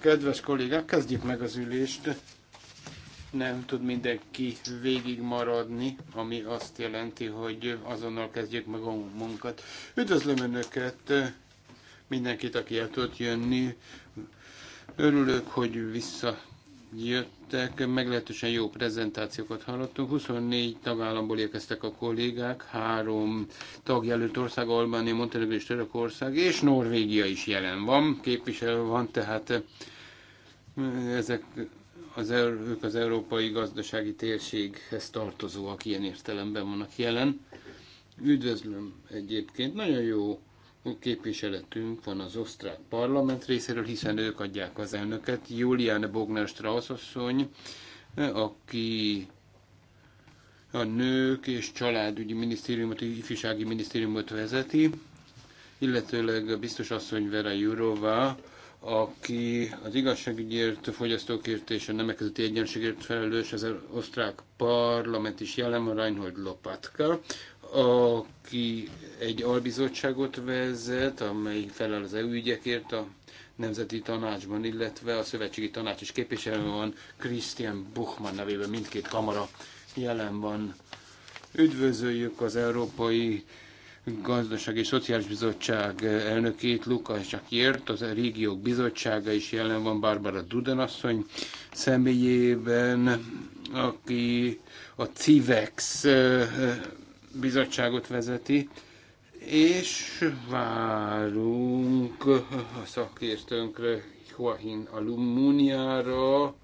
Kedves kollégák, kezdjük meg az ülést. Nem tud mindenki végig maradni, ami azt jelenti, hogy azonnal kezdjük meg a munkát. Üdvözlöm Önöket, mindenkit, aki el tud jönni. Örülök, hogy vissza jöttek, meglehetősen jó prezentációkat hallottunk. 24 tagállamból érkeztek a kollégák, három tagjelölt ország, Albánia, Montenegro és Törökország, és Norvégia is jelen van, képviselő van, tehát eh, ezek az, ők az európai gazdasági térséghez tartozóak ilyen értelemben vannak jelen. Üdvözlöm egyébként, nagyon jó képviseletünk van az osztrák parlament részéről, hiszen ők adják az elnöket. Julian Bogner Strauss asszony, aki a nők és családügyi minisztériumot, ifjúsági minisztériumot vezeti, illetőleg a biztos asszony Vera Jurova, aki az igazságügyért, fogyasztókért és a nemek közötti egyenlőségért felelős, az osztrák parlament is jelen van, Reinhold Lopatka, aki egy albizottságot vezet, amely felel az EU ügyekért a Nemzeti Tanácsban, illetve a Szövetségi Tanács is képviselő van, Christian Buchmann nevében mindkét kamara jelen van. Üdvözöljük az Európai Gazdasági és Szociális Bizottság elnökét, Lukas Csakért, az Régiók Bizottsága is jelen van, Barbara Dudenasszony személyében, aki a CIVEX eh, bizottságot vezeti, és várunk a szakértőnkre, Joachim Alumuniára,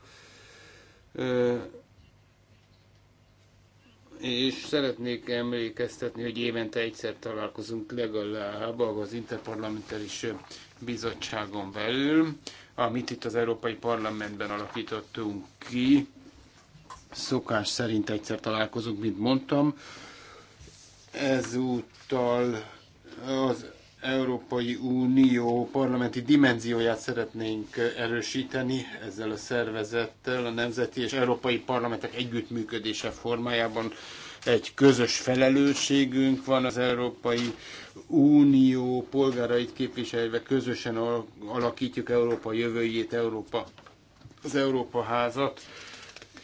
és szeretnék emlékeztetni, hogy évente egyszer találkozunk legalább az interparlamentális bizottságon belül, amit itt az Európai Parlamentben alakítottunk ki. Szokás szerint egyszer találkozunk, mint mondtam. Ezúttal az Európai Unió parlamenti dimenzióját szeretnénk erősíteni ezzel a szervezettel, a nemzeti és európai parlamentek együttműködése formájában egy közös felelősségünk van az Európai Unió polgárait képviselve közösen alakítjuk Európa jövőjét, Európa, az Európa házat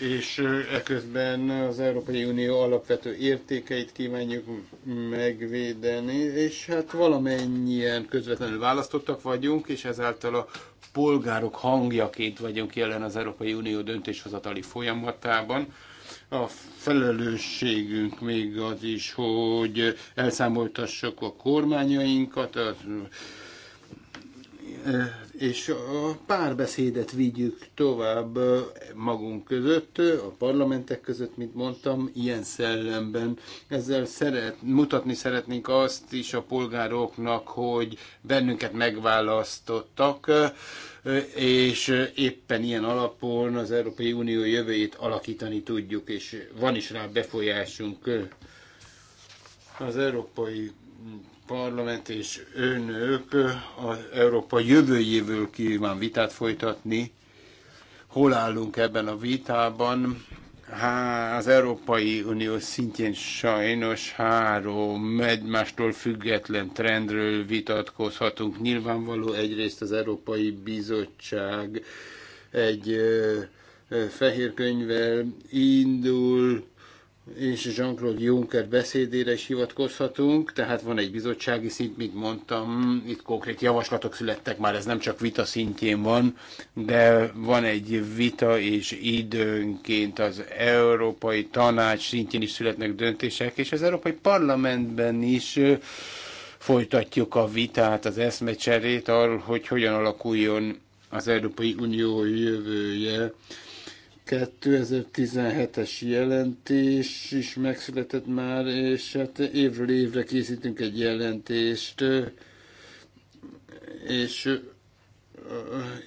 és ekközben az Európai Unió alapvető értékeit kívánjuk megvédeni, és hát valamennyien közvetlenül választottak vagyunk, és ezáltal a polgárok hangjaként vagyunk jelen az Európai Unió döntéshozatali folyamatában. A felelősségünk még az is, hogy elszámoltassuk a kormányainkat, az és a párbeszédet vigyük tovább magunk között, a parlamentek között, mint mondtam, ilyen szellemben. Ezzel szeret, mutatni szeretnénk azt is a polgároknak, hogy bennünket megválasztottak, és éppen ilyen alapon az Európai Unió jövőjét alakítani tudjuk, és van is rá befolyásunk. Az Európai parlament és önök az Európa jövőjéből kíván vitát folytatni. Hol állunk ebben a vitában? Há, az Európai Unió szintjén sajnos három egymástól független trendről vitatkozhatunk. Nyilvánvaló egyrészt az Európai Bizottság egy ö, ö, fehér könyvvel indul, és Jean-Claude Juncker beszédére is hivatkozhatunk, tehát van egy bizottsági szint, mint mondtam, itt konkrét javaslatok születtek már, ez nem csak vita szintjén van, de van egy vita, és időnként az Európai Tanács szintjén is születnek döntések, és az Európai Parlamentben is folytatjuk a vitát, az eszmecserét arról, hogy hogyan alakuljon az Európai Unió jövője. 2017-es jelentés is megszületett már, és hát évről évre készítünk egy jelentést, és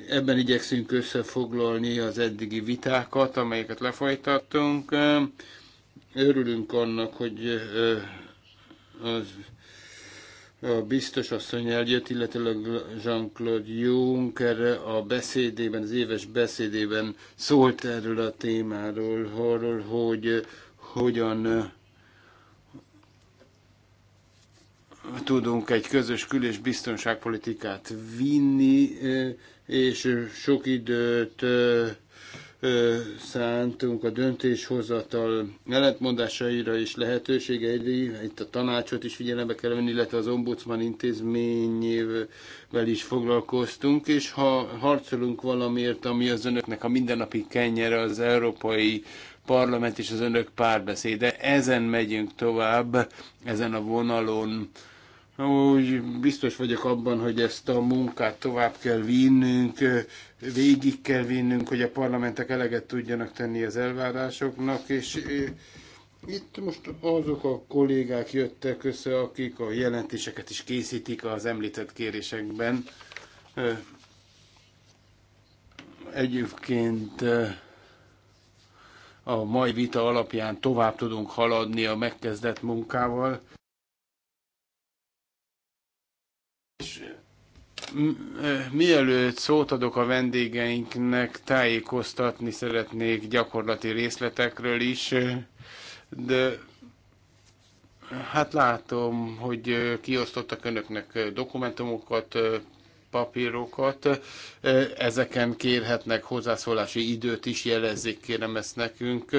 ebben igyekszünk összefoglalni az eddigi vitákat, amelyeket lefolytattunk. Örülünk annak, hogy az a biztos asszony eljött, illetőleg Jean-Claude Juncker a beszédében, az éves beszédében szólt erről a témáról, arról, hogy hogyan eh, tudunk egy közös kül- és biztonságpolitikát vinni, eh, és sok időt eh, szántunk a döntéshozatal ellentmondásaira és lehetőségeire, itt a tanácsot is figyelembe kell venni, illetve az ombudsman intézményével is foglalkoztunk, és ha harcolunk valamiért, ami az önöknek a mindennapi kenyere, az európai parlament és az önök párbeszéde, ezen megyünk tovább, ezen a vonalon úgy biztos vagyok abban, hogy ezt a munkát tovább kell vinnünk, végig kell vinnünk, hogy a parlamentek eleget tudjanak tenni az elvárásoknak, és itt most azok a kollégák jöttek össze, akik a jelentéseket is készítik az említett kérésekben. Egyébként a mai vita alapján tovább tudunk haladni a megkezdett munkával És mielőtt szót adok a vendégeinknek, tájékoztatni szeretnék gyakorlati részletekről is, de hát látom, hogy kiosztottak önöknek dokumentumokat, papírokat. Ezeken kérhetnek hozzászólási időt is, jelezzék kérem ezt nekünk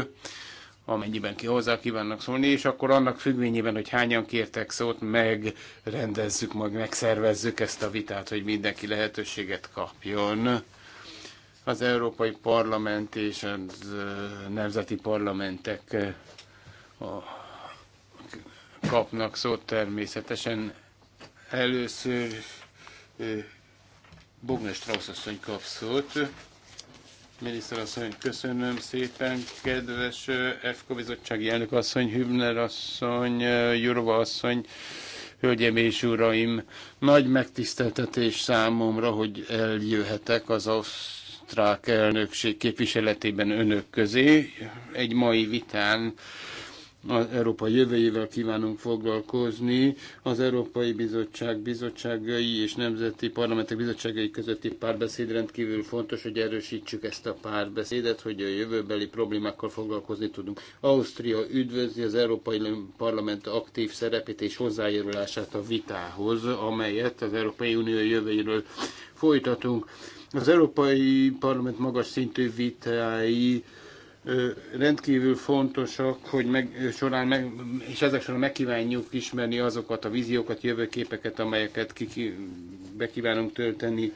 amennyiben ki hozzá kívánnak szólni, és akkor annak függvényében, hogy hányan kértek szót, megrendezzük, majd megszervezzük ezt a vitát, hogy mindenki lehetőséget kapjon. Az Európai Parlament és a nemzeti parlamentek kapnak szót természetesen. Először Bogner Strauss asszony kap szót. Miniszterasszony, köszönöm szépen, kedves EFKA bizottsági elnök asszony, Hübner asszony, Jurova asszony, hölgyeim és uraim, nagy megtiszteltetés számomra, hogy eljöhetek az osztrák elnökség képviseletében önök közé egy mai vitán az Európa jövőjével kívánunk foglalkozni, az Európai Bizottság bizottságai és nemzeti parlamentek bizottságai közötti párbeszéd rendkívül fontos, hogy erősítsük ezt a párbeszédet, hogy a jövőbeli problémákkal foglalkozni tudunk. Ausztria üdvözli az Európai Parlament aktív szerepét és hozzájárulását a vitához, amelyet az Európai Unió jövőjéről folytatunk. Az Európai Parlament magas szintű vitái rendkívül fontosak, hogy meg, során meg, és ezek során megkívánjuk ismerni azokat a víziókat, jövőképeket, amelyeket ki, be kívánunk tölteni.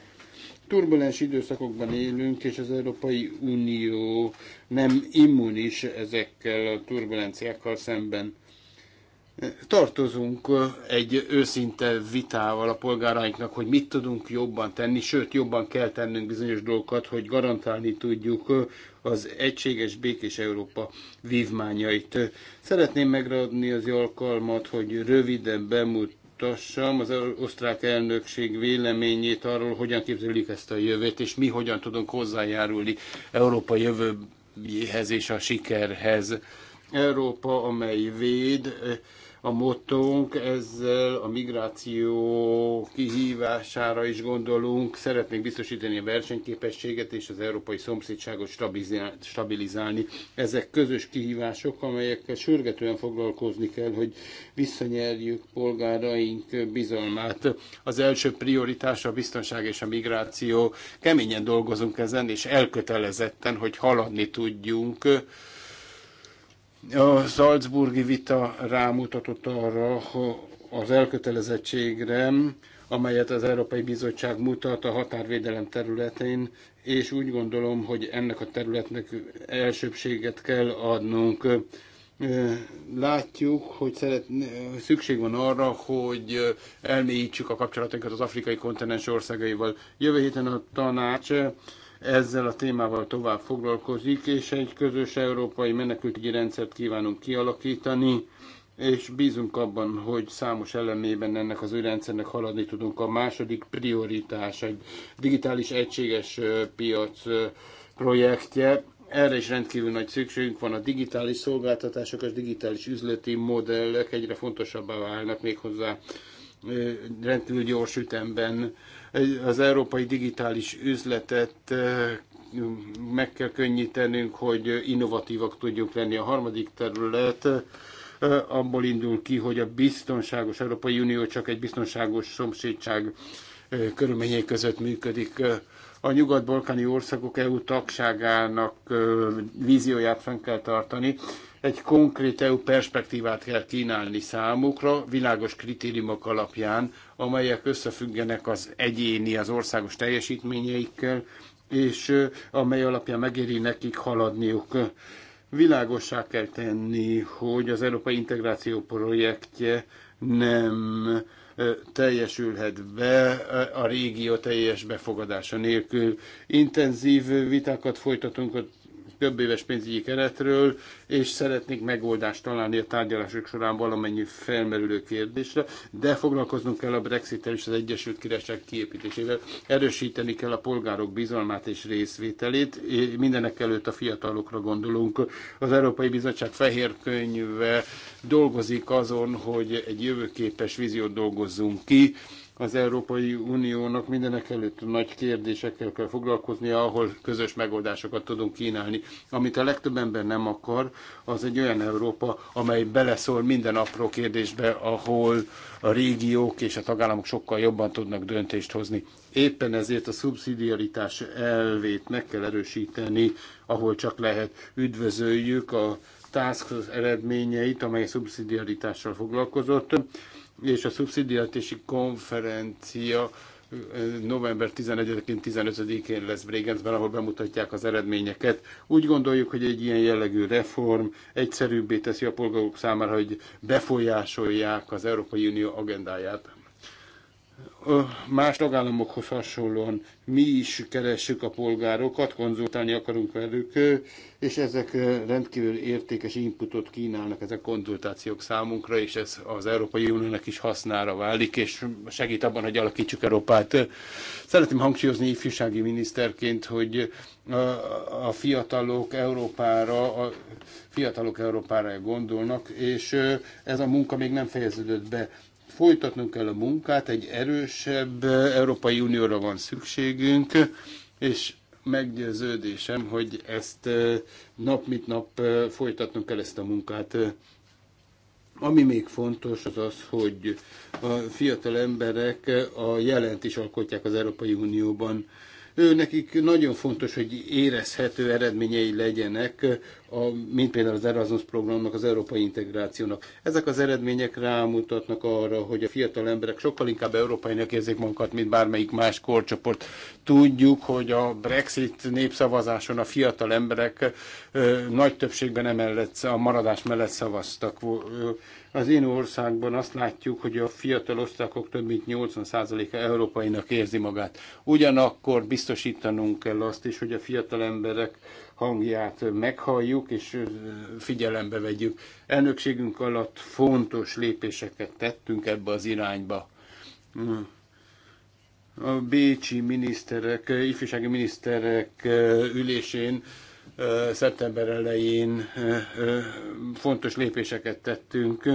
Turbulens időszakokban élünk, és az Európai Unió nem immunis ezekkel a turbulenciákkal szemben tartozunk egy őszinte vitával a polgárainknak, hogy mit tudunk jobban tenni, sőt, jobban kell tennünk bizonyos dolgokat, hogy garantálni tudjuk az egységes, békés Európa vívmányait. Szeretném megradni az alkalmat, hogy röviden bemutassam az osztrák elnökség véleményét arról, hogyan képzelik ezt a jövőt, és mi hogyan tudunk hozzájárulni Európa jövőjéhez és a sikerhez. Európa, amely véd, a motónk, ezzel a migráció kihívására is gondolunk. Szeretnénk biztosítani a versenyképességet és az európai szomszédságot stabilizálni. Ezek közös kihívások, amelyekkel sürgetően foglalkozni kell, hogy visszanyerjük polgáraink bizalmát. Az első prioritás a biztonság és a migráció. Keményen dolgozunk ezen, és elkötelezetten, hogy haladni tudjunk a Salzburgi vita rámutatott arra az elkötelezettségre, amelyet az Európai Bizottság mutat a határvédelem területén, és úgy gondolom, hogy ennek a területnek elsőbséget kell adnunk. Látjuk, hogy szeretné, szükség van arra, hogy elmélyítsük a kapcsolatokat az afrikai kontinens országaival. Jövő héten a tanács ezzel a témával tovább foglalkozik, és egy közös európai menekültügyi rendszert kívánunk kialakítani, és bízunk abban, hogy számos elemében ennek az új rendszernek haladni tudunk. A második prioritás egy digitális egységes piac projektje, erre is rendkívül nagy szükségünk van. A digitális szolgáltatások, a digitális üzleti modellek egyre fontosabbá válnak méghozzá rendkívül gyors ütemben az európai digitális üzletet meg kell könnyítenünk, hogy innovatívak tudjunk lenni. A harmadik terület abból indul ki, hogy a biztonságos Európai Unió csak egy biztonságos szomszédság körülményei között működik. A nyugat-balkáni országok EU tagságának vízióját fenn kell tartani, egy konkrét EU perspektívát kell kínálni számukra, világos kritériumok alapján, amelyek összefüggenek az egyéni, az országos teljesítményeikkel, és amely alapján megéri nekik haladniuk. Világossá kell tenni, hogy az Európai Integráció projektje nem teljesülhet be a régió teljes befogadása nélkül. Intenzív vitákat folytatunk a több éves pénzügyi keretről, és szeretnék megoldást találni a tárgyalások során valamennyi felmerülő kérdésre, de foglalkoznunk kell a brexit és az Egyesült Királyság kiépítésével. Erősíteni kell a polgárok bizalmát és részvételét, mindenek előtt a fiatalokra gondolunk. Az Európai Bizottság fehér könyve dolgozik azon, hogy egy jövőképes víziót dolgozzunk ki, az Európai Uniónak mindenek előtt nagy kérdésekkel kell foglalkoznia, ahol közös megoldásokat tudunk kínálni. Amit a legtöbb ember nem akar, az egy olyan Európa, amely beleszól minden apró kérdésbe, ahol a régiók és a tagállamok sokkal jobban tudnak döntést hozni. Éppen ezért a szubszidiaritás elvét meg kell erősíteni, ahol csak lehet. Üdvözöljük a task eredményeit, amely szubszidiaritással foglalkozott és a szubszidiatési konferencia november 11-én, 15-én lesz Bregenzben, ahol bemutatják az eredményeket. Úgy gondoljuk, hogy egy ilyen jellegű reform egyszerűbbé teszi a polgárok számára, hogy befolyásolják az Európai Unió agendáját más tagállamokhoz hasonlóan mi is keressük a polgárokat, konzultálni akarunk velük, és ezek rendkívül értékes inputot kínálnak ezek a konzultációk számunkra, és ez az Európai Uniónak is hasznára válik, és segít abban, hogy alakítsuk Európát. Szeretném hangsúlyozni ifjúsági miniszterként, hogy a fiatalok Európára, a fiatalok Európára gondolnak, és ez a munka még nem fejeződött be folytatnunk kell a munkát, egy erősebb eh, Európai Unióra van szükségünk, és meggyőződésem, hogy ezt eh, nap mint nap eh, folytatnunk kell ezt a munkát. Ami még fontos, az az, hogy a fiatal emberek a jelent is alkotják az Európai Unióban. Ő nekik nagyon fontos, hogy érezhető eredményei legyenek a, mint például az Erasmus programnak, az európai integrációnak. Ezek az eredmények rámutatnak arra, hogy a fiatal emberek sokkal inkább európainak érzik magukat, mint bármelyik más korcsoport. Tudjuk, hogy a Brexit népszavazáson a fiatal emberek ö, nagy többségben emellett, a maradás mellett szavaztak. Az én országban azt látjuk, hogy a fiatal osztrákok több mint 80%-a európainak érzi magát. Ugyanakkor biztosítanunk kell azt is, hogy a fiatal emberek hangját meghalljuk és figyelembe vegyük. Elnökségünk alatt fontos lépéseket tettünk ebbe az irányba. Hmm. A bécsi miniszterek, ifjúsági miniszterek ülésén szeptember elején fontos lépéseket tettünk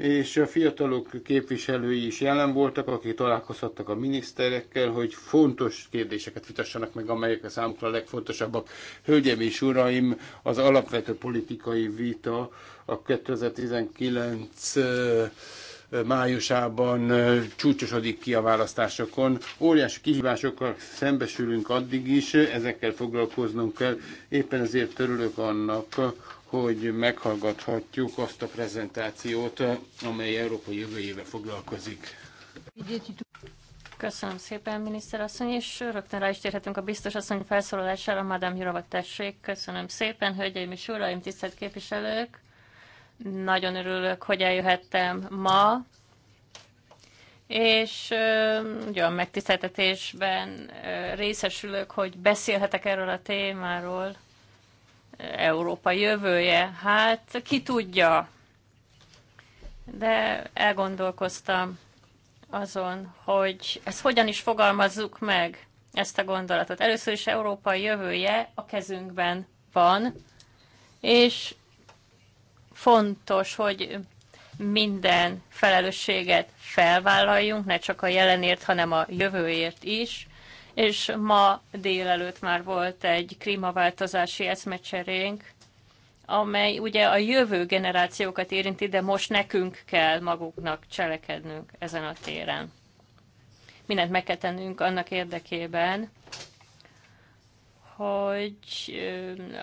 és a fiatalok képviselői is jelen voltak, akik találkozhattak a miniszterekkel, hogy fontos kérdéseket vitassanak meg, amelyek a számukra a legfontosabbak. Hölgyeim és uraim, az alapvető politikai vita a 2019 májusában csúcsosodik ki a választásokon. Óriási kihívásokkal szembesülünk addig is, ezekkel foglalkoznunk kell. Éppen ezért örülök annak, hogy meghallgathatjuk azt a prezentációt, amely Európa jövőjével foglalkozik. Köszönöm szépen, miniszter asszony, és rögtön rá is térhetünk a biztos asszony felszólalására. Madame Jurova, tessék, köszönöm szépen, hölgyeim és uraim, tisztelt képviselők. Nagyon örülök, hogy eljöhettem ma, és olyan megtiszteltetésben részesülök, hogy beszélhetek erről a témáról Európa jövője? Hát ki tudja. De elgondolkoztam azon, hogy ezt hogyan is fogalmazzuk meg, ezt a gondolatot. Először is Európa jövője a kezünkben van, és fontos, hogy minden felelősséget felvállaljunk, ne csak a jelenért, hanem a jövőért is és ma délelőtt már volt egy klímaváltozási eszmecserénk, amely ugye a jövő generációkat érinti, de most nekünk kell maguknak cselekednünk ezen a téren. Mindent meg kell tennünk annak érdekében, hogy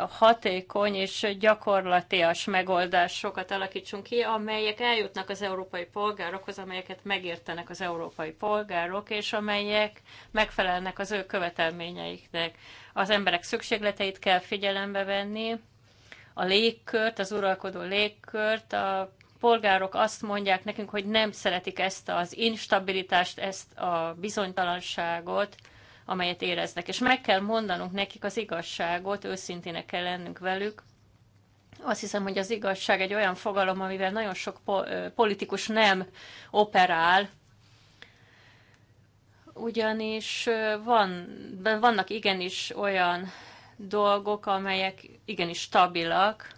hatékony és gyakorlatias megoldásokat alakítsunk ki, amelyek eljutnak az európai polgárokhoz, amelyeket megértenek az európai polgárok, és amelyek megfelelnek az ő követelményeiknek. Az emberek szükségleteit kell figyelembe venni, a légkört, az uralkodó légkört, a polgárok azt mondják nekünk, hogy nem szeretik ezt az instabilitást, ezt a bizonytalanságot, amelyet éreznek. És meg kell mondanunk nekik az igazságot, őszintének kell lennünk velük. Azt hiszem, hogy az igazság egy olyan fogalom, amivel nagyon sok politikus nem operál, ugyanis van, vannak igenis olyan dolgok, amelyek igenis stabilak,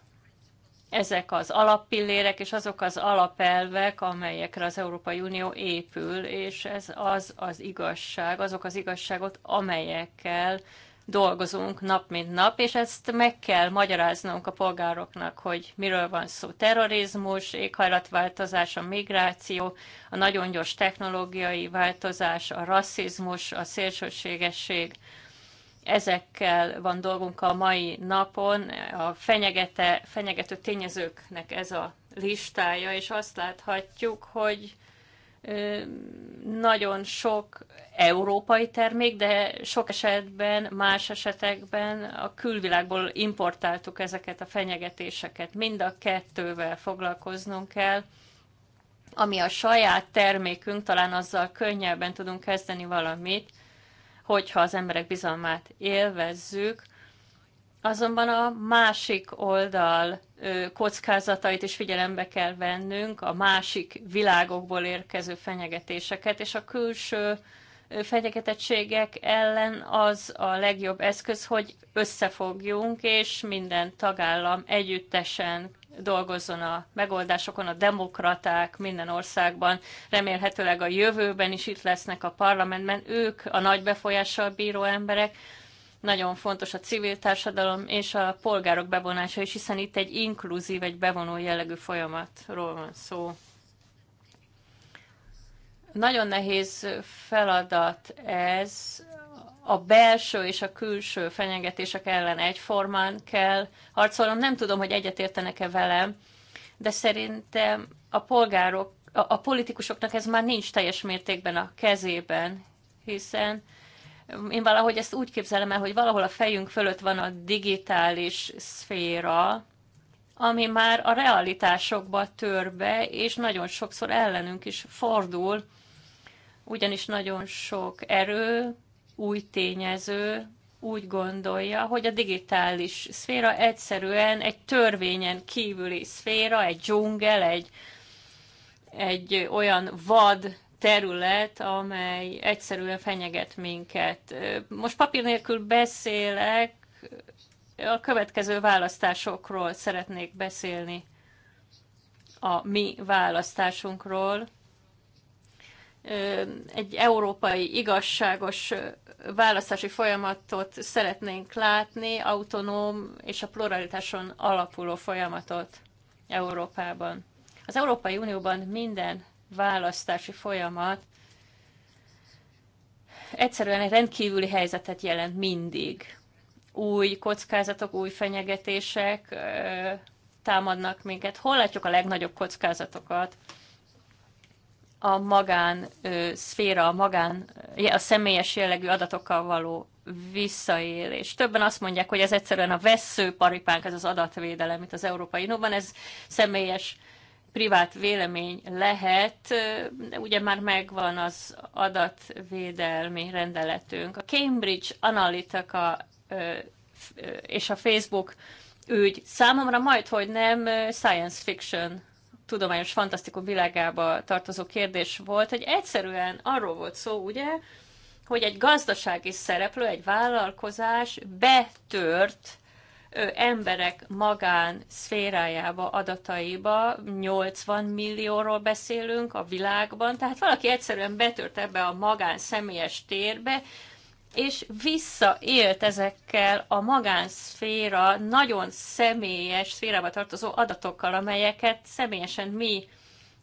ezek az alappillérek és azok az alapelvek, amelyekre az Európai Unió épül, és ez az az igazság, azok az igazságot, amelyekkel dolgozunk nap mint nap, és ezt meg kell magyaráznunk a polgároknak, hogy miről van szó. Terrorizmus, éghajlatváltozás, a migráció, a nagyon gyors technológiai változás, a rasszizmus, a szélsőségesség, Ezekkel van dolgunk a mai napon. A fenyegete, fenyegető tényezőknek ez a listája, és azt láthatjuk, hogy nagyon sok európai termék, de sok esetben, más esetekben a külvilágból importáltuk ezeket a fenyegetéseket. Mind a kettővel foglalkoznunk kell. Ami a saját termékünk, talán azzal könnyebben tudunk kezdeni valamit, hogyha az emberek bizalmát élvezzük, azonban a másik oldal kockázatait is figyelembe kell vennünk, a másik világokból érkező fenyegetéseket, és a külső fenyegetettségek ellen az a legjobb eszköz, hogy összefogjunk, és minden tagállam együttesen dolgozzon a megoldásokon, a demokraták minden országban, remélhetőleg a jövőben is itt lesznek a parlamentben, ők a nagy befolyással bíró emberek, nagyon fontos a civil társadalom és a polgárok bevonása is, hiszen itt egy inkluzív, egy bevonó jellegű folyamatról van szó. Nagyon nehéz feladat ez a belső és a külső fenyegetések ellen egyformán kell harcolnom. Nem tudom, hogy egyetértenek-e velem, de szerintem a polgárok, a, a politikusoknak ez már nincs teljes mértékben a kezében, hiszen én valahogy ezt úgy képzelem el, hogy valahol a fejünk fölött van a digitális szféra, ami már a realitásokba tör be, és nagyon sokszor ellenünk is fordul, ugyanis nagyon sok erő, új tényező úgy gondolja, hogy a digitális szféra egyszerűen egy törvényen kívüli szféra, egy dzsungel, egy, egy olyan vad terület, amely egyszerűen fenyeget minket. Most papír nélkül beszélek, a következő választásokról szeretnék beszélni. A mi választásunkról egy európai igazságos választási folyamatot szeretnénk látni, autonóm és a pluralitáson alapuló folyamatot Európában. Az Európai Unióban minden választási folyamat egyszerűen egy rendkívüli helyzetet jelent mindig. Új kockázatok, új fenyegetések támadnak minket. Hol látjuk a legnagyobb kockázatokat? a magán ö, szféra, a magán, a személyes jellegű adatokkal való visszaélés. Többen azt mondják, hogy ez egyszerűen a veszőparipánk, ez az adatvédelem itt az Európai Unióban, ez személyes privát vélemény lehet, de ugye már megvan az adatvédelmi rendeletünk. A Cambridge Analytica és a Facebook ügy számomra majd, hogy nem science fiction tudományos fantasztikum világába tartozó kérdés volt, hogy egyszerűen arról volt szó, ugye, hogy egy gazdasági szereplő, egy vállalkozás betört ő emberek magán szférájába, adataiba, 80 millióról beszélünk a világban, tehát valaki egyszerűen betört ebbe a magán személyes térbe, és visszaélt ezekkel a magánszféra, nagyon személyes szférába tartozó adatokkal, amelyeket személyesen mi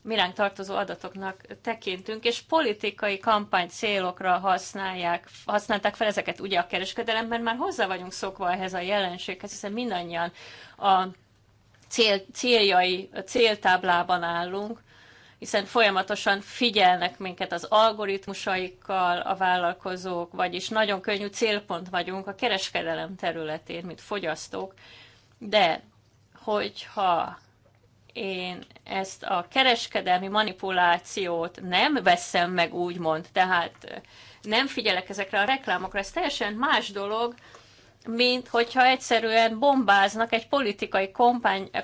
miránk tartozó adatoknak tekintünk, és politikai kampány célokra használják, használták fel ezeket ugye a kereskedelemben, már hozzá vagyunk szokva ehhez a jelenséghez, hiszen mindannyian a cél, céljai, a céltáblában állunk, hiszen folyamatosan figyelnek minket az algoritmusaikkal a vállalkozók, vagyis nagyon könnyű célpont vagyunk a kereskedelem területén, mint fogyasztók, de hogyha én ezt a kereskedelmi manipulációt nem veszem meg, úgymond, tehát nem figyelek ezekre a reklámokra, ez teljesen más dolog, mint hogyha egyszerűen bombáznak egy politikai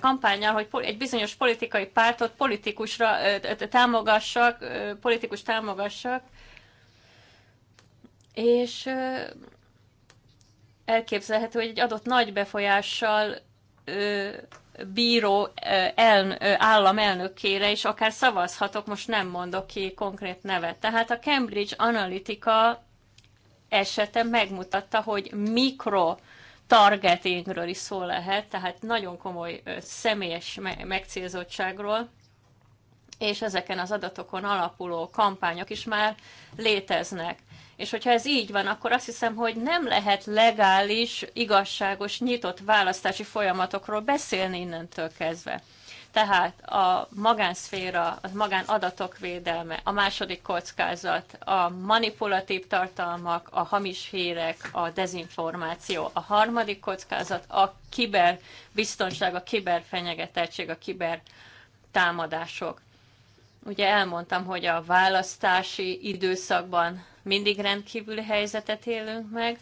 kampányjal, hogy egy bizonyos politikai pártot politikusra támogassak, politikus támogassak, és elképzelhető, hogy egy adott nagy befolyással bíró el, állam elnökére is akár szavazhatok, most nem mondok ki konkrét nevet. Tehát a Cambridge Analytica esete megmutatta, hogy mikro targetingről is szó lehet, tehát nagyon komoly személyes megcélzottságról, és ezeken az adatokon alapuló kampányok is már léteznek. És hogyha ez így van, akkor azt hiszem, hogy nem lehet legális, igazságos, nyitott választási folyamatokról beszélni innentől kezdve tehát a magánszféra, a magánadatok védelme, a második kockázat, a manipulatív tartalmak, a hamis hírek, a dezinformáció, a harmadik kockázat, a kiberbiztonság, a kiberfenyegetettség, a kibertámadások. Ugye elmondtam, hogy a választási időszakban mindig rendkívüli helyzetet élünk meg,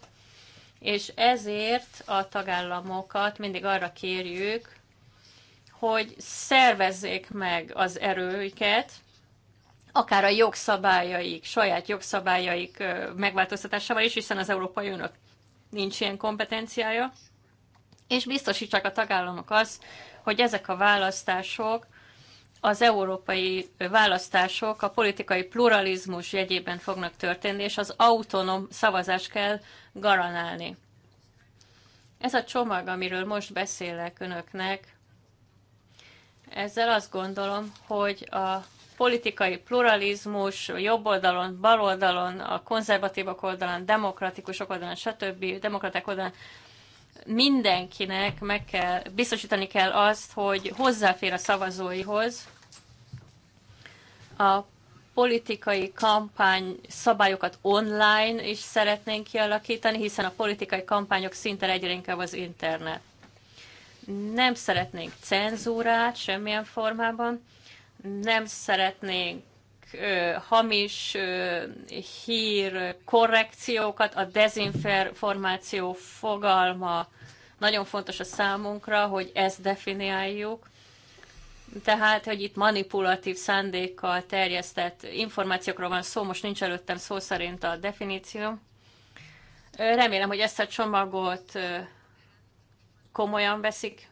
és ezért a tagállamokat mindig arra kérjük, hogy szervezzék meg az erőiket, akár a jogszabályaik, saját jogszabályaik megváltoztatásával is, hiszen az Európai Uniónak nincs ilyen kompetenciája, és biztosítsák a tagállamok azt, hogy ezek a választások, az európai választások a politikai pluralizmus jegyében fognak történni, és az autonóm szavazás kell garanálni. Ez a csomag, amiről most beszélek önöknek, ezzel azt gondolom, hogy a politikai pluralizmus jobb oldalon, bal oldalon, a konzervatívok oldalán, demokratikusok oldalán, stb. demokraták oldalán mindenkinek meg kell, biztosítani kell azt, hogy hozzáfér a szavazóihoz. A politikai kampány szabályokat online is szeretnénk kialakítani, hiszen a politikai kampányok szinte egyre inkább az internet nem szeretnénk cenzúrát semmilyen formában, nem szeretnénk ö, hamis ö, hír korrekciókat, a dezinformáció fogalma nagyon fontos a számunkra, hogy ezt definiáljuk. Tehát, hogy itt manipulatív szándékkal terjesztett információkról van szó, most nincs előttem szó szerint a definíció. Remélem, hogy ezt a csomagot komolyan veszik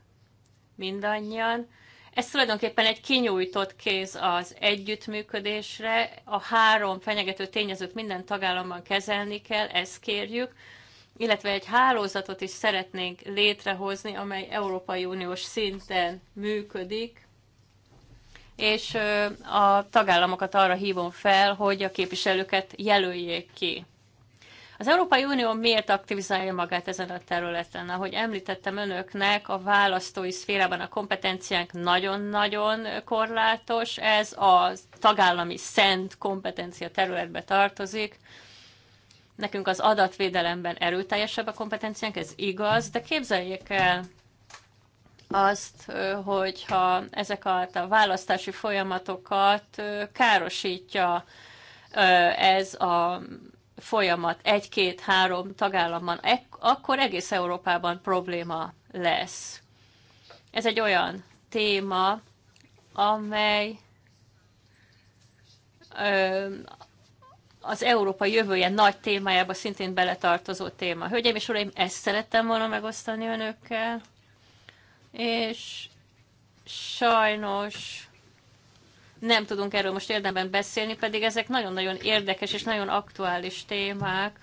mindannyian. Ez tulajdonképpen egy kinyújtott kéz az együttműködésre. A három fenyegető tényezőt minden tagállamban kezelni kell, ezt kérjük, illetve egy hálózatot is szeretnénk létrehozni, amely Európai Uniós szinten működik, és a tagállamokat arra hívom fel, hogy a képviselőket jelöljék ki az Európai Unió miért aktivizálja magát ezen a területen? Ahogy említettem önöknek, a választói szférában a kompetenciánk nagyon-nagyon korlátos. Ez a tagállami szent kompetencia területbe tartozik. Nekünk az adatvédelemben erőteljesebb a kompetenciánk, ez igaz, de képzeljék el, azt, hogyha ezek a választási folyamatokat károsítja ez a folyamat egy-két-három tagállamban, akkor egész Európában probléma lesz. Ez egy olyan téma, amely az Európa jövője nagy témájába szintén beletartozó téma. Hölgyeim és uraim, ezt szerettem volna megosztani önökkel, és sajnos nem tudunk erről most érdemben beszélni, pedig ezek nagyon-nagyon érdekes és nagyon aktuális témák,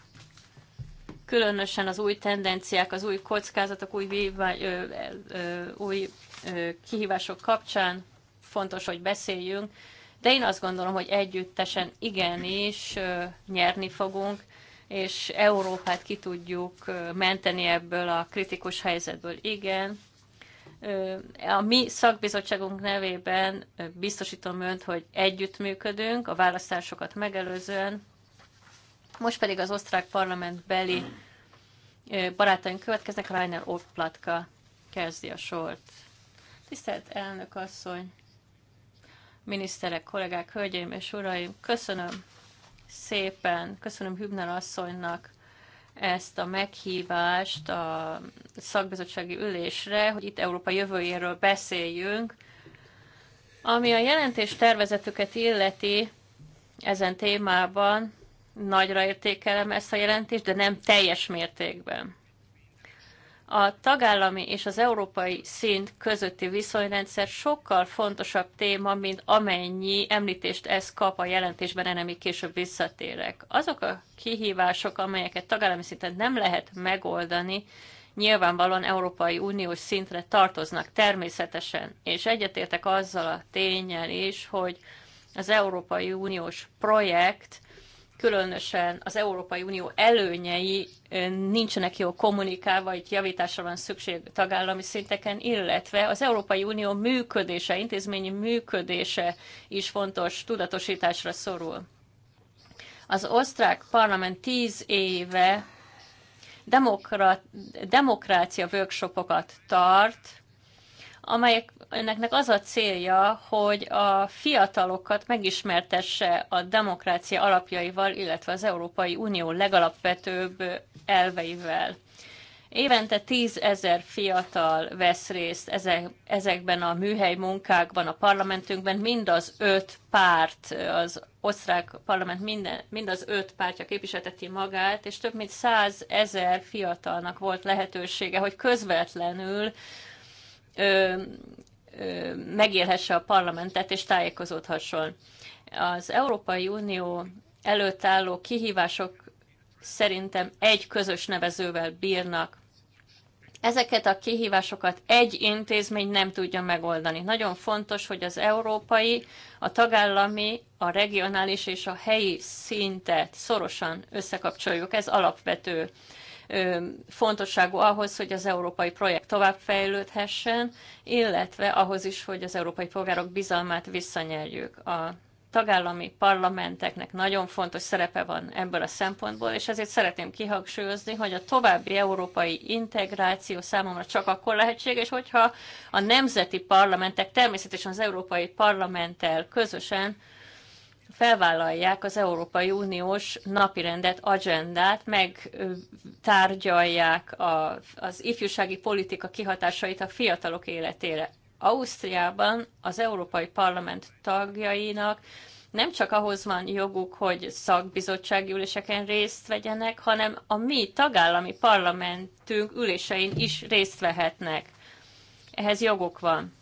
különösen az új tendenciák, az új kockázatok, új, vívány, ö, ö, új ö, kihívások kapcsán fontos, hogy beszéljünk, de én azt gondolom, hogy együttesen igenis ö, nyerni fogunk, és Európát ki tudjuk menteni ebből a kritikus helyzetből. Igen, a mi szakbizottságunk nevében biztosítom önt, hogy együttműködünk a választásokat megelőzően. Most pedig az osztrák parlament beli barátaink következnek, Rainer Oplatka kezdi a sort. Tisztelt elnök asszony, miniszterek, kollégák, hölgyeim és uraim, köszönöm szépen, köszönöm Hübner asszonynak ezt a meghívást a szakbizottsági ülésre, hogy itt Európa jövőjéről beszéljünk. Ami a jelentés tervezetüket illeti ezen témában, nagyra értékelem ezt a jelentést, de nem teljes mértékben a tagállami és az európai szint közötti viszonyrendszer sokkal fontosabb téma, mint amennyi említést ez kap a jelentésben, erre még később visszatérek. Azok a kihívások, amelyeket tagállami szinten nem lehet megoldani, nyilvánvalóan Európai Uniós szintre tartoznak természetesen, és egyetértek azzal a tényel is, hogy az Európai Uniós projekt különösen az Európai Unió előnyei nincsenek jól kommunikálva, itt javításra van szükség tagállami szinteken, illetve az Európai Unió működése, intézményi működése is fontos tudatosításra szorul. Az osztrák parlament tíz éve demokrat, demokrácia workshopokat tart, amelyek ennek az a célja, hogy a fiatalokat megismertesse a demokrácia alapjaival, illetve az Európai Unió legalapvetőbb elveivel. Évente tízezer fiatal vesz részt ezekben a műhely munkákban, a parlamentünkben, mind az öt párt, az osztrák parlament minden, mind az öt pártja képviselteti magát, és több mint százezer fiatalnak volt lehetősége, hogy közvetlenül ö, ö, megélhesse a parlamentet és tájékozódhasson. Az Európai Unió előtt álló kihívások szerintem egy közös nevezővel bírnak. Ezeket a kihívásokat egy intézmény nem tudja megoldani. Nagyon fontos, hogy az európai, a tagállami, a regionális és a helyi szintet szorosan összekapcsoljuk. Ez alapvető fontosságú ahhoz, hogy az európai projekt továbbfejlődhessen, illetve ahhoz is, hogy az európai polgárok bizalmát visszanyerjük a tagállami parlamenteknek nagyon fontos szerepe van ebből a szempontból, és ezért szeretném kihangsúlyozni, hogy a további európai integráció számomra csak akkor lehetséges, hogyha a nemzeti parlamentek természetesen az európai parlamenttel közösen felvállalják az Európai Uniós napirendet, agendát, megtárgyalják a, az ifjúsági politika kihatásait a fiatalok életére. Ausztriában az Európai Parlament tagjainak nem csak ahhoz van joguk, hogy szakbizottsági üléseken részt vegyenek, hanem a mi tagállami parlamentünk ülésein is részt vehetnek. Ehhez joguk van.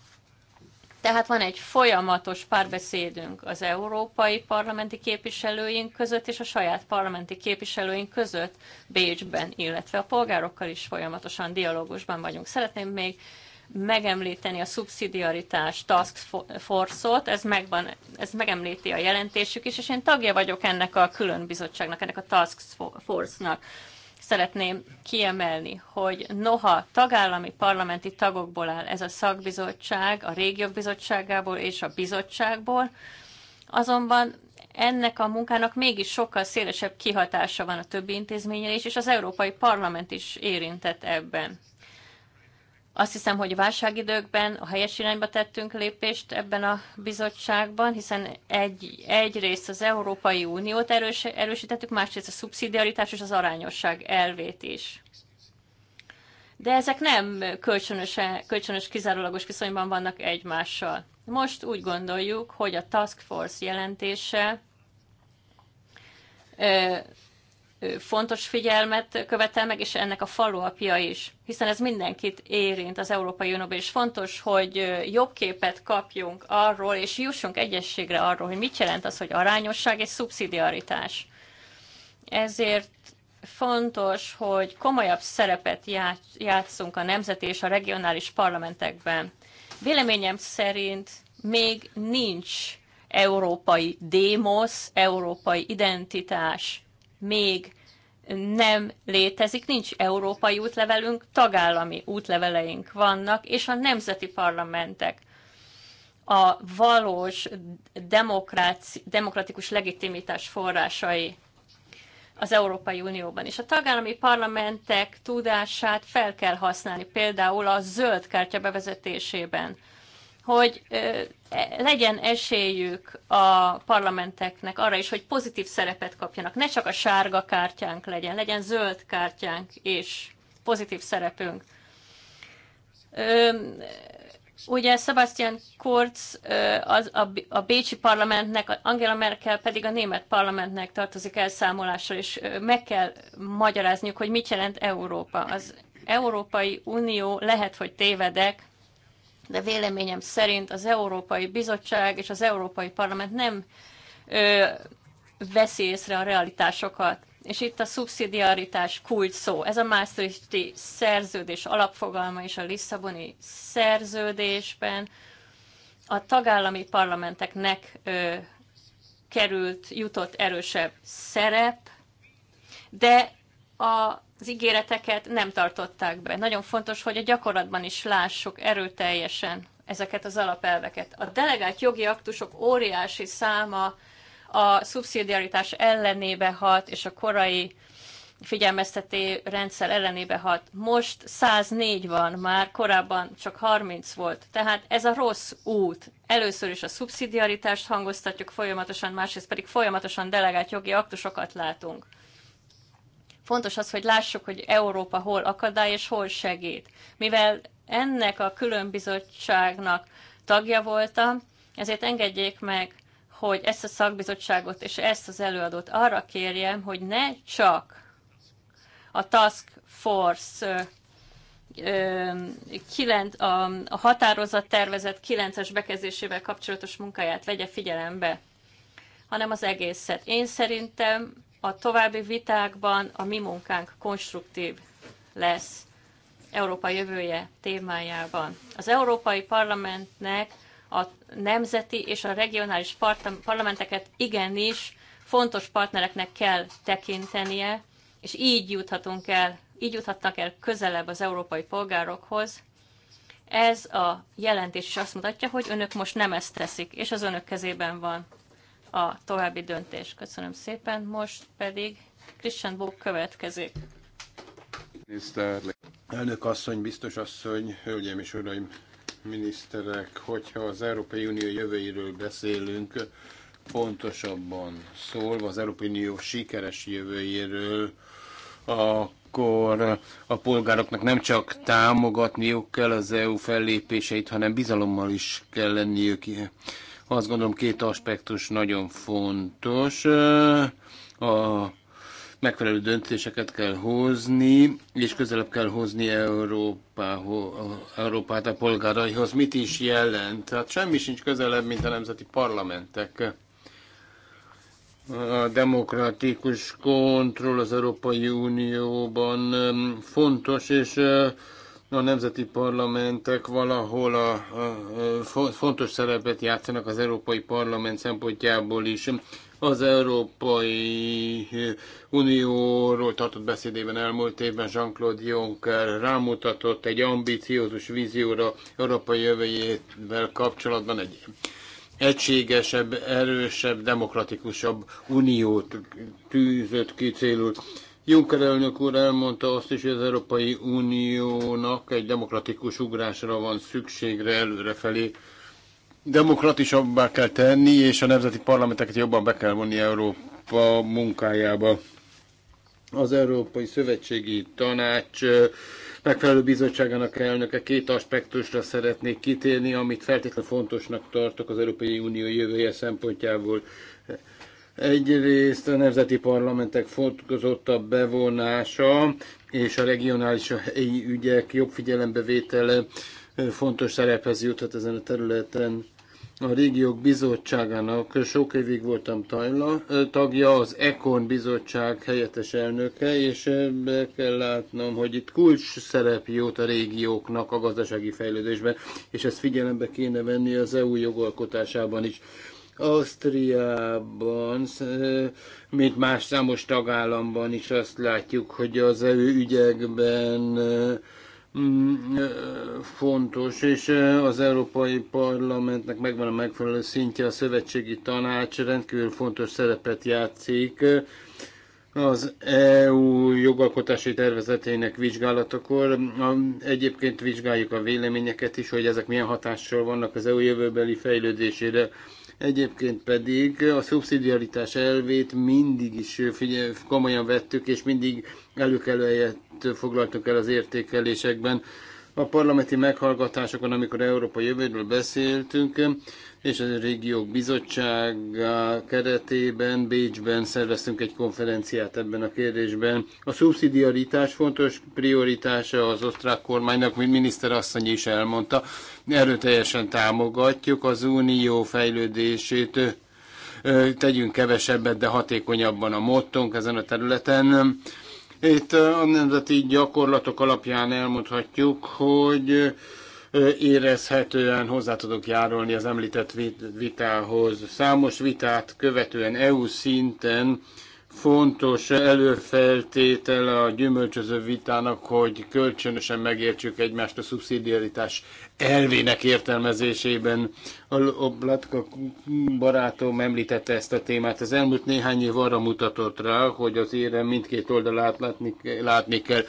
Tehát van egy folyamatos párbeszédünk az európai parlamenti képviselőink között és a saját parlamenti képviselőink között Bécsben, illetve a polgárokkal is folyamatosan dialógusban vagyunk. Szeretném még megemlíteni a szubszidiaritás task force-ot, ez, megvan, ez megemlíti a jelentésük is, és én tagja vagyok ennek a külön bizottságnak, ennek a task force-nak szeretném kiemelni, hogy noha tagállami parlamenti tagokból áll ez a szakbizottság, a régiók bizottságából és a bizottságból, azonban ennek a munkának mégis sokkal szélesebb kihatása van a többi intézményre is, és az Európai Parlament is érintett ebben. Azt hiszem, hogy válságidőkben a helyes irányba tettünk lépést ebben a bizottságban, hiszen egy, egyrészt az Európai Uniót erős, erősítettük, másrészt a szubszidiaritás és az arányosság elvét is. De ezek nem kölcsönös, kölcsönös kizárólagos viszonyban vannak egymással. Most úgy gondoljuk, hogy a Task Force jelentése fontos figyelmet követel meg, és ennek a faluapja is, hiszen ez mindenkit érint az Európai Unióban, és fontos, hogy jobb képet kapjunk arról, és jussunk egyességre arról, hogy mit jelent az, hogy arányosság és szubszidiaritás. Ezért fontos, hogy komolyabb szerepet játszunk a nemzeti és a regionális parlamentekben. Véleményem szerint még nincs európai démosz, európai identitás még nem létezik, nincs európai útlevelünk, tagállami útleveleink vannak, és a nemzeti parlamentek a valós demokratikus legitimitás forrásai az Európai Unióban. És a tagállami parlamentek tudását fel kell használni, például a zöld kártya bevezetésében hogy e, legyen esélyük a parlamenteknek arra is, hogy pozitív szerepet kapjanak. Ne csak a sárga kártyánk legyen, legyen zöld kártyánk és pozitív szerepünk. Ugye Sebastian Kurz az, a, bécsi parlamentnek, Angela Merkel pedig a német parlamentnek tartozik elszámolásra, és meg kell magyarázniuk, hogy mit jelent Európa. Az Európai Unió lehet, hogy tévedek, de véleményem szerint az Európai Bizottság és az Európai Parlament nem ö, veszi észre a realitásokat. És itt a szubszidiaritás kulcs szó. Ez a Maastrichti szerződés alapfogalma és a Lisszaboni szerződésben a tagállami parlamenteknek ö, került, jutott erősebb szerep, de a az ígéreteket nem tartották be. Nagyon fontos, hogy a gyakorlatban is lássuk erőteljesen ezeket az alapelveket. A delegált jogi aktusok óriási száma a szubszidiaritás ellenébe hat, és a korai figyelmezteté rendszer ellenébe hat. Most 104 van már, korábban csak 30 volt. Tehát ez a rossz út. Először is a szubszidiaritást hangoztatjuk folyamatosan, másrészt pedig folyamatosan delegált jogi aktusokat látunk. Fontos az, hogy lássuk, hogy Európa hol akadály és hol segít. Mivel ennek a különbizottságnak tagja voltam, ezért engedjék meg, hogy ezt a szakbizottságot és ezt az előadót arra kérjem, hogy ne csak a Task Force kilenc, a, a határozat tervezet 9-es bekezdésével kapcsolatos munkáját vegye figyelembe, hanem az egészet. Én szerintem a további vitákban a mi munkánk konstruktív lesz Európa jövője témájában. Az Európai Parlamentnek a nemzeti és a regionális parlamenteket igenis fontos partnereknek kell tekintenie, és így juthatunk el, így juthatnak el közelebb az európai polgárokhoz. Ez a jelentés is azt mutatja, hogy önök most nem ezt teszik, és az önök kezében van a további döntés. Köszönöm szépen. Most pedig Christian Bók következik. Elnök asszony, biztos asszony, hölgyeim és uraim, miniszterek, hogyha az Európai Unió jövőiről beszélünk, pontosabban szólva az Európai Unió sikeres jövőjéről, akkor a polgároknak nem csak támogatniuk kell az EU fellépéseit, hanem bizalommal is kell lenniük azt gondolom két aspektus nagyon fontos. A megfelelő döntéseket kell hozni, és közelebb kell hozni Európához, Európát a polgáraihoz. Mit is jelent? Hát semmi sincs közelebb, mint a nemzeti parlamentek. A demokratikus kontroll az Európai Unióban fontos, és a nemzeti parlamentek valahol a, a, a fontos szerepet játszanak az Európai Parlament szempontjából is. Az Európai Unióról tartott beszédében elmúlt évben Jean-Claude Juncker rámutatott egy ambiciózus vízióra Európai jövőjével kapcsolatban egy egységesebb, erősebb, demokratikusabb uniót tűzött ki célul. Juncker elnök úr elmondta azt is, hogy az Európai Uniónak egy demokratikus ugrásra van szükségre előrefelé. Demokratisabbá kell tenni, és a nemzeti parlamenteket jobban be kell vonni Európa munkájába. Az Európai Szövetségi Tanács megfelelő bizottságának elnöke két aspektusra szeretnék kitérni, amit feltétlenül fontosnak tartok az Európai Unió jövője szempontjából. Egyrészt a nemzeti parlamentek a bevonása és a regionális a helyi ügyek jobb figyelembevétele fontos szerephez juthat ezen a területen. A régiók bizottságának sok évig voltam tajla, tagja, az ECON bizottság helyettes elnöke, és be kell látnom, hogy itt kulcs szerep jut a régióknak a gazdasági fejlődésben, és ezt figyelembe kéne venni az EU jogalkotásában is. Ausztriában, mint más számos tagállamban is azt látjuk, hogy az ő ügyekben mm, fontos, és az Európai Parlamentnek megvan a megfelelő szintje, a Szövetségi Tanács rendkívül fontos szerepet játszik az EU jogalkotási tervezetének vizsgálatakor. Egyébként vizsgáljuk a véleményeket is, hogy ezek milyen hatással vannak az EU jövőbeli fejlődésére. Egyébként pedig a szubszidiaritás elvét mindig is figyel, komolyan vettük, és mindig előkelőjét foglaltuk el az értékelésekben. A parlamenti meghallgatásokon, amikor Európa jövőről beszéltünk, és a Régiók Bizottsága keretében Bécsben szerveztünk egy konferenciát ebben a kérdésben. A szubszidiaritás fontos prioritása az osztrák kormánynak, mint asszony is elmondta. Erőteljesen támogatjuk az unió fejlődését, tegyünk kevesebbet, de hatékonyabban a mottonk ezen a területen. Itt a nemzeti gyakorlatok alapján elmondhatjuk, hogy érezhetően hozzá tudok járulni az említett vitához. Számos vitát követően EU szinten fontos előfeltétele a gyümölcsöző vitának, hogy kölcsönösen megértsük egymást a szubszidiaritás elvének értelmezésében. A Blatka barátom említette ezt a témát. Az elmúlt néhány év arra mutatott rá, hogy az érem mindkét oldalát látni, látni kell.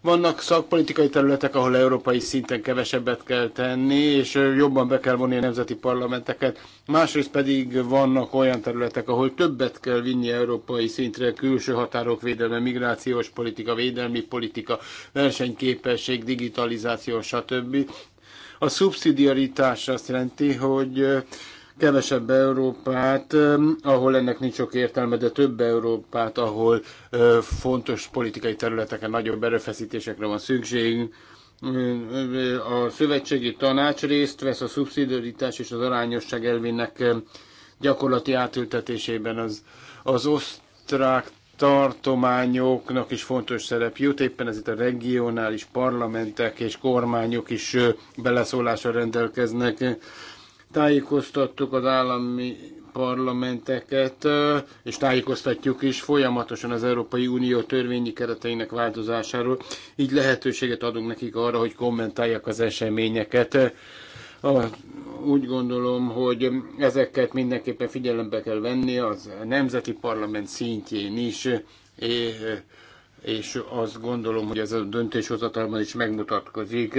Vannak szakpolitikai területek, ahol európai szinten kevesebbet kell tenni, és jobban be kell vonni a nemzeti parlamenteket. Másrészt pedig vannak olyan területek, ahol többet kell vinni európai szintre, külső határok védelme, migrációs politika, védelmi politika, versenyképesség, digitalizáció, stb. A szubszidiaritás azt jelenti, hogy kevesebb Európát, ahol ennek nincs sok értelme, de több Európát, ahol fontos politikai területeken nagyobb erőfeszítésekre van szükség. A szövetségi tanács részt vesz a szubszidiaritás és az arányosság elvének gyakorlati átültetésében az, az osztrák tartományoknak is fontos szerep jut, éppen itt a regionális parlamentek és kormányok is beleszólásra rendelkeznek. Tájékoztattuk az állami parlamenteket, és tájékoztatjuk is folyamatosan az Európai Unió törvényi kereteinek változásáról. Így lehetőséget adunk nekik arra, hogy kommentálják az eseményeket. Úgy gondolom, hogy ezeket mindenképpen figyelembe kell venni az nemzeti parlament szintjén is, és azt gondolom, hogy ez a döntéshozatalban is megmutatkozik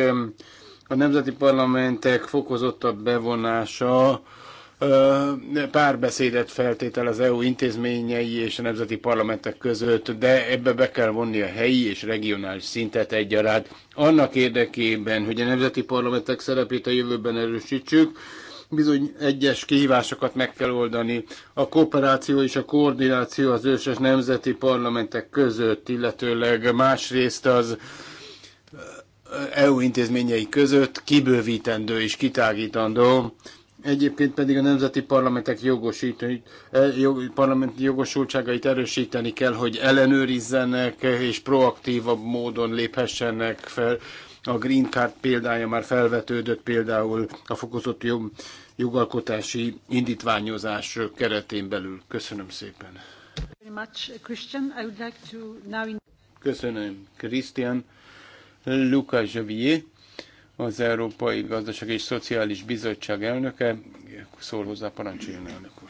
a nemzeti parlamentek fokozottabb bevonása párbeszédet feltétel az EU intézményei és a nemzeti parlamentek között, de ebbe be kell vonni a helyi és regionális szintet egyaránt. Annak érdekében, hogy a nemzeti parlamentek szerepét a jövőben erősítsük, bizony egyes kihívásokat meg kell oldani. A kooperáció és a koordináció az őses nemzeti parlamentek között, illetőleg másrészt az EU intézményei között kibővítendő és kitágítandó. Egyébként pedig a nemzeti parlamentek jogosítani, eh, jog, parlamenti jogosultságait erősíteni kell, hogy ellenőrizzenek és proaktívabb módon léphessenek fel. A Green Card példája már felvetődött például a fokozott jog, jogalkotási indítványozás keretén belül. Köszönöm szépen. Köszönöm, Christian. Luca Javier, az Európai Gazdaság és Szociális Bizottság elnöke. Szól hozzá, parancsoljon elnök úr.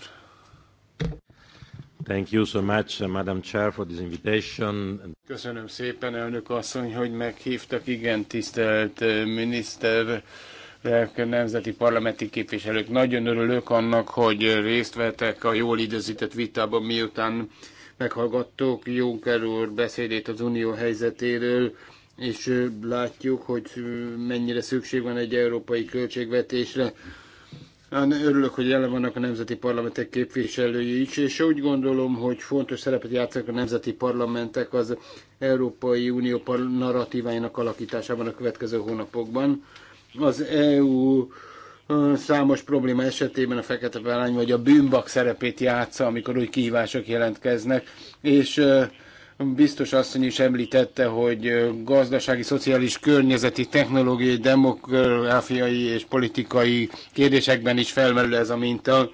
Thank you so much, uh, Madam Chair, for this invitation. Köszönöm szépen, elnök asszony, hogy meghívtak. Igen, tisztelt uh, miniszter, uh, nemzeti parlamenti képviselők. Nagyon örülök annak, hogy részt vettek a jól időzített vitában, miután meghallgattuk Juncker úr beszédét az unió helyzetéről és látjuk, hogy mennyire szükség van egy európai költségvetésre. Örülök, hogy jelen vannak a nemzeti parlamentek képviselői is, és úgy gondolom, hogy fontos szerepet játszanak a nemzeti parlamentek az Európai Unió narratívájának alakításában a következő hónapokban. Az EU számos probléma esetében a fekete bárány vagy a bűnbak szerepét játsza, amikor új kihívások jelentkeznek, és Biztos asszony is említette, hogy gazdasági, szociális, környezeti, technológiai, demográfiai és politikai kérdésekben is felmerül ez a minta.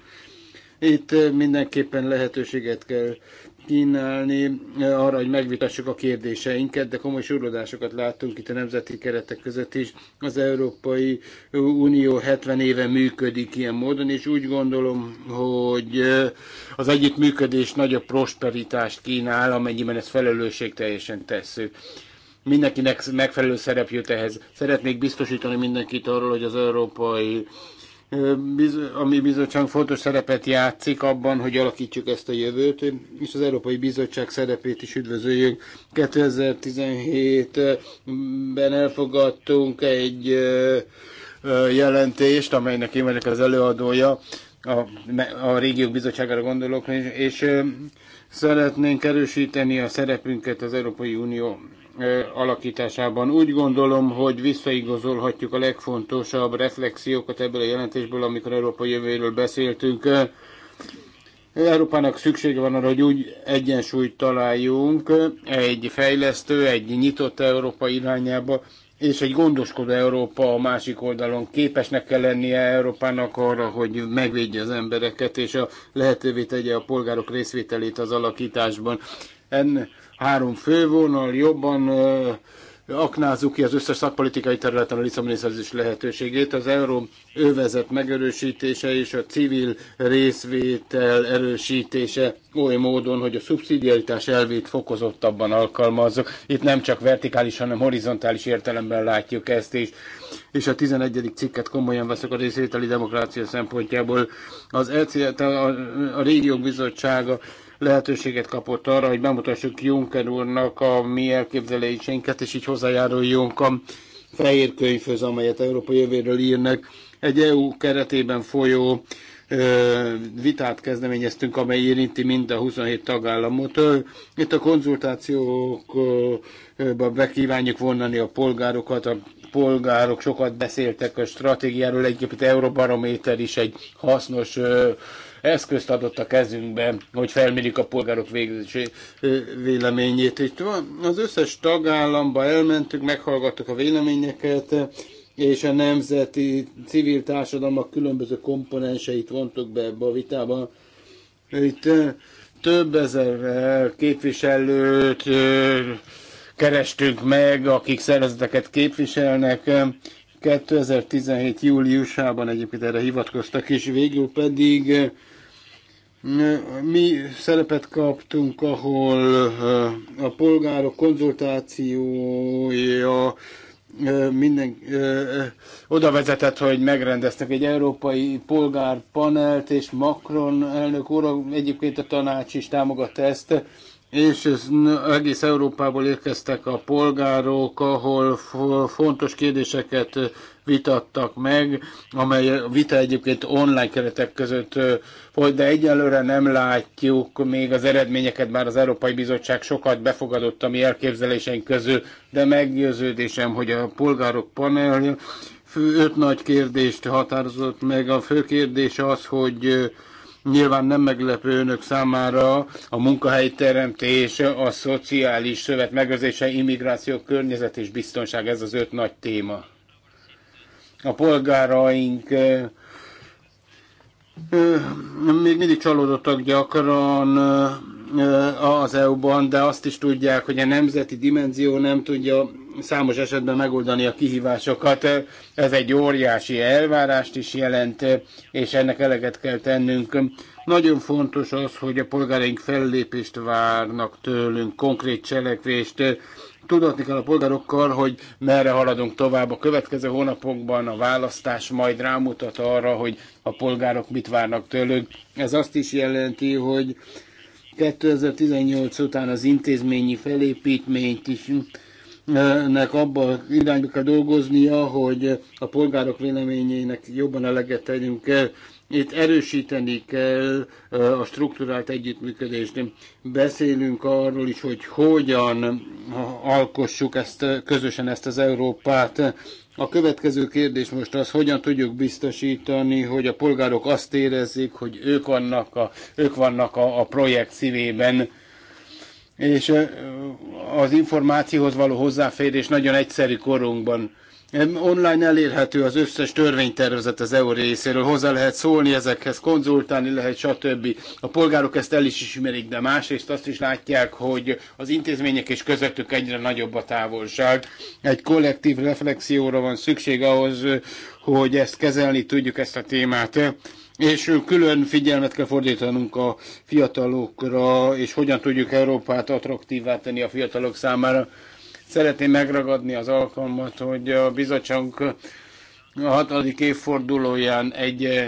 Itt mindenképpen lehetőséget kell kínálni eh, arra, hogy megvitassuk a kérdéseinket, de komoly surlódásokat láttunk itt a nemzeti keretek között is. Az Európai Unió 70 éve működik ilyen módon, és úgy gondolom, hogy eh, az együttműködés nagyobb prosperitást kínál, amennyiben felelősség teljesen tesző. mindenkinek megfelelő szerep jut ehhez. Szeretnék biztosítani mindenkit arról, hogy az Európai a mi bizottság fontos szerepet játszik abban, hogy alakítsuk ezt a jövőt, és az Európai Bizottság szerepét is üdvözöljük. 2017-ben elfogadtunk egy jelentést, amelynek én vagyok az előadója, a, a régiók bizottságára gondolok, és, és szeretnénk erősíteni a szerepünket az Európai Unió alakításában. Úgy gondolom, hogy visszaigazolhatjuk a legfontosabb reflexiókat ebből a jelentésből, amikor Európa jövőről beszéltünk. Európának szüksége van arra, hogy úgy egyensúlyt találjunk egy fejlesztő, egy nyitott Európa irányába, és egy gondoskodó Európa a másik oldalon. Képesnek kell lennie Európának arra, hogy megvédje az embereket, és a lehetővé tegye a polgárok részvételét az alakításban en három fővonal jobban aknázzuk ki az összes szakpolitikai területen a Lisszaboni szerződés lehetőségét, az euró övezet megerősítése és a civil részvétel erősítése oly módon, hogy a szubszidiaritás elvét fokozottabban alkalmazzuk. Itt nem csak vertikális, hanem horizontális értelemben látjuk ezt is. És a 11. cikket komolyan veszek a részvételi demokrácia szempontjából. Az ECE, a, e, a, a régiók bizottsága lehetőséget kapott arra, hogy bemutassuk Juncker úrnak a mi elképzeléseinket, és így hozzájáruljunk a fehér könyvhöz, amelyet Európa jövőről írnak. Egy EU keretében folyó vitát kezdeményeztünk, amely érinti mind a 27 tagállamot. Itt a konzultációkba bekívánjuk vonnani a polgárokat, a polgárok sokat beszéltek a stratégiáról, egyébként Euróbarométer is egy hasznos eszközt adott a kezünkbe, hogy felmérjük a polgárok végzési véleményét. Itt van, az összes tagállamba elmentük, meghallgattuk a véleményeket, és a nemzeti civil társadalmak különböző komponenseit vontuk be ebbe a vitába. Itt több ezer képviselőt kerestünk meg, akik szervezeteket képviselnek. 2017. júliusában egyébként erre hivatkoztak, és végül pedig mi szerepet kaptunk, ahol eh, a polgárok konzultációja eh, minden eh, oda vezetett, hogy megrendeztek egy európai polgárpanelt, és Macron elnök úr, egyébként a tanács is támogatta ezt, és egész Európából érkeztek a polgárok, ahol fontos kérdéseket vitattak meg, amely a vita egyébként online keretek között volt, de egyelőre nem látjuk még az eredményeket, már az Európai Bizottság sokat befogadott a mi elképzeléseink közül, de meggyőződésem, hogy a polgárok panelja fő öt nagy kérdést határozott meg. A fő kérdés az, hogy Nyilván nem meglepő önök számára a munkahelyi teremtés, a szociális szövet megőrzése, immigráció, környezet és biztonság, ez az öt nagy téma a polgáraink még mindig csalódottak gyakran az EU-ban, de azt is tudják, hogy a nemzeti dimenzió nem tudja számos esetben megoldani a kihívásokat. Ez egy óriási elvárást is jelent, és ennek eleget kell tennünk. Nagyon fontos az, hogy a polgáraink fellépést várnak tőlünk, konkrét cselekvést, tudatni kell a polgárokkal, hogy merre haladunk tovább. A következő hónapokban a választás majd rámutat arra, hogy a polgárok mit várnak tőlünk. Ez azt is jelenti, hogy 2018 után az intézményi felépítményt is eh, nek abba irányba kell dolgoznia, hogy a polgárok véleményének jobban eleget tegyünk el. Itt erősíteni kell a struktúrált együttműködést. Beszélünk arról is, hogy hogyan alkossuk ezt, közösen ezt az Európát. A következő kérdés most az, hogyan tudjuk biztosítani, hogy a polgárok azt érezzék, hogy ők vannak a, ők vannak a, a projekt szívében és az információhoz való hozzáférés nagyon egyszerű korunkban. Online elérhető az összes törvénytervezet az EU részéről, hozzá lehet szólni ezekhez, konzultálni lehet, stb. A polgárok ezt el is ismerik, de másrészt azt is látják, hogy az intézmények és közöttük egyre nagyobb a távolság. Egy kollektív reflexióra van szükség ahhoz, hogy ezt kezelni tudjuk, ezt a témát. És külön figyelmet kell fordítanunk a fiatalokra, és hogyan tudjuk Európát attraktívvá tenni a fiatalok számára Szeretném megragadni az alkalmat, hogy a bizottságunk a hatodik évfordulóján egy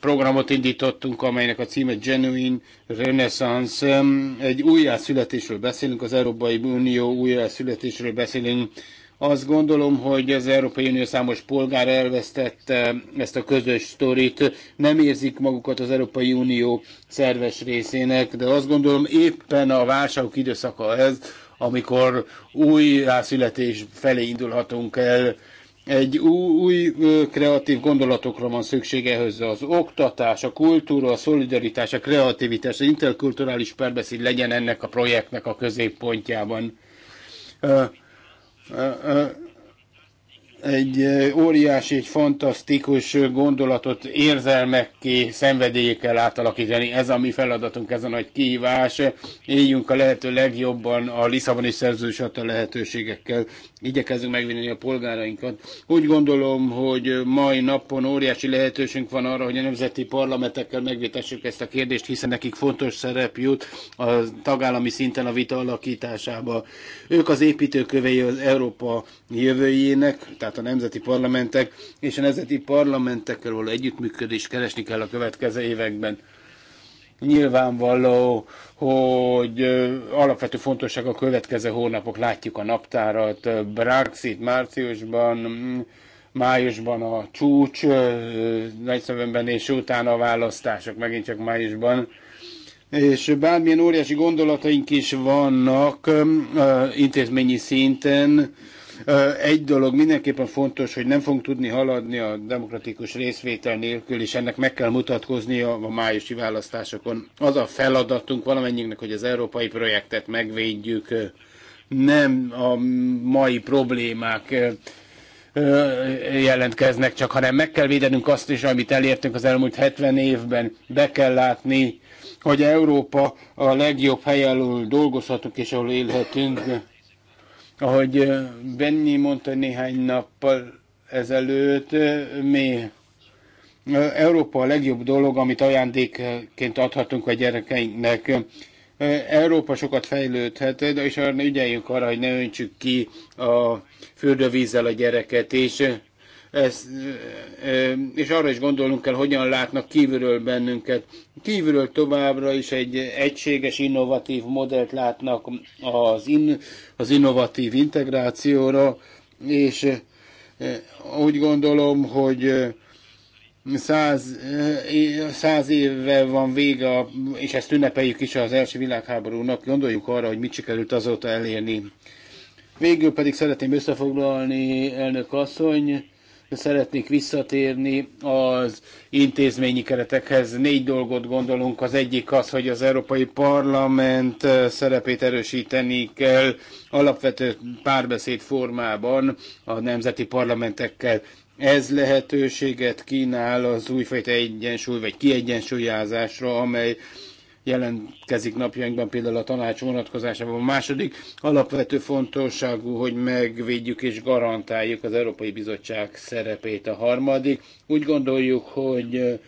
programot indítottunk, amelynek a címe Genuine Renaissance. Egy újjászületésről beszélünk, az Európai Unió újjászületésről beszélünk. Azt gondolom, hogy az Európai Unió számos polgár elvesztette ezt a közös sztorit, nem érzik magukat az Európai Unió szerves részének, de azt gondolom éppen a válságok időszaka ez, amikor új születés felé indulhatunk el, egy új, új kreatív gondolatokra van szükség ehhez. Az oktatás, a kultúra, a szolidaritás, a kreativitás, az interkulturális perbeszéd legyen ennek a projektnek a középpontjában egy óriási, egy fantasztikus gondolatot érzelmekké, szenvedélyekkel átalakítani. Ez a mi feladatunk, ez a nagy kihívás. Éljünk a lehető legjobban a Lisszaboni szerződés adta lehetőségekkel. Igyekezzünk megvinni a polgárainkat. Úgy gondolom, hogy mai napon óriási lehetőségünk van arra, hogy a nemzeti parlamentekkel megvitassuk ezt a kérdést, hiszen nekik fontos szerep jut a tagállami szinten a vita alakításába. Ők az építőkövei az Európa jövőjének, tehát tehát a nemzeti parlamentek, és a nemzeti parlamentekkel való együttműködést keresni kell a következő években. Nyilvánvaló, hogy alapvető fontosság a következő hónapok, látjuk a naptárat, Brexit márciusban, májusban a csúcs, nagyszövőben és utána a választások, megint csak májusban és bármilyen óriási gondolataink is vannak intézményi szinten, egy dolog mindenképpen fontos, hogy nem fogunk tudni haladni a demokratikus részvétel nélkül, és ennek meg kell mutatkoznia a májusi választásokon. Az a feladatunk valamennyiünknek, hogy az európai projektet megvédjük, nem a mai problémák jelentkeznek csak, hanem meg kell védenünk azt is, amit elértünk az elmúlt 70 évben. Be kell látni, hogy Európa a legjobb hely, ahol dolgozhatunk és ahol élhetünk. Ahogy Benni mondta néhány nappal ezelőtt, mi Európa a legjobb dolog, amit ajándékként adhatunk a gyerekeinknek. Európa sokat fejlődhet, de is arra ügyeljünk arra, hogy ne öntsük ki a fürdővízzel a gyereket, és ez, és arra is gondolnunk kell, hogyan látnak kívülről bennünket. Kívülről továbbra is egy egységes, innovatív modellt látnak az, in, az innovatív integrációra, és úgy gondolom, hogy száz, száz éve van vége, és ezt ünnepeljük is az első világháborúnak, gondoljuk arra, hogy mit sikerült azóta elérni. Végül pedig szeretném összefoglalni, elnök asszony, szeretnék visszatérni az intézményi keretekhez. Négy dolgot gondolunk. Az egyik az, hogy az Európai Parlament szerepét erősíteni kell alapvető párbeszéd formában a nemzeti parlamentekkel. Ez lehetőséget kínál az újfajta egyensúly vagy kiegyensúlyázásra, amely jelentkezik napjainkban, például a tanács vonatkozásában. A második alapvető fontosságú, hogy megvédjük és garantáljuk az Európai Bizottság szerepét. A harmadik, úgy gondoljuk, hogy eh,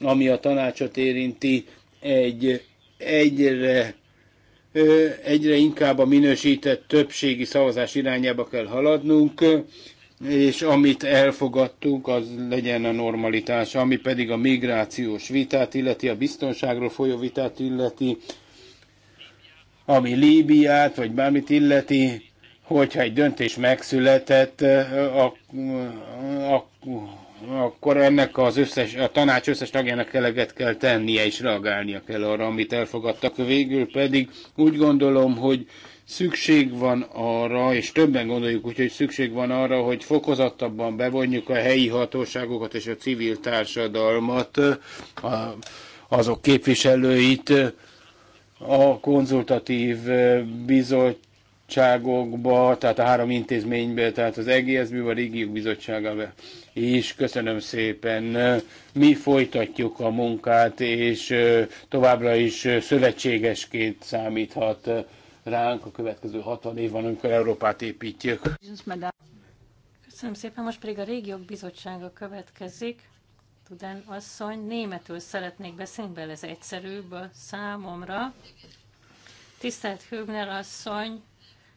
ami a tanácsot érinti, egy egyre eh, egyre inkább a minősített többségi szavazás irányába kell haladnunk és amit elfogadtunk, az legyen a normalitás, ami pedig a migrációs vitát illeti, a biztonságról folyó vitát illeti, ami Líbiát, vagy bármit illeti, hogyha egy döntés megszületett, akkor ennek az összes, a tanács összes tagjának eleget kell tennie és reagálnia kell arra, amit elfogadtak. Végül pedig úgy gondolom, hogy szükség van arra, és többen gondoljuk úgy, hogy szükség van arra, hogy fokozottabban bevonjuk a helyi hatóságokat és a civil társadalmat, azok képviselőit a konzultatív bizottságokba, tehát a három intézménybe, tehát az egsb a Régiók Bizottságába is. Köszönöm szépen. Mi folytatjuk a munkát, és továbbra is szövetségesként számíthat ránk a következő 60 évben, amikor Európát építjük. Köszönöm szépen, most pedig a Régiók Bizottsága következik. Tudán asszony, németül szeretnék beszélni, bele ez egyszerűbb a számomra. Tisztelt Hübner asszony,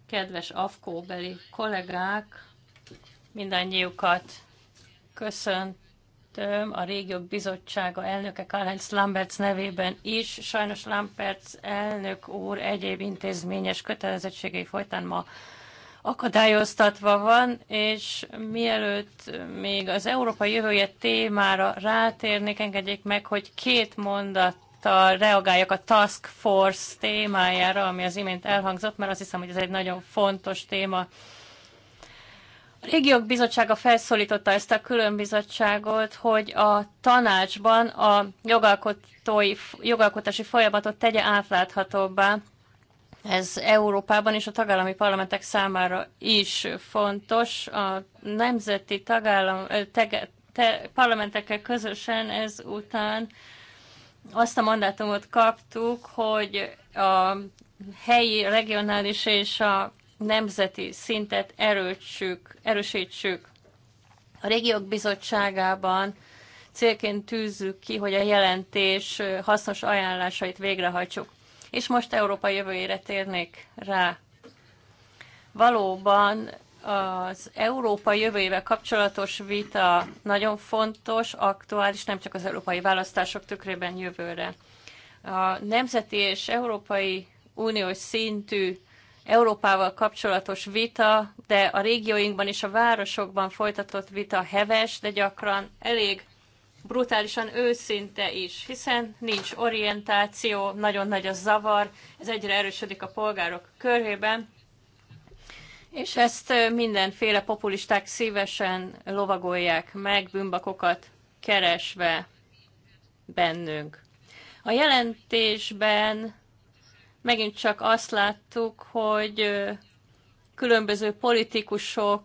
kedves afkóbeli kollégák, mindannyiukat köszönt a régiók bizottsága elnöke Karl-Heinz Lamberts nevében is. Sajnos Lamberts elnök úr egyéb intézményes kötelezettségei folytán ma akadályoztatva van, és mielőtt még az Európai jövője témára rátérnék, engedjék meg, hogy két mondattal reagáljak a Task Force témájára, ami az imént elhangzott, mert azt hiszem, hogy ez egy nagyon fontos téma Régiók Bizottsága felszólította ezt a különbizottságot, hogy a tanácsban a jogalkotói, jogalkotási folyamatot tegye átláthatóbbá. Ez Európában és a tagállami parlamentek számára is fontos. A nemzeti tagállam, tege, te, parlamentekkel közösen ezután azt a mandátumot kaptuk, hogy a helyi, regionális és a nemzeti szintet erősítsük, erősítsük. A régiók bizottságában célként tűzzük ki, hogy a jelentés hasznos ajánlásait végrehajtsuk. És most Európa jövőjére térnék rá. Valóban az Európa jövőjével kapcsolatos vita nagyon fontos, aktuális, nem csak az európai választások tükrében jövőre. A nemzeti és európai uniós szintű Európával kapcsolatos vita, de a régióinkban és a városokban folytatott vita heves, de gyakran elég brutálisan őszinte is, hiszen nincs orientáció, nagyon nagy a zavar, ez egyre erősödik a polgárok körében, és ezt mindenféle populisták szívesen lovagolják meg, bűnbakokat keresve bennünk. A jelentésben megint csak azt láttuk, hogy különböző politikusok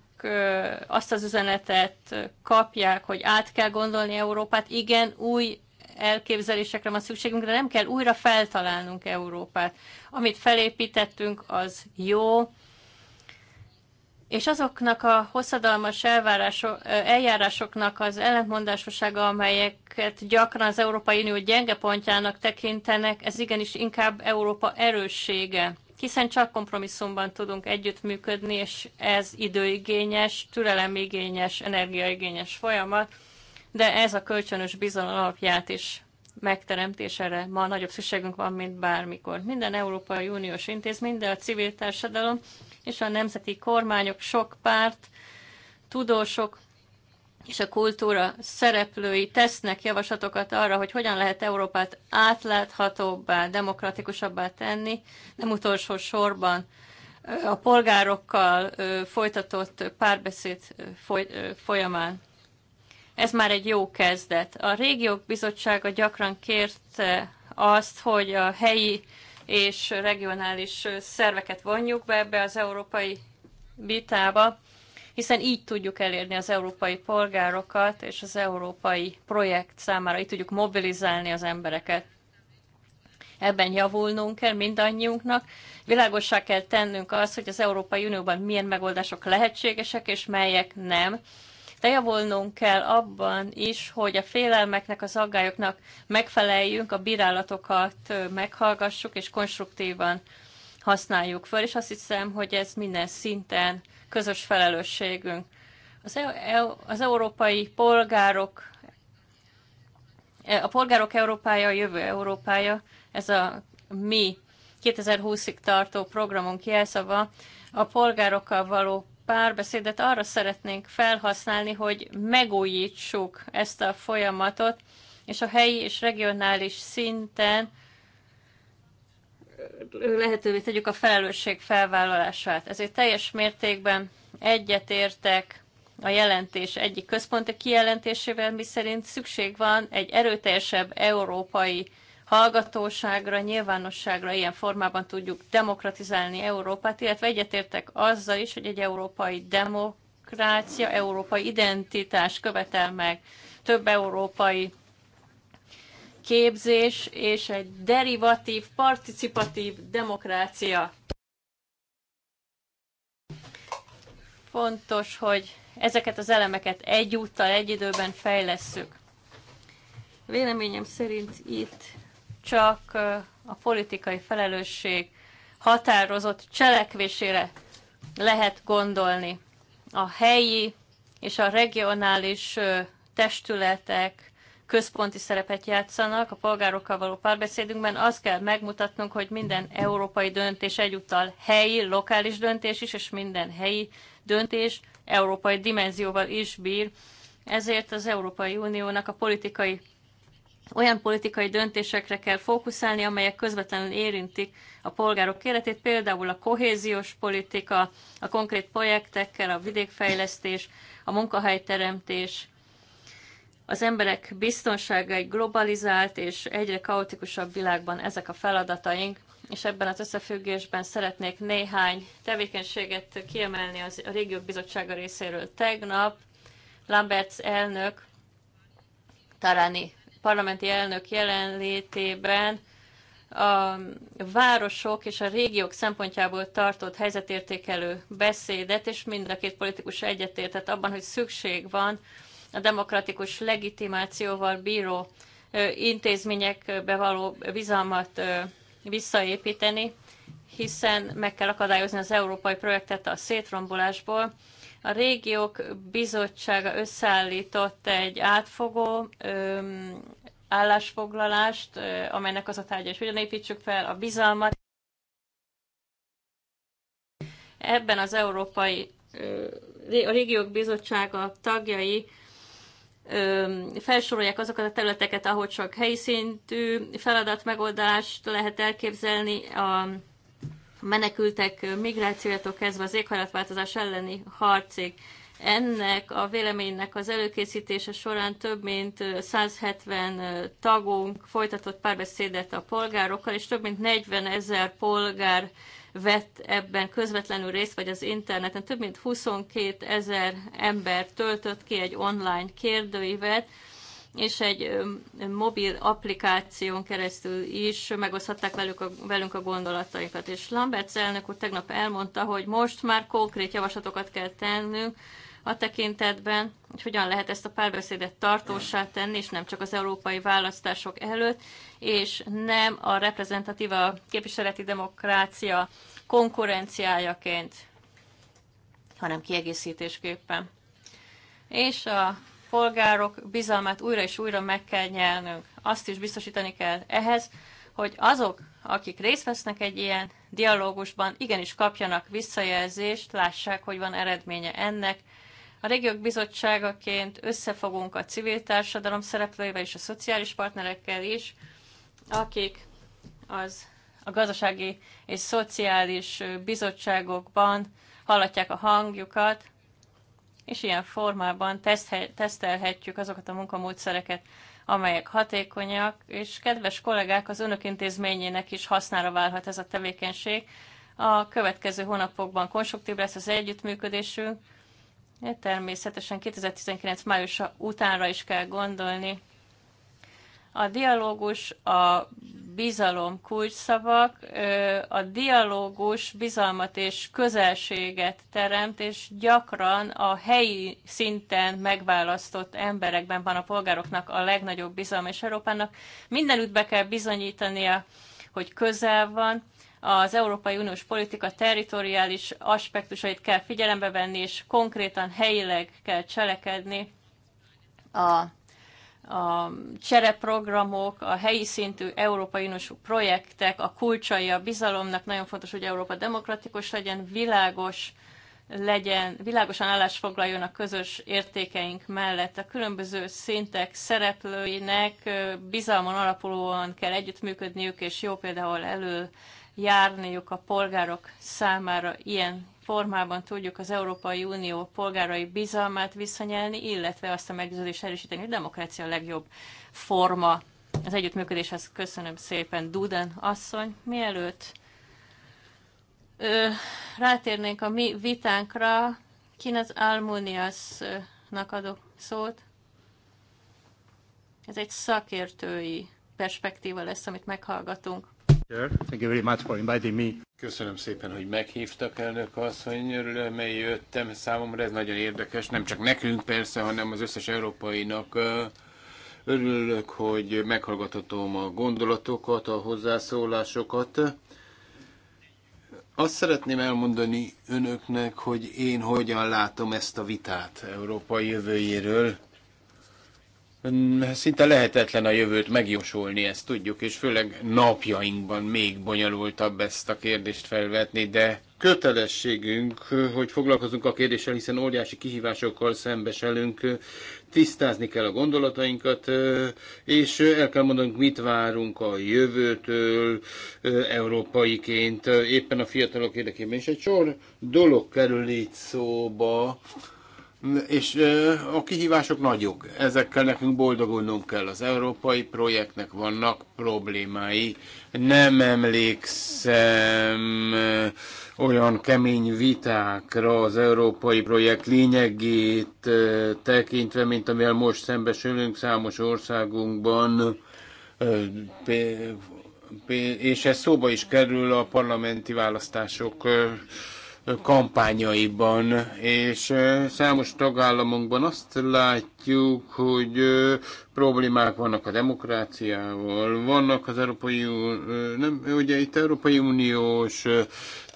azt az üzenetet kapják, hogy át kell gondolni Európát. Igen, új elképzelésekre van szükségünk, de nem kell újra feltalálnunk Európát. Amit felépítettünk, az jó, és azoknak a hosszadalmas eljárásoknak az ellentmondásossága, amelyeket gyakran az Európai Unió gyenge pontjának tekintenek, ez igenis inkább Európa erőssége, hiszen csak kompromisszumban tudunk együttműködni, és ez időigényes, türelemigényes, energiaigényes folyamat, de ez a kölcsönös bizalom alapját is megteremtésére ma nagyobb szükségünk van, mint bármikor. Minden Európai Uniós intézmény, de a civil társadalom és a nemzeti kormányok, sok párt, tudósok és a kultúra szereplői tesznek javaslatokat arra, hogy hogyan lehet Európát átláthatóbbá, demokratikusabbá tenni, nem utolsó sorban a polgárokkal folytatott párbeszéd folyamán. Ez már egy jó kezdet. A régiók bizottsága gyakran kérte azt, hogy a helyi és regionális szerveket vonjuk be ebbe az európai vitába, hiszen így tudjuk elérni az európai polgárokat és az európai projekt számára, így tudjuk mobilizálni az embereket. Ebben javulnunk kell mindannyiunknak. Világossá kell tennünk azt, hogy az Európai Unióban milyen megoldások lehetségesek és melyek nem de javulnunk kell abban is, hogy a félelmeknek, az aggályoknak megfeleljünk, a bírálatokat meghallgassuk, és konstruktívan használjuk föl, és azt hiszem, hogy ez minden szinten közös felelősségünk. Az, e, e- az európai polgárok, e- a polgárok Európája, a jövő Európája, ez a mi 2020-ig tartó programunk jelszava, a polgárokkal való párbeszédet arra szeretnénk felhasználni, hogy megújítsuk ezt a folyamatot, és a helyi és regionális szinten lehetővé tegyük a felelősség felvállalását. Ezért teljes mértékben egyetértek a jelentés egyik központi kijelentésével, miszerint szükség van egy erőteljesebb európai hallgatóságra, nyilvánosságra ilyen formában tudjuk demokratizálni Európát, illetve egyetértek azzal is, hogy egy európai demokrácia, európai identitás követel meg több európai képzés és egy derivatív, participatív demokrácia. Fontos, hogy ezeket az elemeket egyúttal, egy időben fejlesszük. Véleményem szerint itt csak a politikai felelősség határozott cselekvésére lehet gondolni. A helyi és a regionális testületek központi szerepet játszanak a polgárokkal való párbeszédünkben. Azt kell megmutatnunk, hogy minden európai döntés egyúttal helyi, lokális döntés is, és minden helyi döntés európai dimenzióval is bír. Ezért az Európai Uniónak a politikai olyan politikai döntésekre kell fókuszálni, amelyek közvetlenül érintik a polgárok életét, például a kohéziós politika, a konkrét projektekkel, a vidékfejlesztés, a munkahelyteremtés, az emberek biztonsága egy globalizált és egyre kaotikusabb világban ezek a feladataink, és ebben az összefüggésben szeretnék néhány tevékenységet kiemelni az, a Régiók Bizottsága részéről. Tegnap Lamberts elnök Tarani parlamenti elnök jelenlétében a városok és a régiók szempontjából tartott helyzetértékelő beszédet, és mind a két politikus egyetértett abban, hogy szükség van a demokratikus legitimációval bíró intézményekbe való bizalmat visszaépíteni, hiszen meg kell akadályozni az európai projektet a szétrombolásból, a régiók bizottsága összeállított egy átfogó öm, állásfoglalást, amelynek az a tárgya, hogy hogyan építsük fel a bizalmat. Ebben az Európai a Régiók Bizottsága tagjai felsorolják azokat a területeket, ahol csak helyszíntű feladatmegoldást lehet elképzelni, a menekültek migrációjától kezdve az éghajlatváltozás elleni harcig. Ennek a véleménynek az előkészítése során több mint 170 tagunk folytatott párbeszédet a polgárokkal, és több mint 40 ezer polgár vett ebben közvetlenül részt, vagy az interneten. Több mint 22 ezer ember töltött ki egy online kérdőívet, és egy mobil applikáción keresztül is megoszthatták velük a, velünk a gondolatainkat. És Lamberts elnök úr tegnap elmondta, hogy most már konkrét javaslatokat kell tennünk a tekintetben, hogy hogyan lehet ezt a párbeszédet tartósá tenni, és nem csak az európai választások előtt, és nem a reprezentatíva képviseleti demokrácia konkurenciájaként, hanem kiegészítésképpen. És a polgárok bizalmát újra és újra meg kell nyernünk. Azt is biztosítani kell ehhez, hogy azok, akik részt vesznek egy ilyen dialógusban, igenis kapjanak visszajelzést, lássák, hogy van eredménye ennek. A Régiók Bizottságaként összefogunk a civil társadalom szereplőivel és a szociális partnerekkel is, akik az a gazdasági és szociális bizottságokban hallatják a hangjukat, és ilyen formában tesztelhetjük azokat a munkamódszereket, amelyek hatékonyak, és kedves kollégák, az önök intézményének is hasznára válhat ez a tevékenység. A következő hónapokban konstruktív lesz az együttműködésünk, természetesen 2019 májusa utánra is kell gondolni. A dialógus, a bizalom kulcsszavak, a dialógus bizalmat és közelséget teremt, és gyakran a helyi szinten megválasztott emberekben van a polgároknak a legnagyobb bizalom, és Európának mindenütt be kell bizonyítania, hogy közel van, az Európai Uniós politika territoriális aspektusait kell figyelembe venni, és konkrétan helyileg kell cselekedni a a csereprogramok, a helyi szintű Európai Uniós projektek, a kulcsai a bizalomnak, nagyon fontos, hogy Európa demokratikus legyen, világos legyen, világosan állásfoglaljon a közös értékeink mellett. A különböző szintek szereplőinek bizalmon alapulóan kell együttműködniük, és jó például elő járniuk a polgárok számára ilyen formában tudjuk az Európai Unió polgárai bizalmát visszanyelni, illetve azt a meggyőződést erősíteni, hogy demokrácia a legjobb forma az együttműködéshez. Köszönöm szépen, Duden asszony. Mielőtt ö, rátérnénk a mi vitánkra, Kinez Almuniasnak adok szót. Ez egy szakértői perspektíva lesz, amit meghallgatunk. Thank you very much for inviting me. Köszönöm szépen, hogy meghívtak, elnök asszony, örülöm, hogy jöttem. Számomra ez nagyon érdekes, nem csak nekünk persze, hanem az összes európainak. Örülök, hogy meghallgathatom a gondolatokat, a hozzászólásokat. Azt szeretném elmondani önöknek, hogy én hogyan látom ezt a vitát Európa jövőjéről. Szinte lehetetlen a jövőt megjósolni, ezt tudjuk, és főleg napjainkban még bonyolultabb ezt a kérdést felvetni, de kötelességünk, hogy foglalkozunk a kérdéssel, hiszen óriási kihívásokkal szembesülünk, tisztázni kell a gondolatainkat, és el kell mondanunk, mit várunk a jövőtől európaiként, éppen a fiatalok érdekében. És egy sor dolog kerül itt szóba, és a kihívások nagyok. Ezekkel nekünk boldogulnunk kell. Az európai projektnek vannak problémái. Nem emlékszem olyan kemény vitákra az európai projekt lényegét tekintve, mint amivel most szembesülünk számos országunkban és ez szóba is kerül a parlamenti választások kampányaiban, és számos tagállamunkban azt látjuk, hogy problémák vannak a demokráciával, vannak az Európai nem, ugye itt Európai Uniós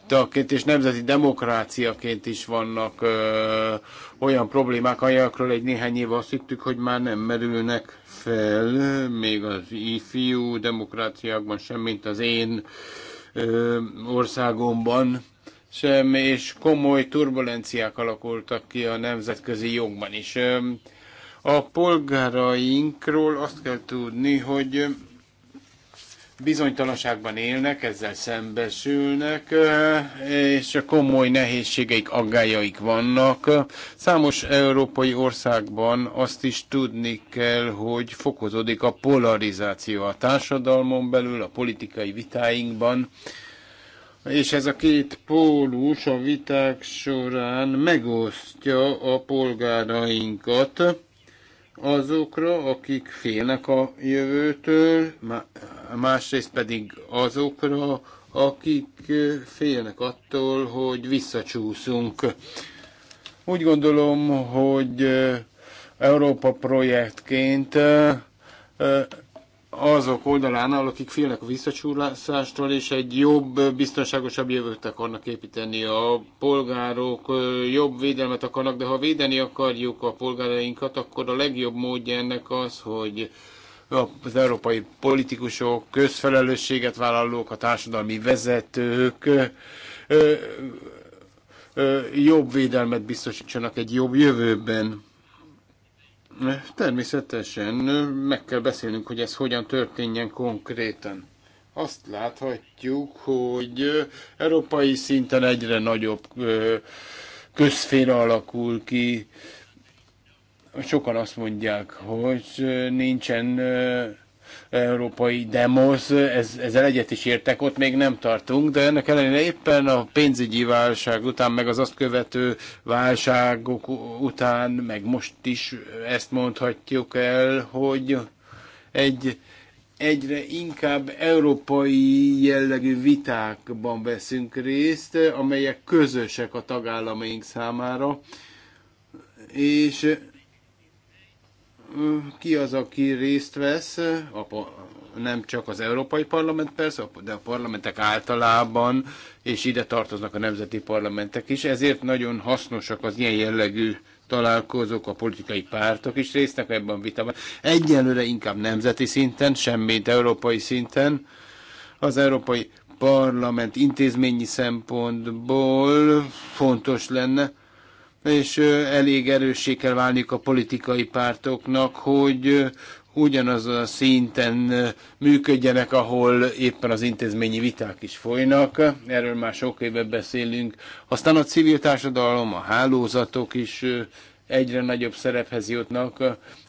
tagként és nemzeti demokráciaként is vannak ö, olyan problémák, amelyekről egy néhány év azt hittük, hogy már nem merülnek fel, még az ifjú demokráciákban sem, mint az én országomban sem, és komoly turbulenciák alakultak ki a nemzetközi jogban is. A polgárainkról azt kell tudni, hogy bizonytalanságban élnek, ezzel szembesülnek, és komoly nehézségeik, aggájaik vannak. Számos európai országban azt is tudni kell, hogy fokozódik a polarizáció a társadalmon belül, a politikai vitáinkban, és ez a két pólus a viták során megosztja a polgárainkat azokra, akik félnek a jövőtől, másrészt pedig azokra, akik félnek attól, hogy visszacsúszunk. Úgy gondolom, hogy Európa projektként azok oldalán áll, akik félnek a visszacsúrlászástól, és egy jobb, biztonságosabb jövőt akarnak építeni. A polgárok jobb védelmet akarnak, de ha védeni akarjuk a polgárainkat, akkor a legjobb módja ennek az, hogy az európai politikusok, közfelelősséget vállalók, a társadalmi vezetők jobb védelmet biztosítsanak egy jobb jövőben Természetesen meg kell beszélnünk, hogy ez hogyan történjen konkrétan. Azt láthatjuk, hogy európai szinten egyre nagyobb közféra alakul ki. Sokan azt mondják, hogy nincsen európai demosz, ez, ezzel egyet is értek, ott még nem tartunk, de ennek ellenére éppen a pénzügyi válság után, meg az azt követő válságok után, meg most is ezt mondhatjuk el, hogy egy egyre inkább európai jellegű vitákban veszünk részt, amelyek közösek a tagállamaink számára, és ki az, aki részt vesz, a, nem csak az Európai Parlament persze, de a parlamentek általában, és ide tartoznak a nemzeti parlamentek is, ezért nagyon hasznosak az ilyen jellegű találkozók, a politikai pártok is résznek ebben a vitában. Egyelőre inkább nemzeti szinten, semmint európai szinten. Az Európai Parlament intézményi szempontból fontos lenne, és elég erőssé kell válniuk a politikai pártoknak, hogy ugyanaz a szinten működjenek, ahol éppen az intézményi viták is folynak. Erről már sok éve beszélünk. Aztán a civil társadalom, a hálózatok is egyre nagyobb szerephez jutnak.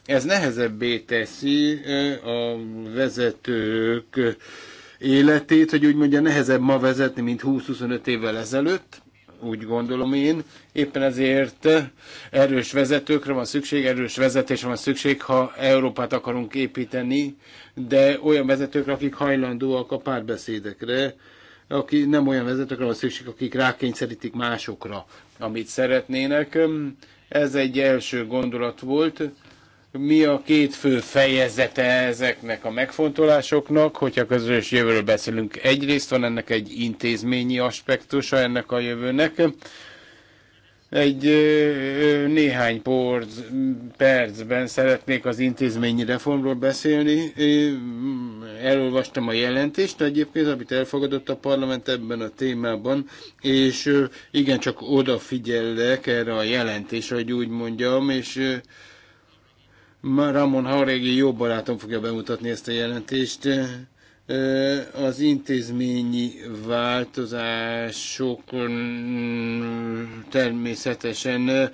Ez nehezebbé teszi a vezetők életét, hogy úgy mondja, nehezebb ma vezetni, mint 20-25 évvel ezelőtt úgy gondolom én. Éppen ezért erős vezetőkre van szükség, erős vezetésre van szükség, ha Európát akarunk építeni, de olyan vezetőkre, akik hajlandóak a párbeszédekre, aki nem olyan vezetőkre van szükség, akik rákényszerítik másokra, amit szeretnének. Ez egy első gondolat volt mi a két fő fejezete ezeknek a megfontolásoknak, hogyha közös jövőről beszélünk. Egyrészt van ennek egy intézményi aspektusa ennek a jövőnek, egy néhány percben szeretnék az intézményi reformról beszélni. Elolvastam a jelentést egyébként, amit elfogadott a parlament ebben a témában, és igen, csak odafigyellek erre a jelentésre, hogy úgy mondjam, és Ramon Hauregi jó barátom fogja bemutatni ezt a jelentést. Az intézményi változások mm, természetesen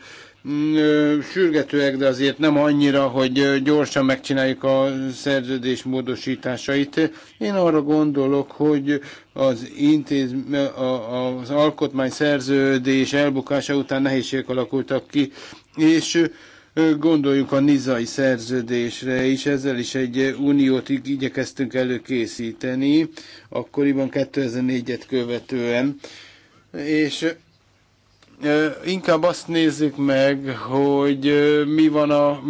mm, sürgetőek, de azért nem annyira, hogy gyorsan megcsináljuk a szerződés módosításait. Én arra gondolok, hogy az, intéz, az alkotmány szerződés elbukása után nehézségek alakultak ki, és Gondoljuk a nizai szerződésre is, ezzel is egy uniót igyekeztünk előkészíteni, akkoriban 2004-et követően, és inkább azt nézzük meg, hogy mi van a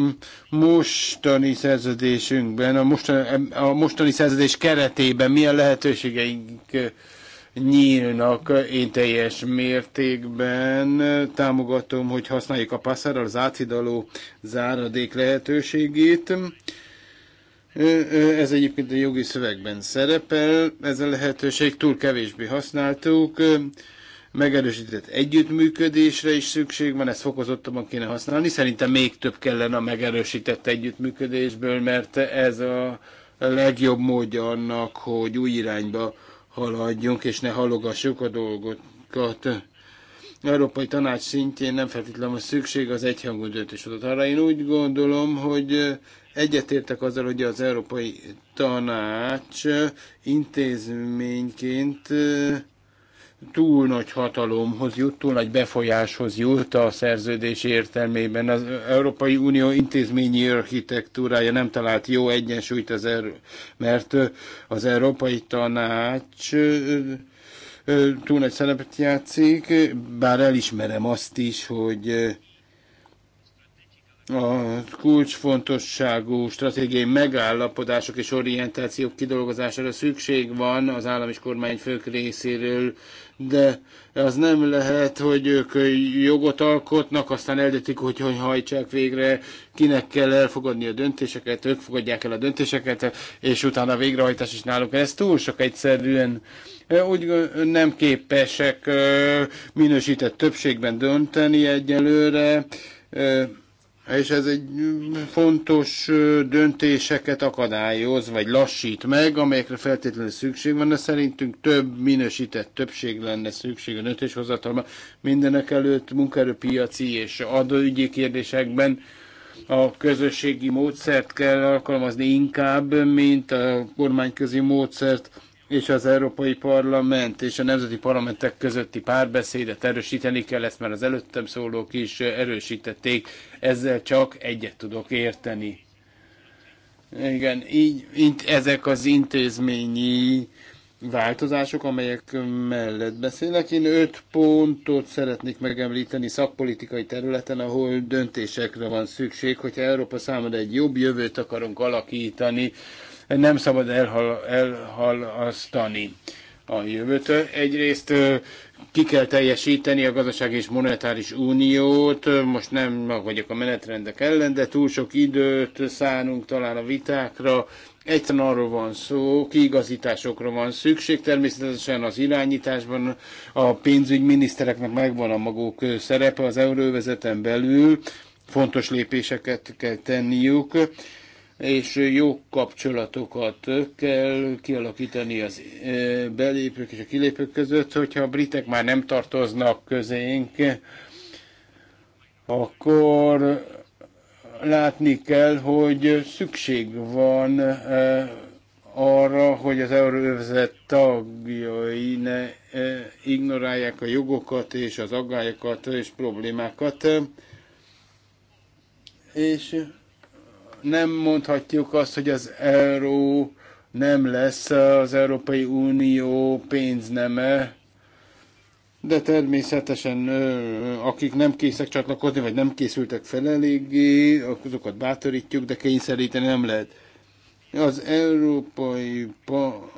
mostani szerződésünkben, a mostani, a mostani szerződés keretében, milyen lehetőségeink nyílnak. Én teljes mértékben támogatom, hogy használjuk a passzárral az áthidaló záradék lehetőségét. Ez egyébként a jogi szövegben szerepel, ez a lehetőség túl kevésbé használtuk, megerősített együttműködésre is szükség van, ezt fokozottabban kéne használni. Szerintem még több kellene a megerősített együttműködésből, mert ez a legjobb módja annak, hogy új irányba haladjunk, és ne halogassuk a dolgokat. Európai Tanács szintjén nem feltétlenül szükség az egyhangú döntés, döntéshozat. Arra én úgy gondolom, hogy egyetértek azzal, hogy az Európai Tanács intézményként túl nagy hatalomhoz jut, túl nagy befolyáshoz jut a szerződés értelmében. Az Európai Unió intézményi architektúrája nem talált jó egyensúlyt, az er- mert az Európai Tanács túl nagy szerepet játszik, bár elismerem azt is, hogy a kulcsfontosságú stratégiai megállapodások és orientációk kidolgozására szükség van az állam és fők részéről, de az nem lehet, hogy ők jogot alkotnak, aztán eldöntik, hogy hogy hajtsák végre, kinek kell elfogadni a döntéseket, ők fogadják el a döntéseket, és utána a végrehajtás is náluk. Ez túl sok egyszerűen úgy nem képesek minősített többségben dönteni egyelőre, és ez egy mm, fontos döntéseket akadályoz, vagy lassít meg, amelyekre feltétlenül szükség van, de szerintünk több minősített többség lenne szükség a döntéshozatalban. Mindenek előtt munkaerőpiaci és adóügyi kérdésekben a közösségi módszert kell alkalmazni inkább, mint a kormányközi módszert és az Európai Parlament és a nemzeti parlamentek közötti párbeszédet erősíteni kell, ezt már az előttem szólók is erősítették, ezzel csak egyet tudok érteni. Igen, így, így ezek az intézményi változások, amelyek mellett beszélek. Én öt pontot szeretnék megemlíteni szakpolitikai területen, ahol döntésekre van szükség, hogyha Európa számára egy jobb jövőt akarunk alakítani, nem szabad elhal, elhalasztani a jövőt. Egyrészt ki kell teljesíteni a gazdaság és monetáris uniót, most nem vagyok a menetrendek ellen, de túl sok időt szánunk talán a vitákra, egyszerűen arról van szó, kiigazításokra van szükség, természetesen az irányításban a pénzügyminisztereknek megvan a maguk szerepe az euróvezeten belül, fontos lépéseket kell tenniük, és jó kapcsolatokat kell kialakítani az e, belépők és a kilépők között, hogyha a britek már nem tartoznak közénk, akkor látni kell, hogy szükség van e, arra, hogy az euróövezet tagjai ne e, ignorálják a jogokat és az aggályokat és problémákat. És nem mondhatjuk azt, hogy az euró nem lesz az Európai Unió pénzneme, de természetesen akik nem készek csatlakozni, vagy nem készültek fel eléggé, azokat bátorítjuk, de kényszeríteni nem lehet. Az Európai pa-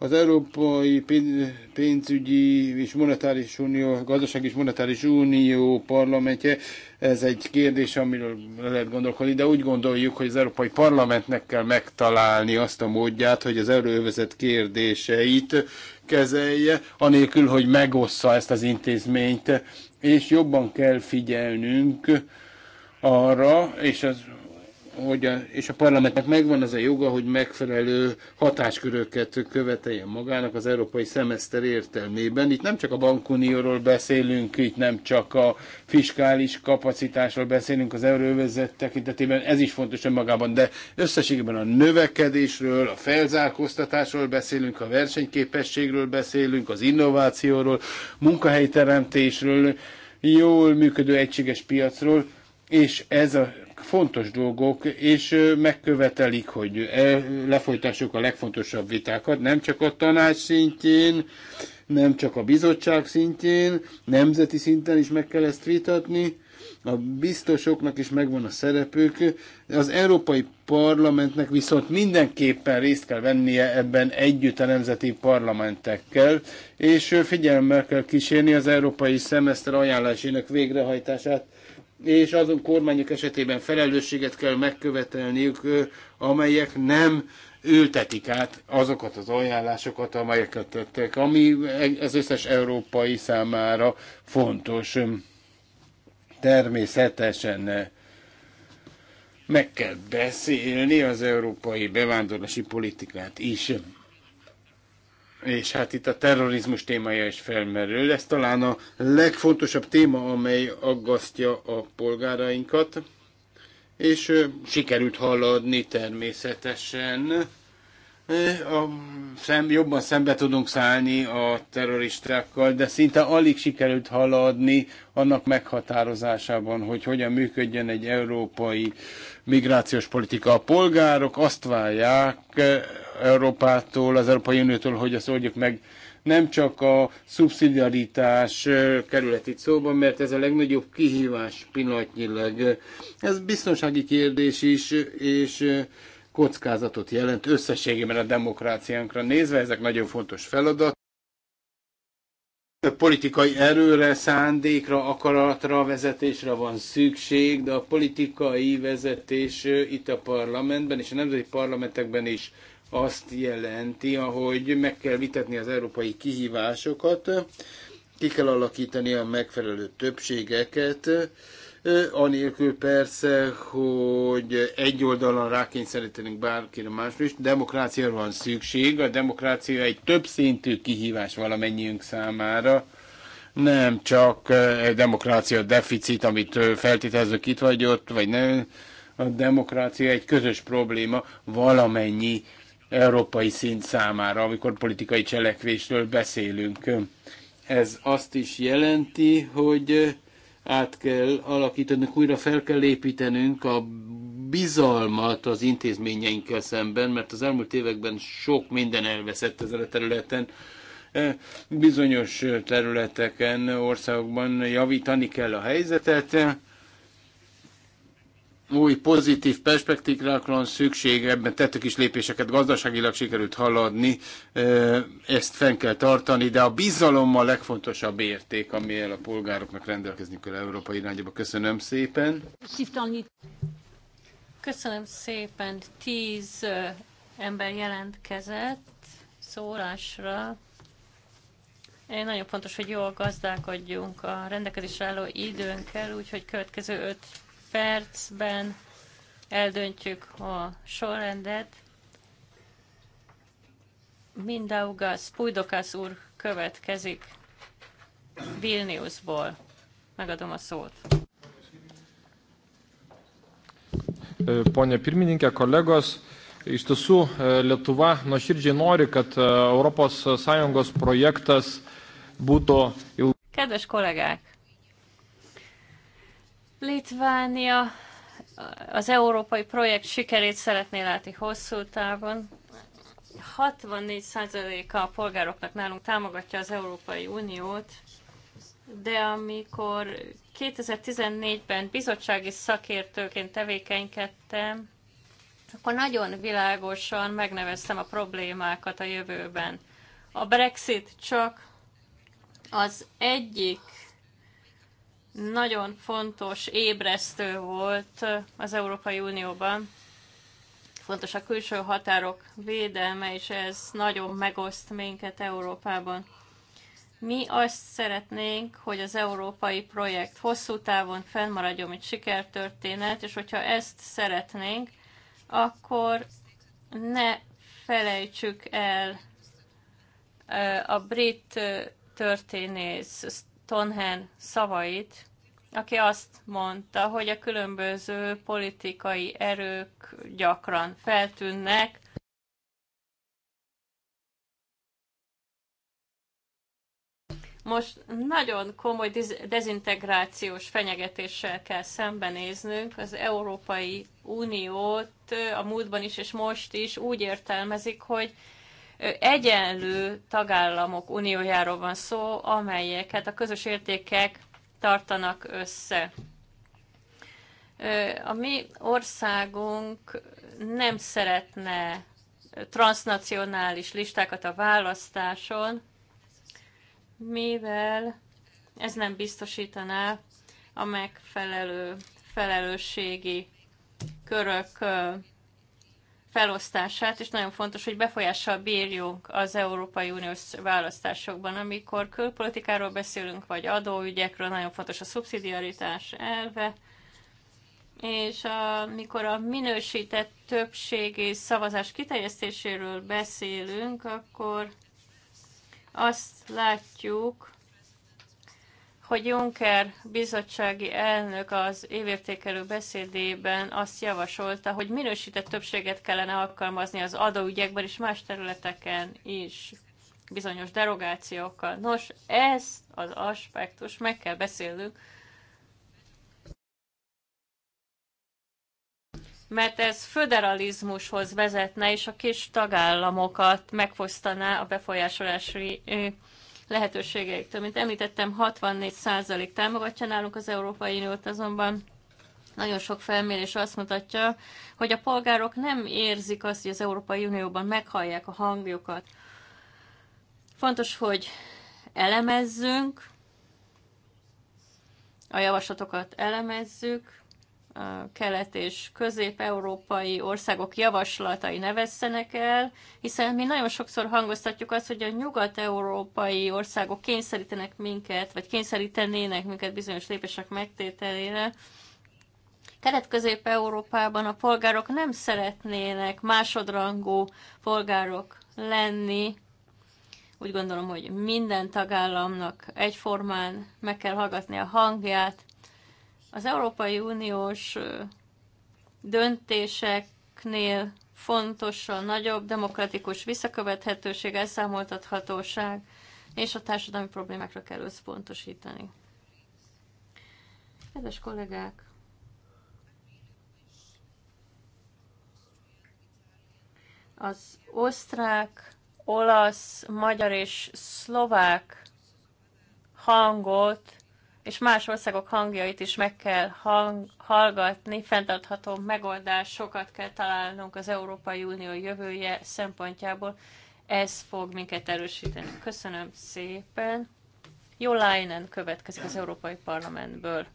az Európai Pénzügyi és Monetáris Unió, Gazdaság és Monetáris Unió parlamentje, ez egy kérdés, amiről lehet gondolkodni, de úgy gondoljuk, hogy az Európai Parlamentnek kell megtalálni azt a módját, hogy az erővezet kérdéseit kezelje, anélkül, hogy megossza ezt az intézményt, és jobban kell figyelnünk arra, és az hogy a, és a parlamentnek megvan az a joga, hogy megfelelő hatásköröket követeljen magának az európai szemeszter értelmében. Itt nem csak a bankunióról beszélünk, itt nem csak a fiskális kapacitásról beszélünk az euróvezet tekintetében, ez is fontos önmagában, de összességében a növekedésről, a felzárkóztatásról beszélünk, a versenyképességről beszélünk, az innovációról, munkahelyteremtésről, jól működő egységes piacról, és ez a ezek fontos dolgok, és megkövetelik, hogy lefolytassuk a legfontosabb vitákat, nem csak a tanács szintjén, nem csak a bizottság szintjén, nemzeti szinten is meg kell ezt vitatni, a biztosoknak is megvan a szerepük, az Európai Parlamentnek viszont mindenképpen részt kell vennie ebben együtt a nemzeti parlamentekkel, és figyelemmel kell kísérni az európai szemeszter ajánlásének végrehajtását és azon kormányok esetében felelősséget kell megkövetelniük, amelyek nem ültetik át azokat az ajánlásokat, amelyeket tettek, ami az összes európai számára fontos. Természetesen meg kell beszélni az európai bevándorlási politikát is és hát itt a terrorizmus témája is felmerül. Ez talán a legfontosabb téma, amely aggasztja a polgárainkat, és sikerült haladni természetesen. A, szem, jobban szembe tudunk szállni a terroristákkal, de szinte alig sikerült haladni annak meghatározásában, hogy hogyan működjön egy európai migrációs politika. A polgárok azt várják Európától, az Európai Uniótól, hogy ezt oldjuk meg. Nem csak a szubszidiaritás kerület itt szóban, mert ez a legnagyobb kihívás pillanatnyilag. Ez biztonsági kérdés is, és kockázatot jelent összességében a demokráciánkra nézve, ezek nagyon fontos feladat. A politikai erőre, szándékra, akaratra, vezetésre van szükség, de a politikai vezetés itt a parlamentben és a nemzeti parlamentekben is azt jelenti, hogy meg kell vitetni az európai kihívásokat, ki kell alakítani a megfelelő többségeket, anélkül persze, hogy egy oldalon rákényszerítenünk bárkire másra is, demokráciára van szükség, a demokrácia egy többszintű kihívás valamennyiünk számára, nem csak demokrácia deficit, amit feltételezők itt vagy ott, vagy nem, a demokrácia egy közös probléma valamennyi európai szint számára, amikor politikai cselekvésről beszélünk. Ez azt is jelenti, hogy át kell alakítani, újra fel kell építenünk a bizalmat az intézményeinkkel szemben, mert az elmúlt években sok minden elveszett ezen a területen. E, bizonyos területeken, országokban javítani kell a helyzetet, új pozitív perspektívákra van szükség, ebben tettük is lépéseket, gazdaságilag sikerült haladni, ezt fenn kell tartani, de a bizalom a legfontosabb érték, amivel a polgároknak rendelkezni kell Európa irányába. Köszönöm szépen! Köszönöm szépen! Tíz ember jelentkezett szólásra. Én nagyon fontos, hogy jól gazdálkodjunk a rendelkezésre álló időnkkel, úgyhogy következő öt percben eldöntjük a sorrendet. Mindaugas Pujdokász úr következik Vilniusból. Megadom a szót. Pone pirmininkė, kolegos, iš tiesų e, Lietuva nuoširdžiai nori, kad ES projektas būtų ilgas. Kedves kollégák, Litvánia az európai projekt sikerét szeretné látni hosszú távon. 64%-a a polgároknak nálunk támogatja az Európai Uniót, de amikor 2014-ben bizottsági szakértőként tevékenykedtem, akkor nagyon világosan megneveztem a problémákat a jövőben. A Brexit csak az egyik nagyon fontos ébresztő volt az Európai Unióban. Fontos a külső határok védelme, és ez nagyon megoszt minket Európában. Mi azt szeretnénk, hogy az európai projekt hosszú távon fennmaradjon, mint sikertörténet, és hogyha ezt szeretnénk, akkor ne felejtsük el a brit történész Tonhen szavait, aki azt mondta, hogy a különböző politikai erők gyakran feltűnnek, Most nagyon komoly dezintegrációs fenyegetéssel kell szembenéznünk. Az Európai Uniót a múltban is és most is úgy értelmezik, hogy egyenlő tagállamok uniójáról van szó, amelyeket a közös értékek tartanak össze. A mi országunk nem szeretne transnacionális listákat a választáson, mivel ez nem biztosítaná a megfelelő felelősségi körök felosztását, és nagyon fontos, hogy befolyással bírjunk az Európai Uniós választásokban. Amikor külpolitikáról beszélünk, vagy adóügyekről, nagyon fontos a szubszidiaritás elve, és amikor a minősített többségi szavazás kiterjesztéséről beszélünk, akkor azt látjuk, hogy Juncker bizottsági elnök az évértékelő beszédében azt javasolta, hogy minősített többséget kellene alkalmazni az adóügyekben és más területeken is bizonyos derogációkkal. Nos, ez az aspektus meg kell beszélnünk, mert ez föderalizmushoz vezetne, és a kis tagállamokat megfosztaná a befolyásolási lehetőségeiktől. Mint említettem, 64% támogatja nálunk az Európai Uniót, azonban nagyon sok felmérés azt mutatja, hogy a polgárok nem érzik azt, hogy az Európai Unióban meghallják a hangjukat. Fontos, hogy elemezzünk, a javaslatokat elemezzük, kelet- és közép-európai országok javaslatai ne vesszenek el, hiszen mi nagyon sokszor hangoztatjuk azt, hogy a nyugat-európai országok kényszerítenek minket, vagy kényszerítenének minket bizonyos lépések megtételére, Kelet-Közép-Európában a polgárok nem szeretnének másodrangú polgárok lenni. Úgy gondolom, hogy minden tagállamnak egyformán meg kell hallgatni a hangját, az Európai Uniós döntéseknél fontos a nagyobb demokratikus visszakövethetőség, elszámoltathatóság, és a társadalmi problémákra kell összpontosítani. Kedves kollégák! Az osztrák, olasz, magyar és szlovák hangot és más országok hangjait is meg kell hang, hallgatni, fenntartható megoldásokat kell találnunk az Európai Unió jövője szempontjából. Ez fog minket erősíteni. Köszönöm szépen. Jó Leinen következik az Európai Parlamentből.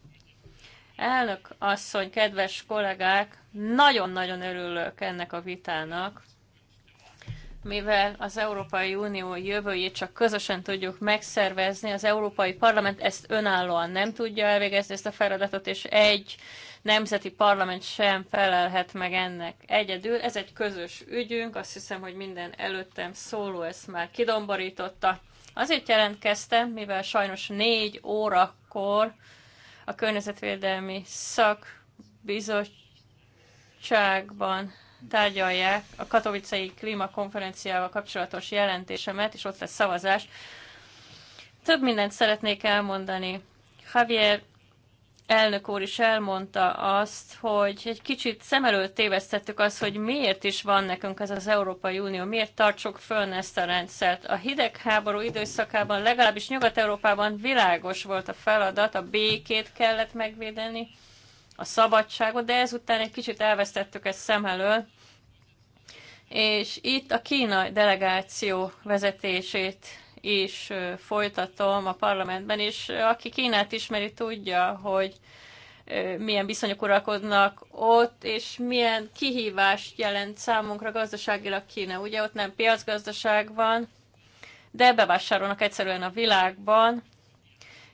Elnök asszony, kedves kollégák, nagyon-nagyon örülök ennek a vitának mivel az Európai Unió jövőjét csak közösen tudjuk megszervezni, az Európai Parlament ezt önállóan nem tudja elvégezni ezt a feladatot, és egy nemzeti parlament sem felelhet meg ennek egyedül. Ez egy közös ügyünk, azt hiszem, hogy minden előttem szóló ezt már kidomborította. Azért jelentkeztem, mivel sajnos négy órakor a Környezetvédelmi Szakbizottságban tárgyalják a katowicei klímakonferenciával kapcsolatos jelentésemet, és ott lesz szavazás. Több mindent szeretnék elmondani. Javier elnök úr is elmondta azt, hogy egy kicsit szem előtt tévesztettük azt, hogy miért is van nekünk ez az Európai Unió, miért tartsuk föl ezt a rendszert. A hidegháború időszakában legalábbis Nyugat-Európában világos volt a feladat, a békét kellett megvédeni, a szabadságot, de ezután egy kicsit elvesztettük ezt szem elől, és itt a Kína delegáció vezetését is folytatom a parlamentben, és aki Kínát ismeri, tudja, hogy milyen viszonyok uralkodnak ott, és milyen kihívást jelent számunkra gazdaságilag Kína. Ugye ott nem piacgazdaság van, de bevásárolnak egyszerűen a világban,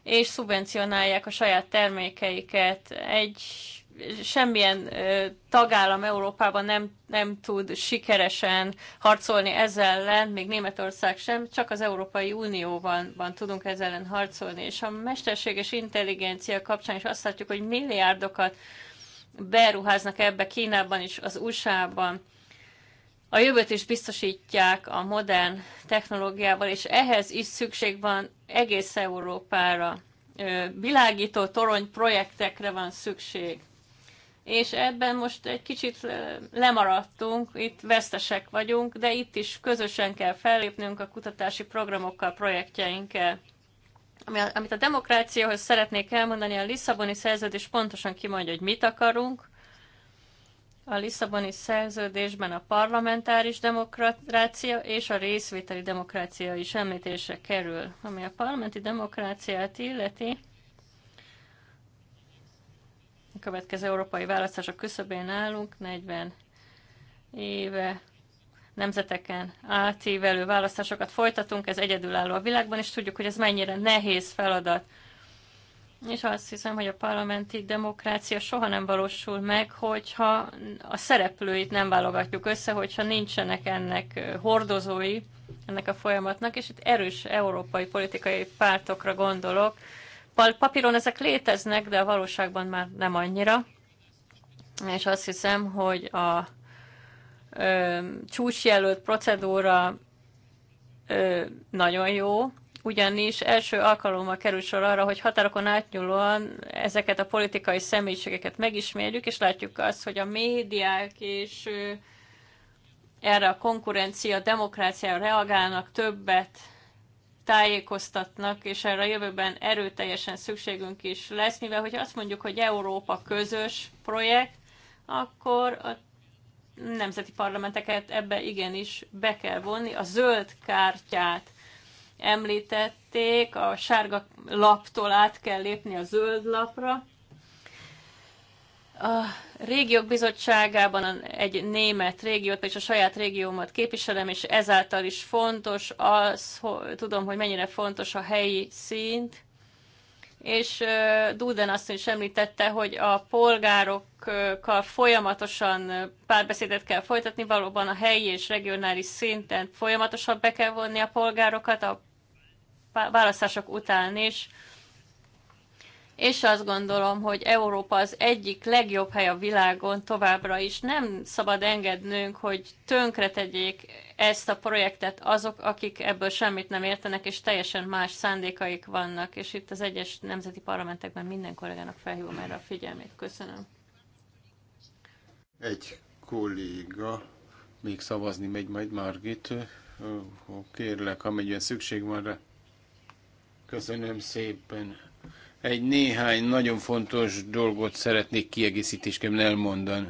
és szubvencionálják a saját termékeiket. Egy semmilyen tagállam Európában nem, nem tud sikeresen harcolni ezzel ellen, még Németország sem, csak az Európai Unióban van, tudunk ezzel ellen harcolni. És a mesterséges intelligencia kapcsán is azt látjuk, hogy milliárdokat beruháznak ebbe Kínában is az USA-ban. A jövőt is biztosítják a modern technológiával, és ehhez is szükség van egész Európára világító torony projektekre van szükség. És ebben most egy kicsit lemaradtunk, itt vesztesek vagyunk, de itt is közösen kell fellépnünk a kutatási programokkal, projektjeinkkel. Amit a demokráciához szeretnék elmondani, a Lisszaboni szerződés pontosan kimondja, hogy mit akarunk, a Lisszaboni szerződésben a parlamentáris demokrácia és a részvételi demokrácia is említése kerül. Ami a parlamenti demokráciát illeti, a következő európai választások küszöbén állunk, 40 éve nemzeteken átívelő választásokat folytatunk, ez egyedülálló a világban, és tudjuk, hogy ez mennyire nehéz feladat és azt hiszem, hogy a parlamenti demokrácia soha nem valósul meg, hogyha a szereplőit nem válogatjuk össze, hogyha nincsenek ennek hordozói, ennek a folyamatnak, és itt erős európai politikai pártokra gondolok. Papíron ezek léteznek, de a valóságban már nem annyira, és azt hiszem, hogy a ö, csúcsjelölt procedúra ö, nagyon jó, ugyanis első alkalommal kerül sor arra, hogy határokon átnyúlóan ezeket a politikai személyiségeket megismerjük, és látjuk azt, hogy a médiák és erre a konkurencia, a demokráciára reagálnak, többet tájékoztatnak, és erre a jövőben erőteljesen szükségünk is lesz, mivel hogy azt mondjuk, hogy Európa közös projekt, akkor a nemzeti parlamenteket ebbe igenis be kell vonni. A zöld kártyát említették, a sárga laptól át kell lépni a zöld lapra. A régiók bizottságában egy német régiót és a saját régiómat képviselem, és ezáltal is fontos az, hogy tudom, hogy mennyire fontos a helyi szint, és Duden azt is említette, hogy a polgárokkal folyamatosan párbeszédet kell folytatni, valóban a helyi és regionális szinten folyamatosan be kell vonni a polgárokat, a választások után is, és azt gondolom, hogy Európa az egyik legjobb hely a világon továbbra is. Nem szabad engednünk, hogy tönkretegyék ezt a projektet azok, akik ebből semmit nem értenek, és teljesen más szándékaik vannak. És itt az egyes nemzeti parlamentekben minden kollégának felhívom erre a figyelmét. Köszönöm. Egy kolléga még szavazni megy majd Margit. Kérlek, amennyiben szükség van rá. Köszönöm szépen. Egy néhány nagyon fontos dolgot szeretnék kiegészítésként elmondani.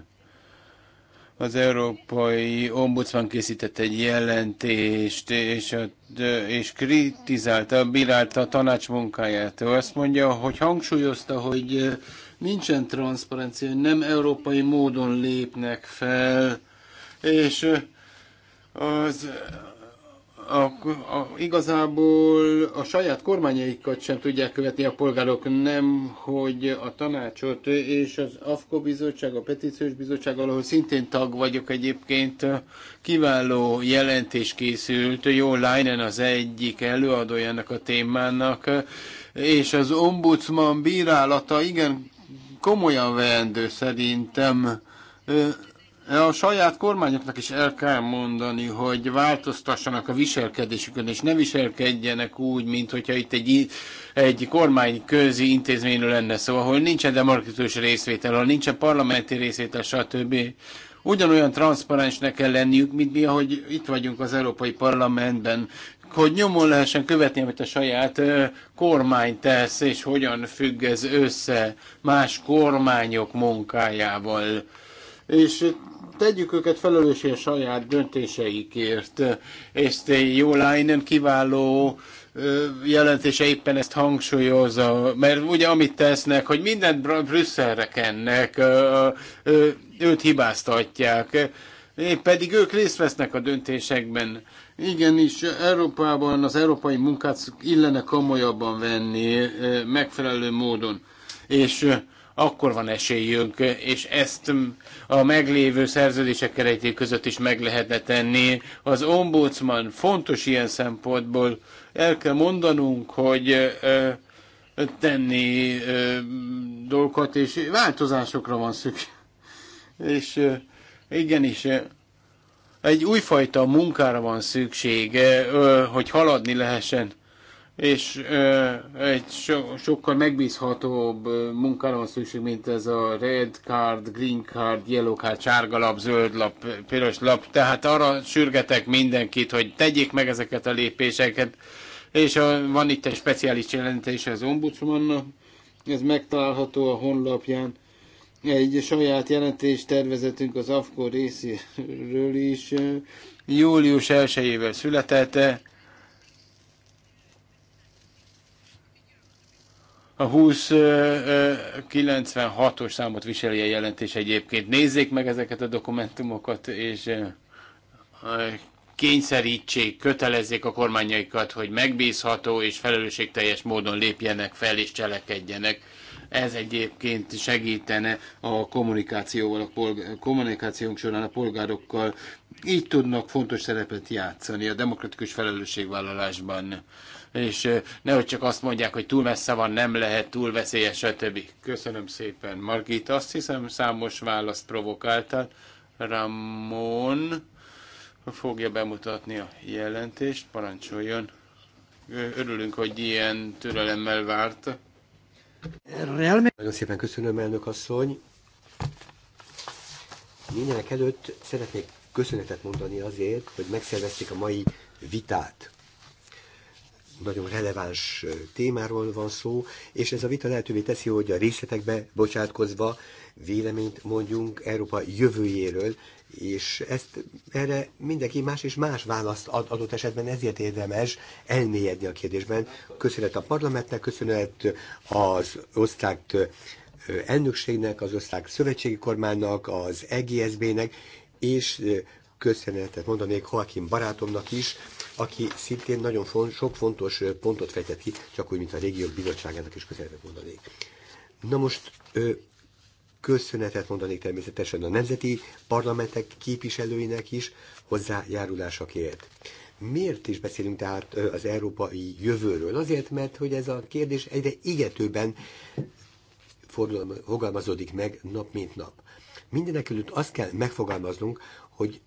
Az Európai Ombudsman készített egy jelentést, és, a, és kritizálta, bírálta a tanács munkáját. Ő azt mondja, hogy hangsúlyozta, hogy nincsen transzparencia, nem európai módon lépnek fel, és az a, a, igazából a saját kormányaikat sem tudják követni a polgárok, nem hogy a tanácsot és az AFKO bizottság, a petíciós bizottság, ahol szintén tag vagyok egyébként, kiváló jelentés készült, jó Leinen az egyik előadója ennek a témának, és az ombudsman bírálata igen komolyan veendő szerintem a saját kormányoknak is el kell mondani, hogy változtassanak a viselkedésükön, és ne viselkedjenek úgy, mint hogyha itt egy, egy közi intézményről lenne szó, ahol nincsen demokratikus részvétel, ahol nincsen parlamenti részvétel, stb ugyanolyan transzparensnek kell lenniük, mint mi, ahogy itt vagyunk az Európai Parlamentben, hogy nyomon lehessen követni, amit a saját kormány tesz, és hogyan függ ez össze más kormányok munkájával. És tegyük őket felelőssé a saját döntéseikért. Ezt jó Leinen kiváló jelentése éppen ezt hangsúlyozza, mert ugye amit tesznek, hogy mindent Brüsszelre kennek, őt hibáztatják, pedig ők részt vesznek a döntésekben. Igenis, Európában az európai munkát illene komolyabban venni megfelelő módon, és akkor van esélyünk, és ezt a meglévő szerződések keretei között is meg lehetne tenni. Az ombudsman fontos ilyen szempontból. El kell mondanunk, hogy ö, tenni ö, dolgokat, és változásokra van szükség. És ö, igenis, egy újfajta munkára van szükség, hogy haladni lehessen és egy so, sokkal megbízhatóbb munkára van szükség, mint ez a red card, green card, yellow card, sárga lap, zöld lap, piros lap. Tehát arra sürgetek mindenkit, hogy tegyék meg ezeket a lépéseket. És a, van itt egy speciális jelentés az ombudsmannak, ez megtalálható a honlapján. Egy saját jelentést tervezetünk az AFKO részéről is július 1-ével született, A 2096-os számot viseli a jelentés egyébként. Nézzék meg ezeket a dokumentumokat, és kényszerítsék, kötelezzék a kormányaikat, hogy megbízható és felelősségteljes módon lépjenek fel és cselekedjenek. Ez egyébként segítene a kommunikációval, a polg- kommunikációnk során a polgárokkal. Így tudnak fontos szerepet játszani a demokratikus felelősségvállalásban és nehogy csak azt mondják, hogy túl messze van, nem lehet, túl veszélyes, stb. Köszönöm szépen, Margit. Azt hiszem, számos választ provokáltál. Ramon fogja bemutatni a jelentést, parancsoljon. Örülünk, hogy ilyen türelemmel várt. Realme. Nagyon szépen köszönöm, elnök asszony. Mindenek előtt szeretnék köszönetet mondani azért, hogy megszervezték a mai vitát nagyon releváns témáról van szó, és ez a vita lehetővé teszi, hogy a részletekbe bocsátkozva véleményt mondjunk Európa jövőjéről, és ezt erre mindenki más és más választ ad adott esetben, ezért érdemes elmélyedni a kérdésben. Köszönet a parlamentnek, köszönet az osztrák elnökségnek, az osztrák szövetségi kormánynak, az EGSB-nek, és köszönetet mondanék Joachim barátomnak is, aki szintén nagyon fon, sok fontos pontot fejtett ki, csak úgy, mint a régiók bizottságának is köszönetet mondanék. Na most köszönetet mondanék természetesen a nemzeti parlamentek képviselőinek is hozzájárulásakért. Miért is beszélünk tehát az európai jövőről? Azért, mert hogy ez a kérdés egyre igetőben fogalmazódik meg nap mint nap. Mindenek előtt azt kell megfogalmaznunk, hogy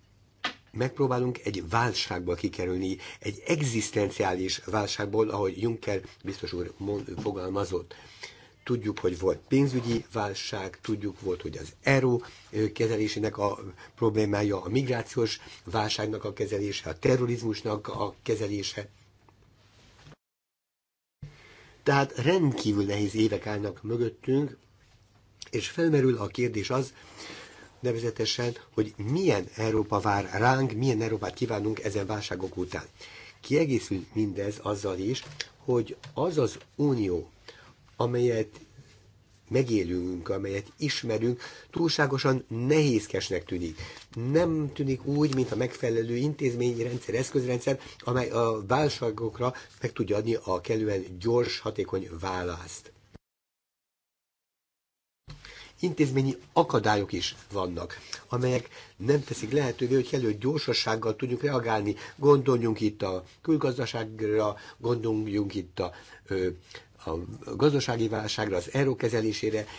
megpróbálunk egy válságból kikerülni, egy egzisztenciális válságból, ahogy Juncker biztos úr fogalmazott. Tudjuk, hogy volt pénzügyi válság, tudjuk volt, hogy az ERO kezelésének a problémája, a migrációs válságnak a kezelése, a terrorizmusnak a kezelése. Tehát rendkívül nehéz évek állnak mögöttünk, és felmerül a kérdés az, nevezetesen, hogy milyen Európa vár ránk, milyen Európát kívánunk ezen válságok után. Kiegészül mindez azzal is, hogy az az unió, amelyet megélünk, amelyet ismerünk, túlságosan nehézkesnek tűnik. Nem tűnik úgy, mint a megfelelő intézményi rendszer, eszközrendszer, amely a válságokra meg tudja adni a kellően gyors, hatékony választ intézményi akadályok is vannak, amelyek nem teszik lehetővé, hogy kellő gyorsasággal tudjunk reagálni. Gondoljunk itt a külgazdaságra, gondoljunk itt a ö, a gazdasági válságra, az euró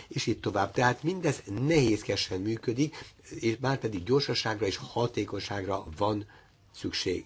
és itt tovább. Tehát mindez nehézkesen működik, és már pedig gyorsaságra és hatékonyságra van szükség.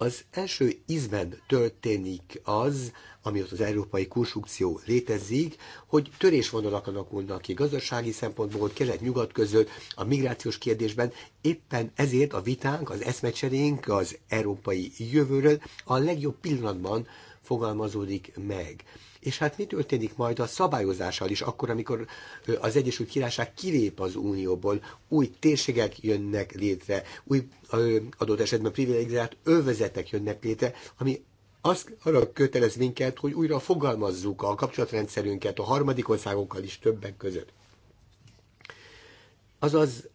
Az első ízben történik az, ott az európai konstrukció létezik, hogy törésvonalak alakulnak ki gazdasági szempontból, kelet-nyugat között, a migrációs kérdésben. Éppen ezért a vitánk, az eszmecserénk az európai jövőről a legjobb pillanatban fogalmazódik meg. És hát mi történik majd a szabályozással is, akkor, amikor az Egyesült Királyság kilép az Unióból, új térségek jönnek létre, új adott esetben privilegizált övezetek jönnek létre, ami azt arra kötelez minket, hogy újra fogalmazzuk a kapcsolatrendszerünket a harmadik országokkal is többek között. Azaz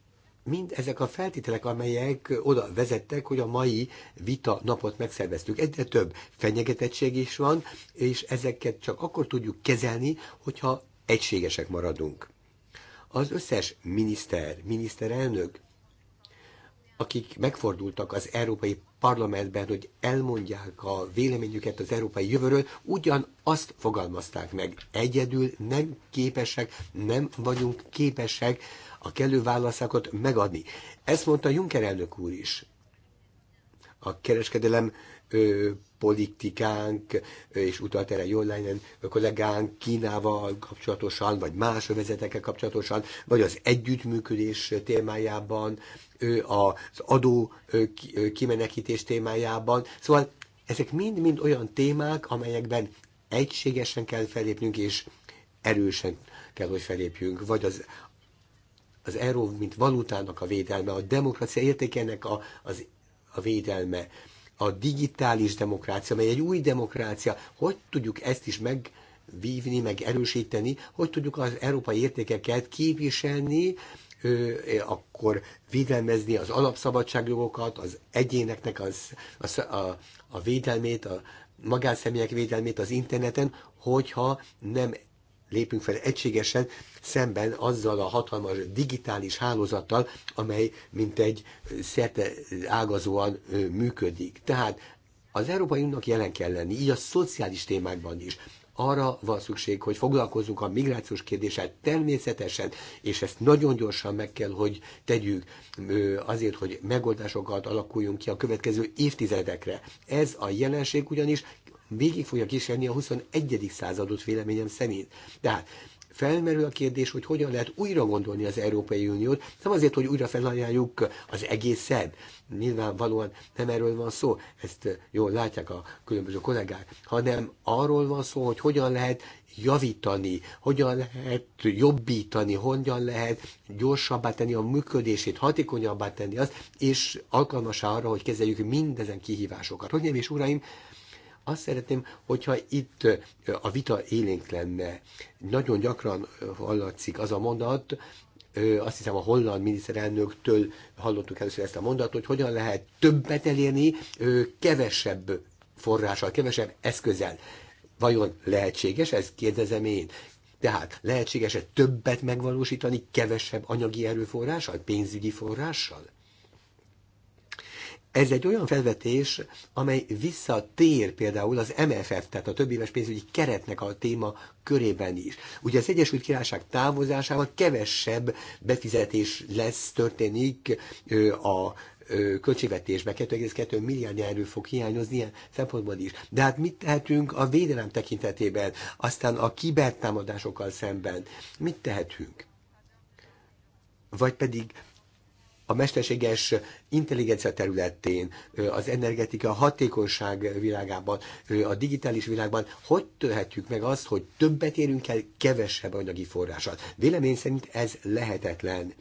mind ezek a feltételek, amelyek oda vezettek, hogy a mai vita napot megszerveztük. Egyre több fenyegetettség is van, és ezeket csak akkor tudjuk kezelni, hogyha egységesek maradunk. Az összes miniszter, miniszterelnök, akik megfordultak az Európai Parlamentben, hogy elmondják a véleményüket az európai jövőről, ugyanazt fogalmazták meg. Egyedül nem képesek, nem vagyunk képesek a kellő válaszokat megadni. Ezt mondta Juncker elnök úr is. A kereskedelem ö, politikánk, és utalt erre a kollégánk Kínával kapcsolatosan, vagy más övezetekkel kapcsolatosan, vagy az együttműködés témájában, az adó kimenekítés témájában. Szóval ezek mind-mind olyan témák, amelyekben egységesen kell felépnünk, és erősen kell, hogy felépjünk, vagy az az euró, mint valutának a védelme, a demokrácia értékének a, az, a védelme, a digitális demokrácia, mely egy új demokrácia, hogy tudjuk ezt is meg, vívni, meg erősíteni, hogy tudjuk az európai értékeket képviselni, akkor védelmezni az alapszabadságjogokat, az egyéneknek az, az, a, a védelmét, a magánszemélyek védelmét az interneten, hogyha nem lépünk fel egységesen szemben azzal a hatalmas digitális hálózattal, amely mint egy szerte ágazóan működik. Tehát az Európai Uniónak jelen kell lenni, így a szociális témákban is arra van szükség, hogy foglalkozzunk a migrációs kérdéssel természetesen, és ezt nagyon gyorsan meg kell, hogy tegyük azért, hogy megoldásokat alakuljunk ki a következő évtizedekre. Ez a jelenség ugyanis végig fogja kísérni a 21. századot véleményem szerint. Tehát felmerül a kérdés, hogy hogyan lehet újra gondolni az Európai Uniót, nem azért, hogy újra felajánljuk az egészet. Nyilvánvalóan nem erről van szó, ezt jól látják a különböző kollégák, hanem arról van szó, hogy hogyan lehet javítani, hogyan lehet jobbítani, hogyan lehet gyorsabbá tenni a működését, hatékonyabbá tenni azt, és alkalmasá arra, hogy kezeljük mindezen kihívásokat. Hogy nem és uraim, azt szeretném, hogyha itt a vita élénk lenne. Nagyon gyakran hallatszik az a mondat, azt hiszem a holland miniszterelnöktől hallottuk először ezt a mondatot, hogy hogyan lehet többet elérni kevesebb forrással, kevesebb eszközzel. Vajon lehetséges ez? Kérdezem én. Tehát lehetséges-e többet megvalósítani kevesebb anyagi erőforrással, pénzügyi forrással? Ez egy olyan felvetés, amely visszatér például az MFF, tehát a többéves pénzügyi keretnek a téma körében is. Ugye az Egyesült Királyság távozásával kevesebb befizetés lesz, történik a költségvetésbe 2,2 milliárd erő fog hiányozni ilyen szempontból is. De hát mit tehetünk a védelem tekintetében, aztán a kibertámadásokkal szemben? Mit tehetünk? Vagy pedig a mesterséges intelligencia területén, az energetika hatékonyság világában, a digitális világban, hogy törhetjük meg azt, hogy többet érünk el kevesebb anyagi forrással. Vélemény szerint ez lehetetlen.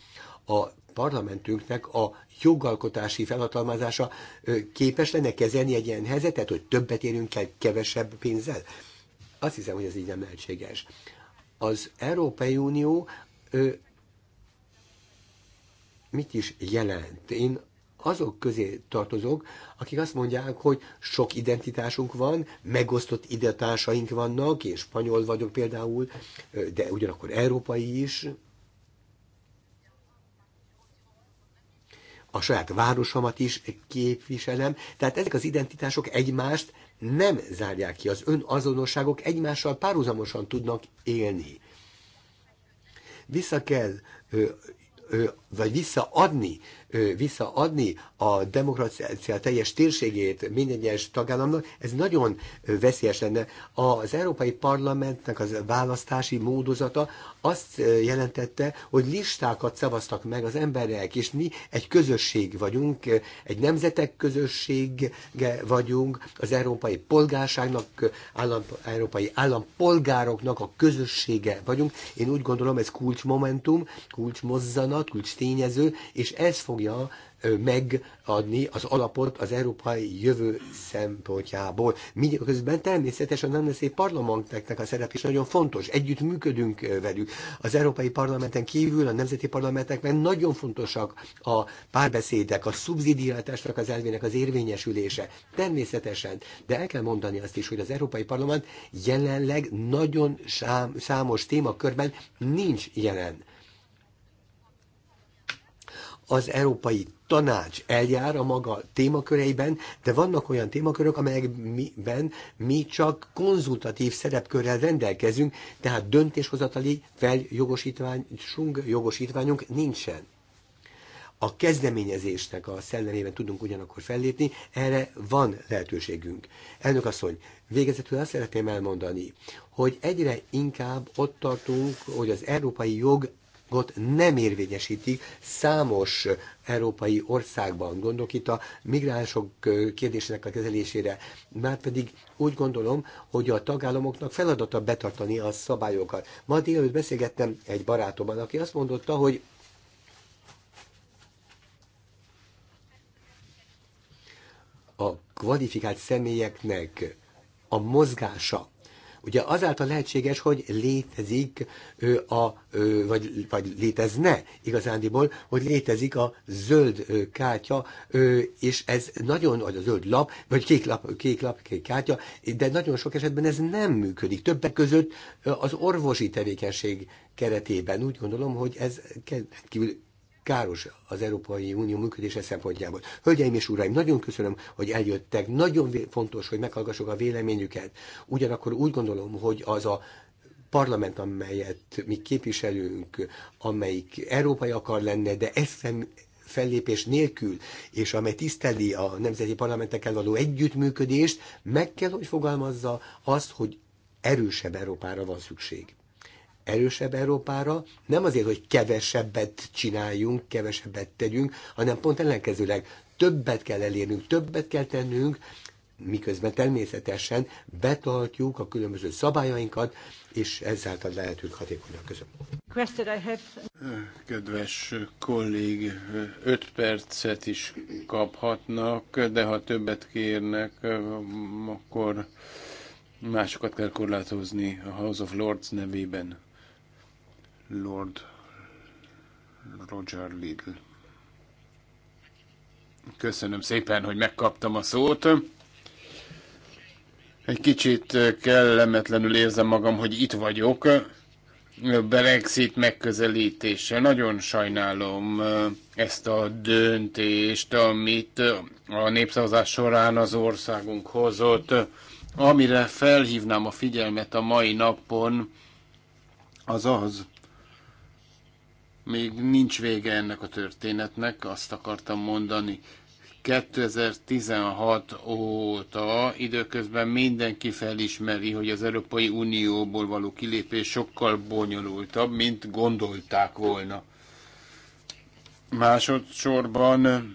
A parlamentünknek a jogalkotási felhatalmazása képes lenne kezelni egy ilyen helyzetet, hogy többet érünk el kevesebb pénzzel? Azt hiszem, hogy ez így nem lehetséges. Az Európai Unió mit is jelent. Én azok közé tartozok, akik azt mondják, hogy sok identitásunk van, megosztott identitásaink vannak, én spanyol vagyok például, de ugyanakkor európai is. A saját városomat is képviselem. Tehát ezek az identitások egymást nem zárják ki. Az önazonosságok egymással párhuzamosan tudnak élni. Vissza kell ö, ö, vagy visszaadni, visszaadni a demokrácia teljes térségét minden egyes tagállamnak, ez nagyon veszélyes lenne. Az Európai Parlamentnek az választási módozata azt jelentette, hogy listákat szavaztak meg az emberek, és mi egy közösség vagyunk, egy nemzetek közössége vagyunk, az európai polgárságnak, állam, európai állampolgároknak a közössége vagyunk. Én úgy gondolom, ez kulcsmomentum, kulcsmozzanat, kulcs tényező, és ez fogja megadni az alapot az európai jövő szempontjából. Miközben természetesen nem lesz egy parlamenteknek a szerep is nagyon fontos. Együtt működünk velük. Az európai parlamenten kívül a nemzeti parlamentekben nagyon fontosak a párbeszédek, a szubszidiáltásnak az elvének az érvényesülése. Természetesen, de el kell mondani azt is, hogy az európai parlament jelenleg nagyon sám, számos témakörben nincs jelen az Európai Tanács eljár a maga témaköreiben, de vannak olyan témakörök, amelyekben mi csak konzultatív szerepkörrel rendelkezünk, tehát döntéshozatali feljogosítványunk jogosítványunk nincsen a kezdeményezésnek a szellemében tudunk ugyanakkor fellépni, erre van lehetőségünk. Elnök asszony, végezetül azt szeretném elmondani, hogy egyre inkább ott tartunk, hogy az európai jog jogot nem érvényesítik számos európai országban. Gondolok itt a migránsok kérdésének a kezelésére. Márpedig úgy gondolom, hogy a tagállamoknak feladata betartani a szabályokat. Ma délelőtt beszélgettem egy barátommal, aki azt mondotta, hogy a kvalifikált személyeknek a mozgása Ugye azáltal lehetséges, hogy létezik a, vagy, vagy létezne igazándiból, hogy létezik a zöld kártya, és ez nagyon, vagy a zöld lap, vagy kék lap, kék lap, kék kártya, de nagyon sok esetben ez nem működik. Többek között az orvosi tevékenység keretében úgy gondolom, hogy ez rendkívül káros az Európai Unió működése szempontjából. Hölgyeim és uraim, nagyon köszönöm, hogy eljöttek. Nagyon fontos, hogy meghallgassuk a véleményüket. Ugyanakkor úgy gondolom, hogy az a parlament, amelyet mi képviselünk, amelyik európai akar lenne, de eszem fellépés nélkül, és amely tiszteli a nemzeti parlamentekkel való együttműködést, meg kell, hogy fogalmazza azt, hogy erősebb Európára van szükség erősebb Európára, nem azért, hogy kevesebbet csináljunk, kevesebbet tegyünk, hanem pont ellenkezőleg többet kell elérnünk, többet kell tennünk, miközben természetesen betartjuk a különböző szabályainkat, és ezáltal lehetünk hatékonyak között. Kedves kollég, öt percet is kaphatnak, de ha többet kérnek, akkor másokat kell korlátozni a House of Lords nevében. Lord Roger Lidl. Köszönöm szépen, hogy megkaptam a szót. Egy kicsit kellemetlenül érzem magam, hogy itt vagyok. Brexit megközelítése. Nagyon sajnálom ezt a döntést, amit a népszavazás során az országunk hozott. Amire felhívnám a figyelmet a mai napon, az az, még nincs vége ennek a történetnek, azt akartam mondani. 2016 óta időközben mindenki felismeri, hogy az Európai Unióból való kilépés sokkal bonyolultabb, mint gondolták volna. Másodszorban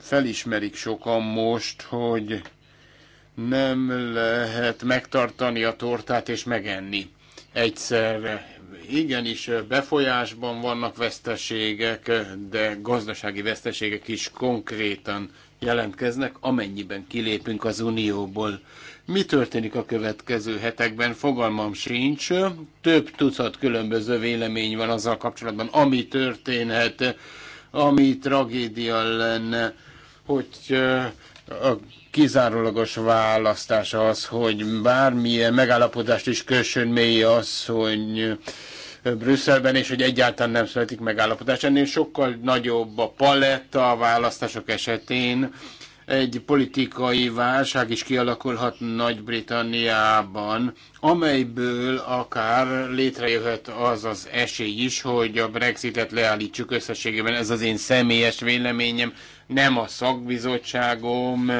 felismerik sokan most, hogy nem lehet megtartani a tortát és megenni egyszerre igenis befolyásban vannak veszteségek, de gazdasági veszteségek is konkrétan jelentkeznek, amennyiben kilépünk az Unióból. Mi történik a következő hetekben? Fogalmam sincs. Több tucat különböző vélemény van azzal kapcsolatban, ami történhet, ami tragédia lenne, hogy a kizárólagos választás az, hogy bármilyen megállapodást is kössön mély az, hogy Brüsszelben, és hogy egyáltalán nem születik megállapodás. Ennél sokkal nagyobb a paletta a választások esetén. Egy politikai válság is kialakulhat Nagy-Britanniában, amelyből akár létrejöhet az az esély is, hogy a Brexitet leállítsuk összességében. Ez az én személyes véleményem, nem a szakbizottságom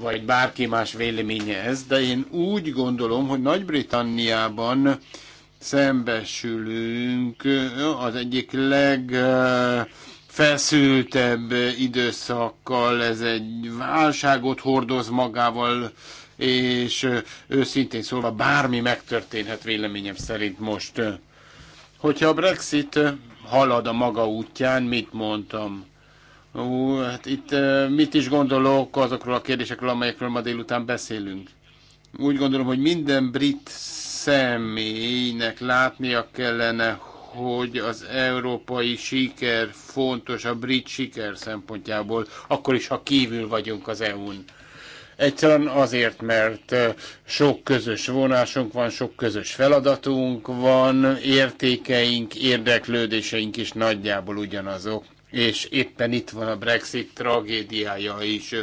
vagy bárki más véleménye ez, de én úgy gondolom, hogy Nagy-Britanniában szembesülünk az egyik legfeszültebb időszakkal, ez egy válságot hordoz magával, és őszintén szólva bármi megtörténhet véleményem szerint most. Hogyha a Brexit halad a maga útján, mit mondtam? Ú, hát itt mit is gondolok azokról a kérdésekről, amelyekről ma délután beszélünk? Úgy gondolom, hogy minden brit személynek látnia kellene, hogy az európai siker fontos a brit siker szempontjából, akkor is, ha kívül vagyunk az EU-n. Egyszerűen azért, mert sok közös vonásunk van, sok közös feladatunk van, értékeink, érdeklődéseink is nagyjából ugyanazok és éppen itt van a Brexit tragédiája is.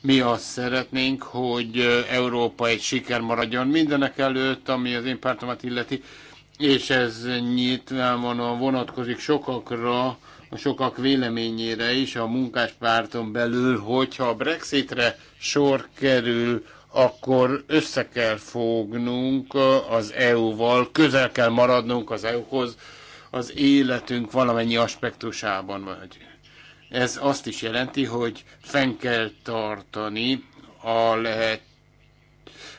Mi azt szeretnénk, hogy Európa egy siker maradjon mindenek előtt, ami az én pártomat illeti, és ez nyilvánvalóan vonatkozik sokakra, a sokak véleményére is a munkáspárton belül, hogyha a Brexitre sor kerül, akkor össze kell fognunk az EU-val, közel kell maradnunk az EU-hoz, az életünk valamennyi aspektusában. Vagy. Ez azt is jelenti, hogy fenn kell tartani a lehet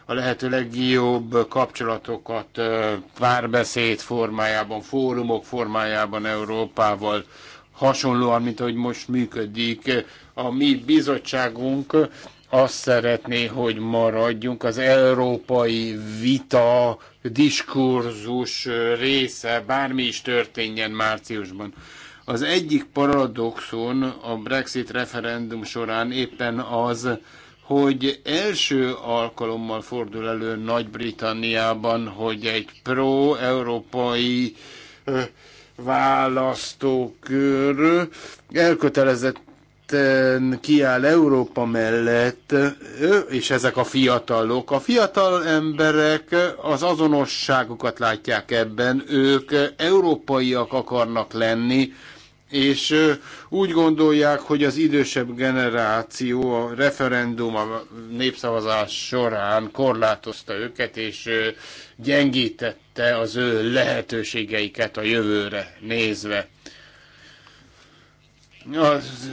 a lehető legjobb kapcsolatokat párbeszéd formájában, fórumok formájában Európával, hasonlóan, mint ahogy most működik. A mi bizottságunk azt szeretné, hogy maradjunk az európai vita, diskurzus része, bármi is történjen márciusban. Az egyik paradoxon a Brexit referendum során éppen az, hogy első alkalommal fordul elő Nagy-Britanniában, hogy egy pro-európai választókör elkötelezett ketten kiáll Európa mellett, ő és ezek a fiatalok. A fiatal emberek az azonosságukat látják ebben, ők európaiak akarnak lenni, és úgy gondolják, hogy az idősebb generáció a referendum a népszavazás során korlátozta őket, és gyengítette az ő lehetőségeiket a jövőre nézve. Az,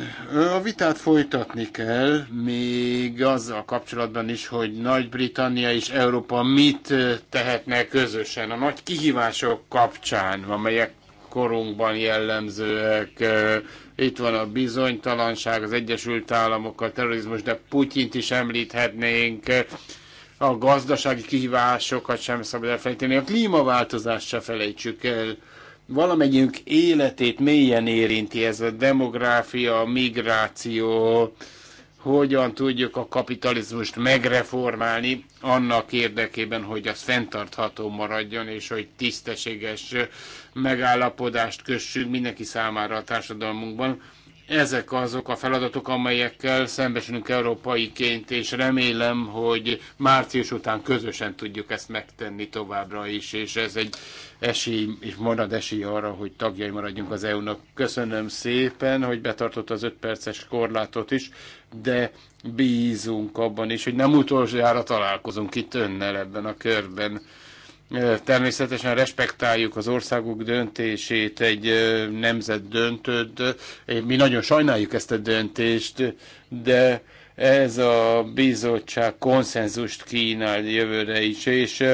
a vitát folytatni kell, még azzal kapcsolatban is, hogy Nagy-Britannia és Európa mit tehetne közösen a nagy kihívások kapcsán, amelyek korunkban jellemzőek. Itt van a bizonytalanság, az Egyesült Államok, a terrorizmus, de Putyint is említhetnénk. A gazdasági kihívásokat sem szabad elfelejteni, a klímaváltozást se felejtsük el valamennyiünk életét mélyen érinti ez a demográfia, a migráció, hogyan tudjuk a kapitalizmust megreformálni annak érdekében, hogy az fenntartható maradjon, és hogy tisztességes megállapodást kössünk mindenki számára a társadalmunkban ezek azok a feladatok, amelyekkel szembesülünk európaiként, és remélem, hogy március után közösen tudjuk ezt megtenni továbbra is, és ez egy esély, és marad esély arra, hogy tagjai maradjunk az EU-nak. Köszönöm szépen, hogy betartott az 5 perces korlátot is, de bízunk abban is, hogy nem utolsó találkozunk itt önnel ebben a körben. Természetesen respektáljuk az országok döntését, egy nemzet döntött. Mi nagyon sajnáljuk ezt a döntést, de ez a bizottság konszenzust kínál jövőre is, és,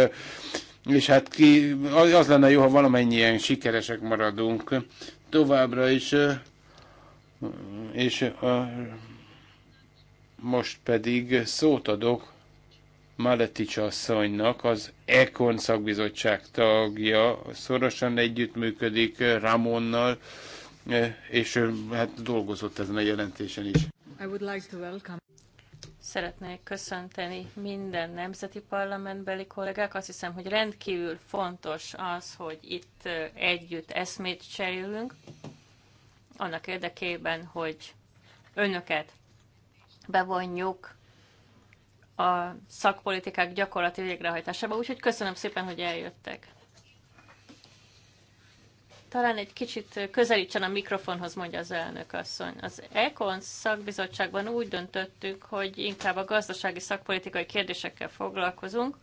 és hát ki, az lenne jó, ha valamennyien sikeresek maradunk továbbra is, és most pedig szót adok Maletics asszonynak, az Ekon szakbizottság tagja, szorosan együttműködik Ramonnal, és hát dolgozott ezen a jelentésen is. I would like to welcome. Szeretnék köszönteni minden nemzeti parlamentbeli kollégák. Azt hiszem, hogy rendkívül fontos az, hogy itt együtt eszmét cserélünk, annak érdekében, hogy önöket bevonjuk a szakpolitikák gyakorlati végrehajtásába, úgyhogy köszönöm szépen, hogy eljöttek. Talán egy kicsit közelítsen a mikrofonhoz, mondja az elnök asszony. Az ECON szakbizottságban úgy döntöttük, hogy inkább a gazdasági szakpolitikai kérdésekkel foglalkozunk,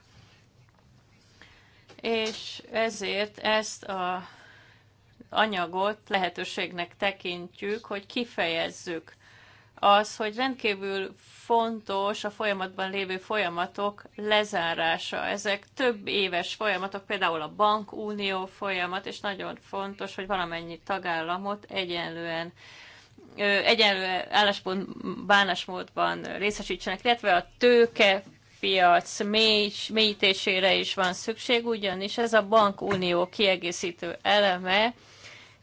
és ezért ezt a anyagot lehetőségnek tekintjük, hogy kifejezzük az, hogy rendkívül fontos a folyamatban lévő folyamatok lezárása. Ezek több éves folyamatok, például a bankunió folyamat, és nagyon fontos, hogy valamennyi tagállamot egyenlően egyenlő álláspont bánásmódban részesítsenek, illetve a tőke piac mély, mélyítésére is van szükség, ugyanis ez a bankunió kiegészítő eleme,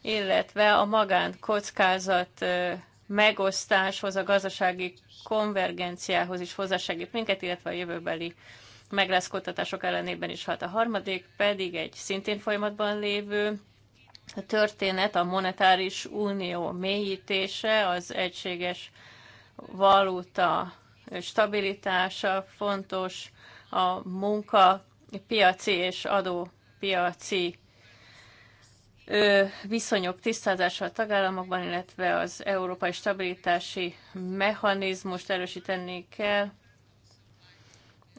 illetve a magánkockázat megosztáshoz, a gazdasági konvergenciához is hozzásegít minket, illetve a jövőbeli megleszkodtatások ellenében is hat. A harmadik pedig egy szintén folyamatban lévő a történet, a monetáris unió mélyítése, az egységes valuta stabilitása fontos, a munka piaci és adópiaci viszonyok tisztázása a tagállamokban, illetve az európai stabilitási mechanizmust erősíteni kell.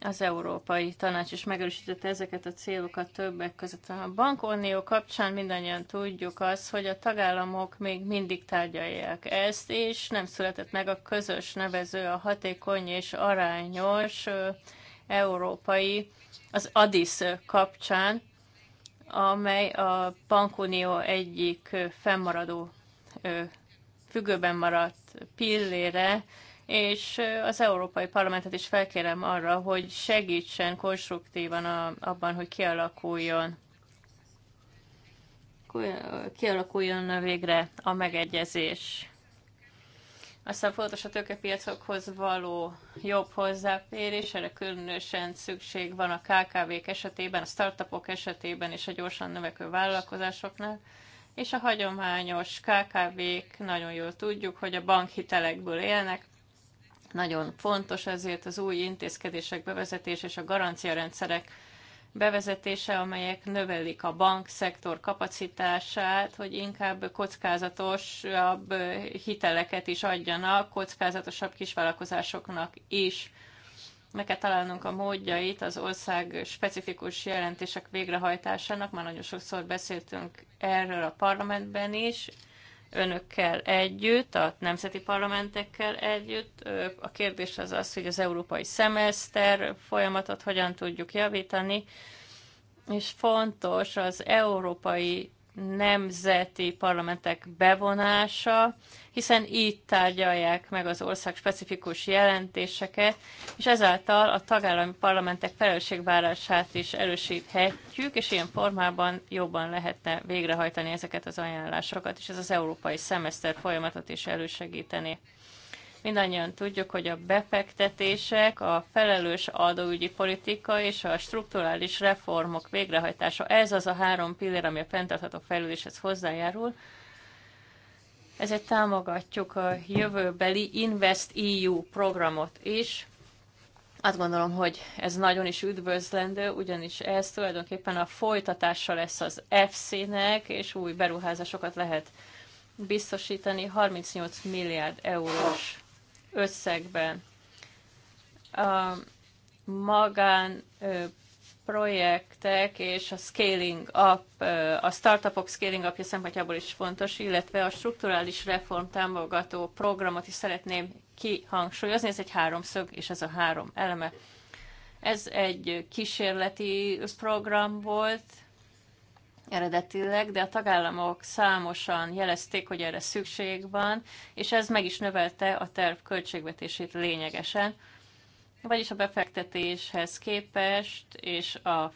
Az Európai Tanács is megerősítette ezeket a célokat többek között. A bankunió kapcsán mindannyian tudjuk azt, hogy a tagállamok még mindig tárgyalják ezt, és nem született meg a közös nevező, a hatékony és arányos európai, az ADIS kapcsán amely a bankunió egyik fennmaradó függőben maradt pillére, és az Európai Parlamentet is felkérem arra, hogy segítsen konstruktívan a, abban, hogy kialakuljon kialakuljon végre a megegyezés. Aztán fontos a tőkepiacokhoz való jobb hozzáférés, erre különösen szükség van a KKV-k esetében, a startupok esetében és a gyorsan növekvő vállalkozásoknál. És a hagyományos KKV-k nagyon jól tudjuk, hogy a bankhitelekből élnek, nagyon fontos ezért az új intézkedések bevezetés és a garanciarendszerek bevezetése, amelyek növelik a bankszektor kapacitását, hogy inkább kockázatosabb hiteleket is adjanak, kockázatosabb kisvállalkozásoknak is. Meg kell találnunk a módjait az ország specifikus jelentések végrehajtásának, már nagyon sokszor beszéltünk erről a parlamentben is, önökkel együtt, a nemzeti parlamentekkel együtt. A kérdés az az, hogy az európai szemeszter folyamatot hogyan tudjuk javítani, és fontos az európai nemzeti parlamentek bevonása, hiszen így tárgyalják meg az ország specifikus jelentéseket, és ezáltal a tagállami parlamentek felelősségvárását is erősíthetjük, és ilyen formában jobban lehetne végrehajtani ezeket az ajánlásokat, és ez az európai szemeszter folyamatot is elősegíteni. Mindannyian tudjuk, hogy a befektetések, a felelős adóügyi politika és a strukturális reformok végrehajtása, ez az a három pillér, ami a fenntartható fejlődéshez hozzájárul. Ezért támogatjuk a jövőbeli Invest EU programot is. Azt gondolom, hogy ez nagyon is üdvözlendő, ugyanis ez tulajdonképpen a folytatása lesz az FC-nek, és új beruházásokat lehet biztosítani. 38 milliárd eurós összegben. A magán projektek és a scaling up, a startupok scaling upja szempontjából is fontos, illetve a strukturális reform támogató programot is szeretném kihangsúlyozni. Ez egy háromszög, és ez a három eleme. Ez egy kísérleti program volt, eredetileg, de a tagállamok számosan jelezték, hogy erre szükség van, és ez meg is növelte a terv költségvetését lényegesen. Vagyis a befektetéshez képest és a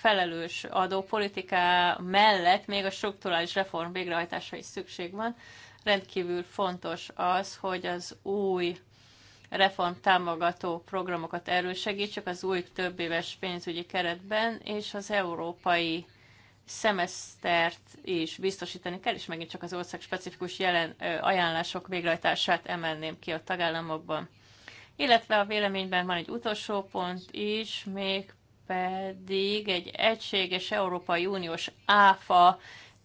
felelős adópolitiká mellett még a strukturális reform végrehajtása is szükség van. Rendkívül fontos az, hogy az új reformtámogató programokat erősegítsük az új többéves pénzügyi keretben, és az európai szemesztert is biztosítani kell, és megint csak az ország specifikus jelen, ajánlások végrehajtását emelném ki a tagállamokban. Illetve a véleményben van egy utolsó pont is, még pedig egy egységes Európai Uniós áfa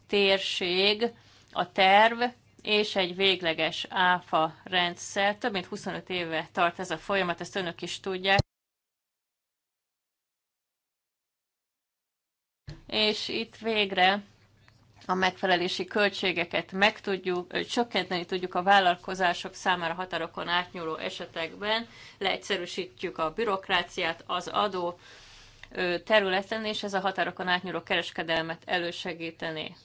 térség a terv, és egy végleges áfa rendszer. Több mint 25 éve tart ez a folyamat, ezt önök is tudják. és itt végre a megfelelési költségeket meg tudjuk, csökkenteni tudjuk a vállalkozások számára határokon átnyúló esetekben, leegyszerűsítjük a bürokráciát, az adó területen, és ez a határokon átnyúló kereskedelmet elősegíteni.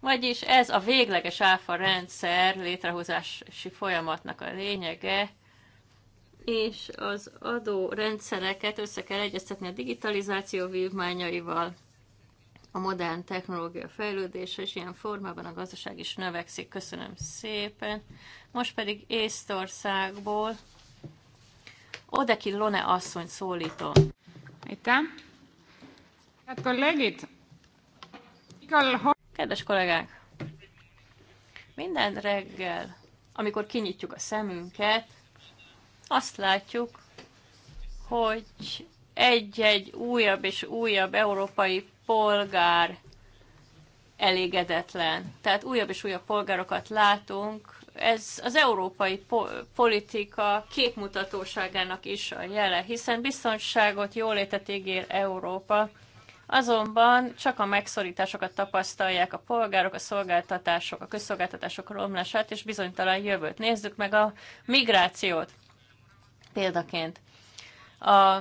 Vagyis ez a végleges áfa rendszer létrehozási folyamatnak a lényege, és az adó rendszereket össze kell egyeztetni a digitalizáció vívmányaival, a modern technológia fejlődése, és ilyen formában a gazdaság is növekszik. Köszönöm szépen. Most pedig Észtországból Odeki Lone asszony szólítom. Aitäh! Head kolleegid! Kedves kollégák! Minden reggel, amikor kinyitjuk a szemünket, azt látjuk, hogy egy-egy újabb és újabb európai polgár elégedetlen. Tehát újabb és újabb polgárokat látunk. Ez az európai po- politika képmutatóságának is a jele, hiszen biztonságot, jólétet ígér Európa. Azonban csak a megszorításokat tapasztalják a polgárok, a szolgáltatások, a közszolgáltatások romlását és bizonytalan jövőt. Nézzük meg a migrációt példaként. A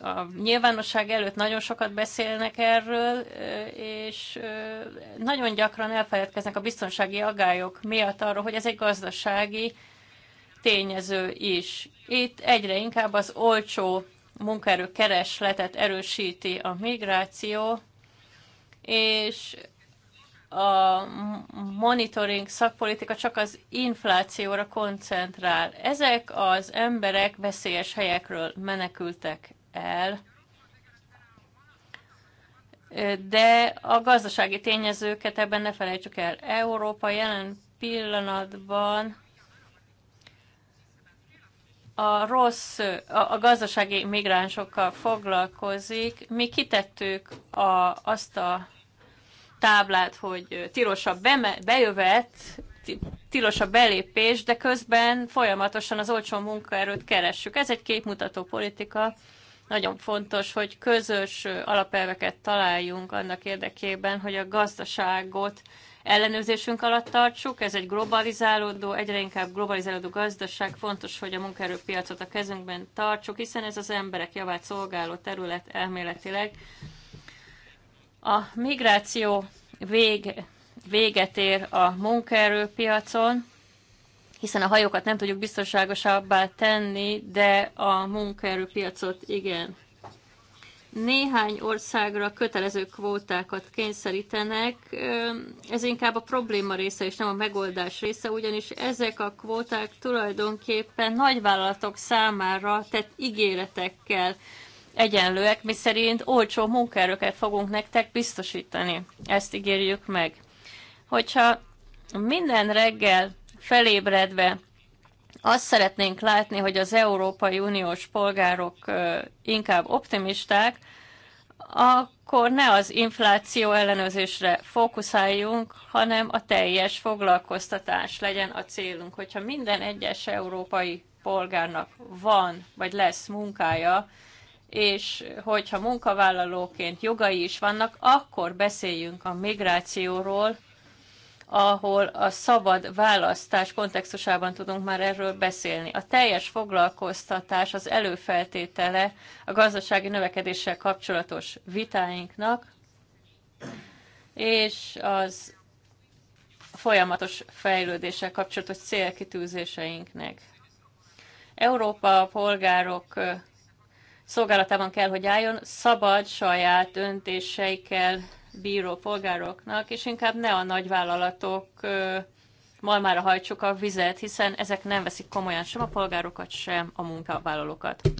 a nyilvánosság előtt nagyon sokat beszélnek erről, és nagyon gyakran elfeledkeznek a biztonsági agályok miatt arról, hogy ez egy gazdasági tényező is. Itt egyre inkább az olcsó munkaerő keresletet erősíti a migráció, és a monitoring szakpolitika csak az inflációra koncentrál. Ezek az emberek veszélyes helyekről menekültek el, de a gazdasági tényezőket ebben ne felejtsük el. Európa jelen pillanatban a rossz, a, a gazdasági migránsokkal foglalkozik. Mi kitettük a, azt a táblát, hogy tilos a bejövet, tilos a belépés, de közben folyamatosan az olcsó munkaerőt keressük. Ez egy képmutató politika. Nagyon fontos, hogy közös alapelveket találjunk annak érdekében, hogy a gazdaságot ellenőrzésünk alatt tartsuk. Ez egy globalizálódó, egyre inkább globalizálódó gazdaság. Fontos, hogy a munkaerőpiacot a kezünkben tartsuk, hiszen ez az emberek javát szolgáló terület elméletileg. A migráció vég, véget ér a munkaerőpiacon, hiszen a hajókat nem tudjuk biztonságosabbá tenni, de a munkaerőpiacot igen. Néhány országra kötelező kvótákat kényszerítenek, ez inkább a probléma része és nem a megoldás része, ugyanis ezek a kvóták tulajdonképpen nagyvállalatok számára tett ígéretekkel egyenlőek, miszerint olcsó munkaerőket fogunk nektek biztosítani. Ezt ígérjük meg. Hogyha minden reggel felébredve azt szeretnénk látni, hogy az Európai Uniós polgárok inkább optimisták, akkor ne az infláció ellenőrzésre fókuszáljunk, hanem a teljes foglalkoztatás legyen a célunk. Hogyha minden egyes európai polgárnak van vagy lesz munkája, és hogyha munkavállalóként jogai is vannak, akkor beszéljünk a migrációról, ahol a szabad választás kontextusában tudunk már erről beszélni. A teljes foglalkoztatás az előfeltétele a gazdasági növekedéssel kapcsolatos vitáinknak, és az folyamatos fejlődéssel kapcsolatos célkitűzéseinknek. Európa a polgárok szolgálatában kell, hogy álljon, szabad saját döntéseikkel bíró polgároknak, és inkább ne a nagyvállalatok malmára hajtsuk a vizet, hiszen ezek nem veszik komolyan sem a polgárokat, sem a munkavállalókat.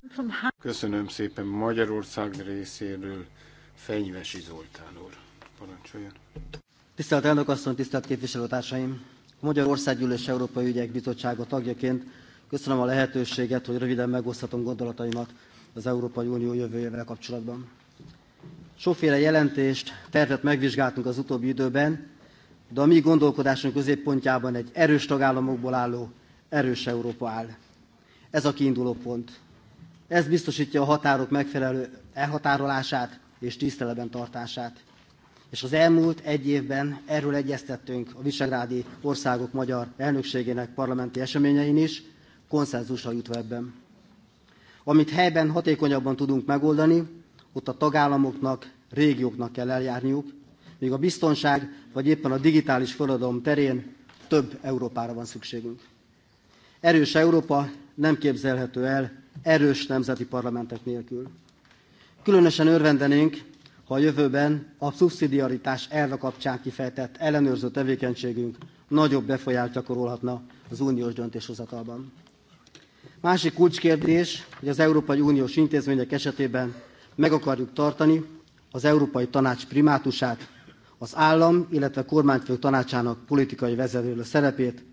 Köszönöm szépen Magyarország részéről Fenyvesi Zoltán úr. Parancsoljon. Tisztelt elnök asszony, tisztelt képviselőtársaim! A Magyar Országgyűlés Európai Ügyek Bizottsága tagjaként köszönöm a lehetőséget, hogy röviden megoszthatom gondolataimat az Európai Unió jövőjével kapcsolatban. Sokféle jelentést, tervet megvizsgáltunk az utóbbi időben, de a mi gondolkodásunk középpontjában egy erős tagállamokból álló, erős Európa áll. Ez a kiinduló pont. Ez biztosítja a határok megfelelő elhatárolását és tiszteleben tartását. És az elmúlt egy évben erről egyeztettünk a visegrádi országok magyar elnökségének parlamenti eseményein is, konszenzusra jutva ebben. Amit helyben hatékonyabban tudunk megoldani, ott a tagállamoknak, régióknak kell eljárniuk, míg a biztonság vagy éppen a digitális forradalom terén több Európára van szükségünk. Erős Európa nem képzelhető el erős nemzeti parlamentek nélkül. Különösen örvendenénk, ha a jövőben a szubszidiaritás elve kapcsán kifejtett ellenőrző tevékenységünk nagyobb befolyást gyakorolhatna az uniós döntéshozatalban. Másik kulcskérdés, hogy az Európai Uniós intézmények esetében meg akarjuk tartani az Európai Tanács primátusát, az állam, illetve a kormányfők tanácsának politikai vezetőle szerepét,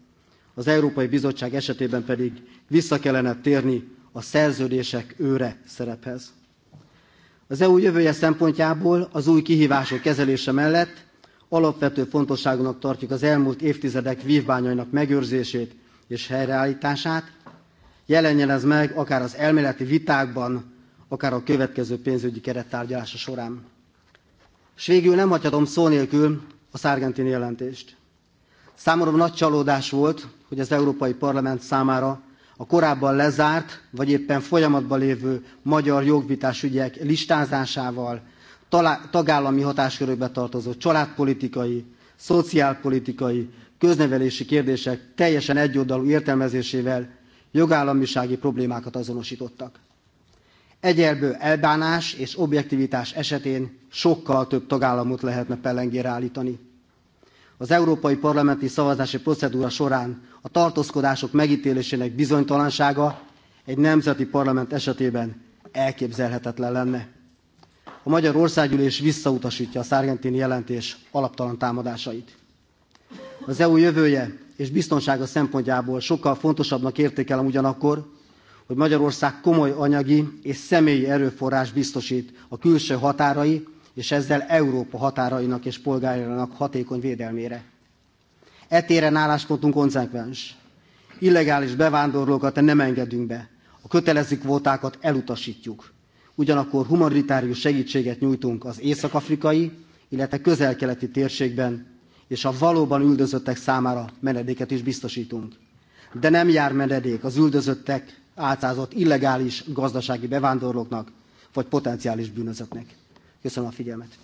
az Európai Bizottság esetében pedig vissza kellene térni a szerződések őre szerephez. Az EU jövője szempontjából az új kihívások kezelése mellett alapvető fontosságúnak tartjuk az elmúlt évtizedek vívmányainak megőrzését és helyreállítását, jelenjen ez meg akár az elméleti vitákban, akár a következő pénzügyi kerettárgyalása során. És végül nem hagyhatom szó nélkül a szárgentin jelentést. Számomra nagy csalódás volt, hogy az Európai Parlament számára a korábban lezárt, vagy éppen folyamatban lévő magyar jogvitás ügyek listázásával, tagállami hatáskörökbe tartozó családpolitikai, szociálpolitikai, köznevelési kérdések teljesen egyoldalú értelmezésével jogállamisági problémákat azonosítottak. Egyelbő elbánás és objektivitás esetén sokkal több tagállamot lehetne pellengére állítani. Az európai parlamenti szavazási procedúra során a tartózkodások megítélésének bizonytalansága egy nemzeti parlament esetében elképzelhetetlen lenne. A Magyar Országgyűlés visszautasítja a szárgentini jelentés alaptalan támadásait az EU jövője és biztonsága szempontjából sokkal fontosabbnak értékelem ugyanakkor, hogy Magyarország komoly anyagi és személyi erőforrás biztosít a külső határai és ezzel Európa határainak és polgárainak hatékony védelmére. Etéren álláspontunk konzekvens. Illegális bevándorlókat nem engedünk be, a kötelező kvótákat elutasítjuk. Ugyanakkor humanitárius segítséget nyújtunk az észak-afrikai, illetve közel-keleti térségben és a valóban üldözöttek számára menedéket is biztosítunk. De nem jár menedék az üldözöttek álcázott illegális gazdasági bevándorlóknak, vagy potenciális bűnözöknek. Köszönöm a figyelmet.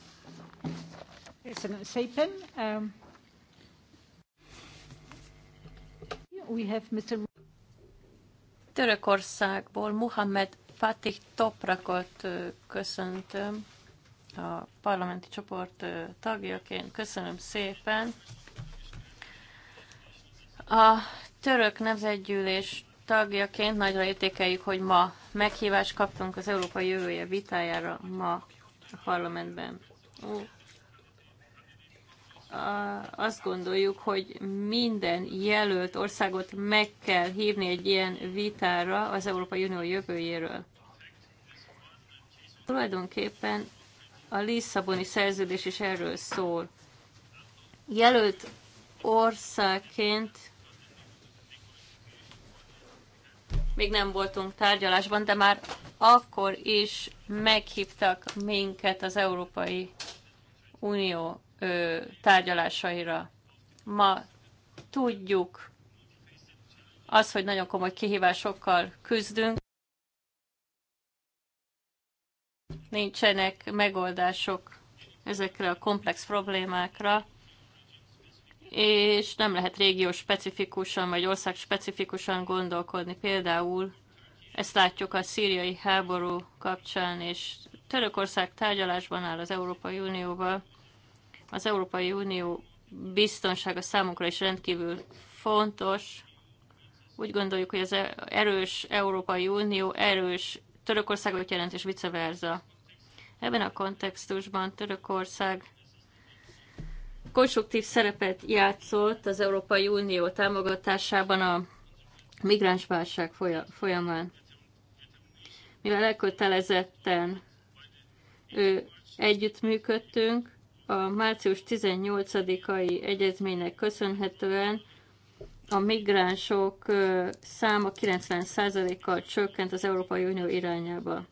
Köszönöm szépen. Um, Mr. Törökországból Muhammed Fatih Toprakot köszöntöm a parlamenti csoport tagjaként. Köszönöm szépen. A török nemzetgyűlés tagjaként nagyra értékeljük, hogy ma meghívást kaptunk az Európai Jövője vitájára ma a parlamentben. Ó. Azt gondoljuk, hogy minden jelölt országot meg kell hívni egy ilyen vitára az Európai Unió jövőjéről. Tulajdonképpen a Lisszaboni szerződés is erről szól. Jelölt országként még nem voltunk tárgyalásban, de már akkor is meghívtak minket az Európai Unió ö, tárgyalásaira. Ma tudjuk az, hogy nagyon komoly kihívásokkal küzdünk, nincsenek megoldások ezekre a komplex problémákra, és nem lehet régió specifikusan vagy ország specifikusan gondolkodni. Például ezt látjuk a szíriai háború kapcsán, és Törökország tárgyalásban áll az Európai Unióval. Az Európai Unió biztonsága számunkra is rendkívül fontos. Úgy gondoljuk, hogy az erős Európai Unió erős Törökországot jelent, és vice versa. Ebben a kontextusban Törökország konstruktív szerepet játszott az Európai Unió támogatásában a migránsválság folyamán. Mivel elkötelezetten ő, együttműködtünk, a március 18-ai egyezménynek köszönhetően a migránsok száma 90%-kal csökkent az Európai Unió irányába.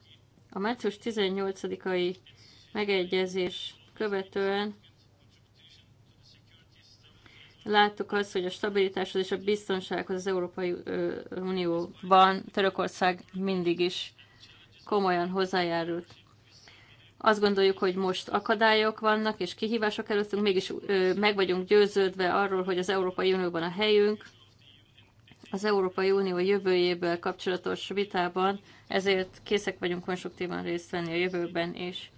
A március 18-ai megegyezés követően láttuk azt, hogy a stabilitáshoz és a biztonsághoz az Európai Unióban Törökország mindig is komolyan hozzájárult. Azt gondoljuk, hogy most akadályok vannak és kihívások előttünk, mégis meg vagyunk győződve arról, hogy az Európai Unióban a helyünk, az Európai Unió jövőjéből kapcsolatos vitában, ezért készek vagyunk konstruktívan részt venni a jövőben is.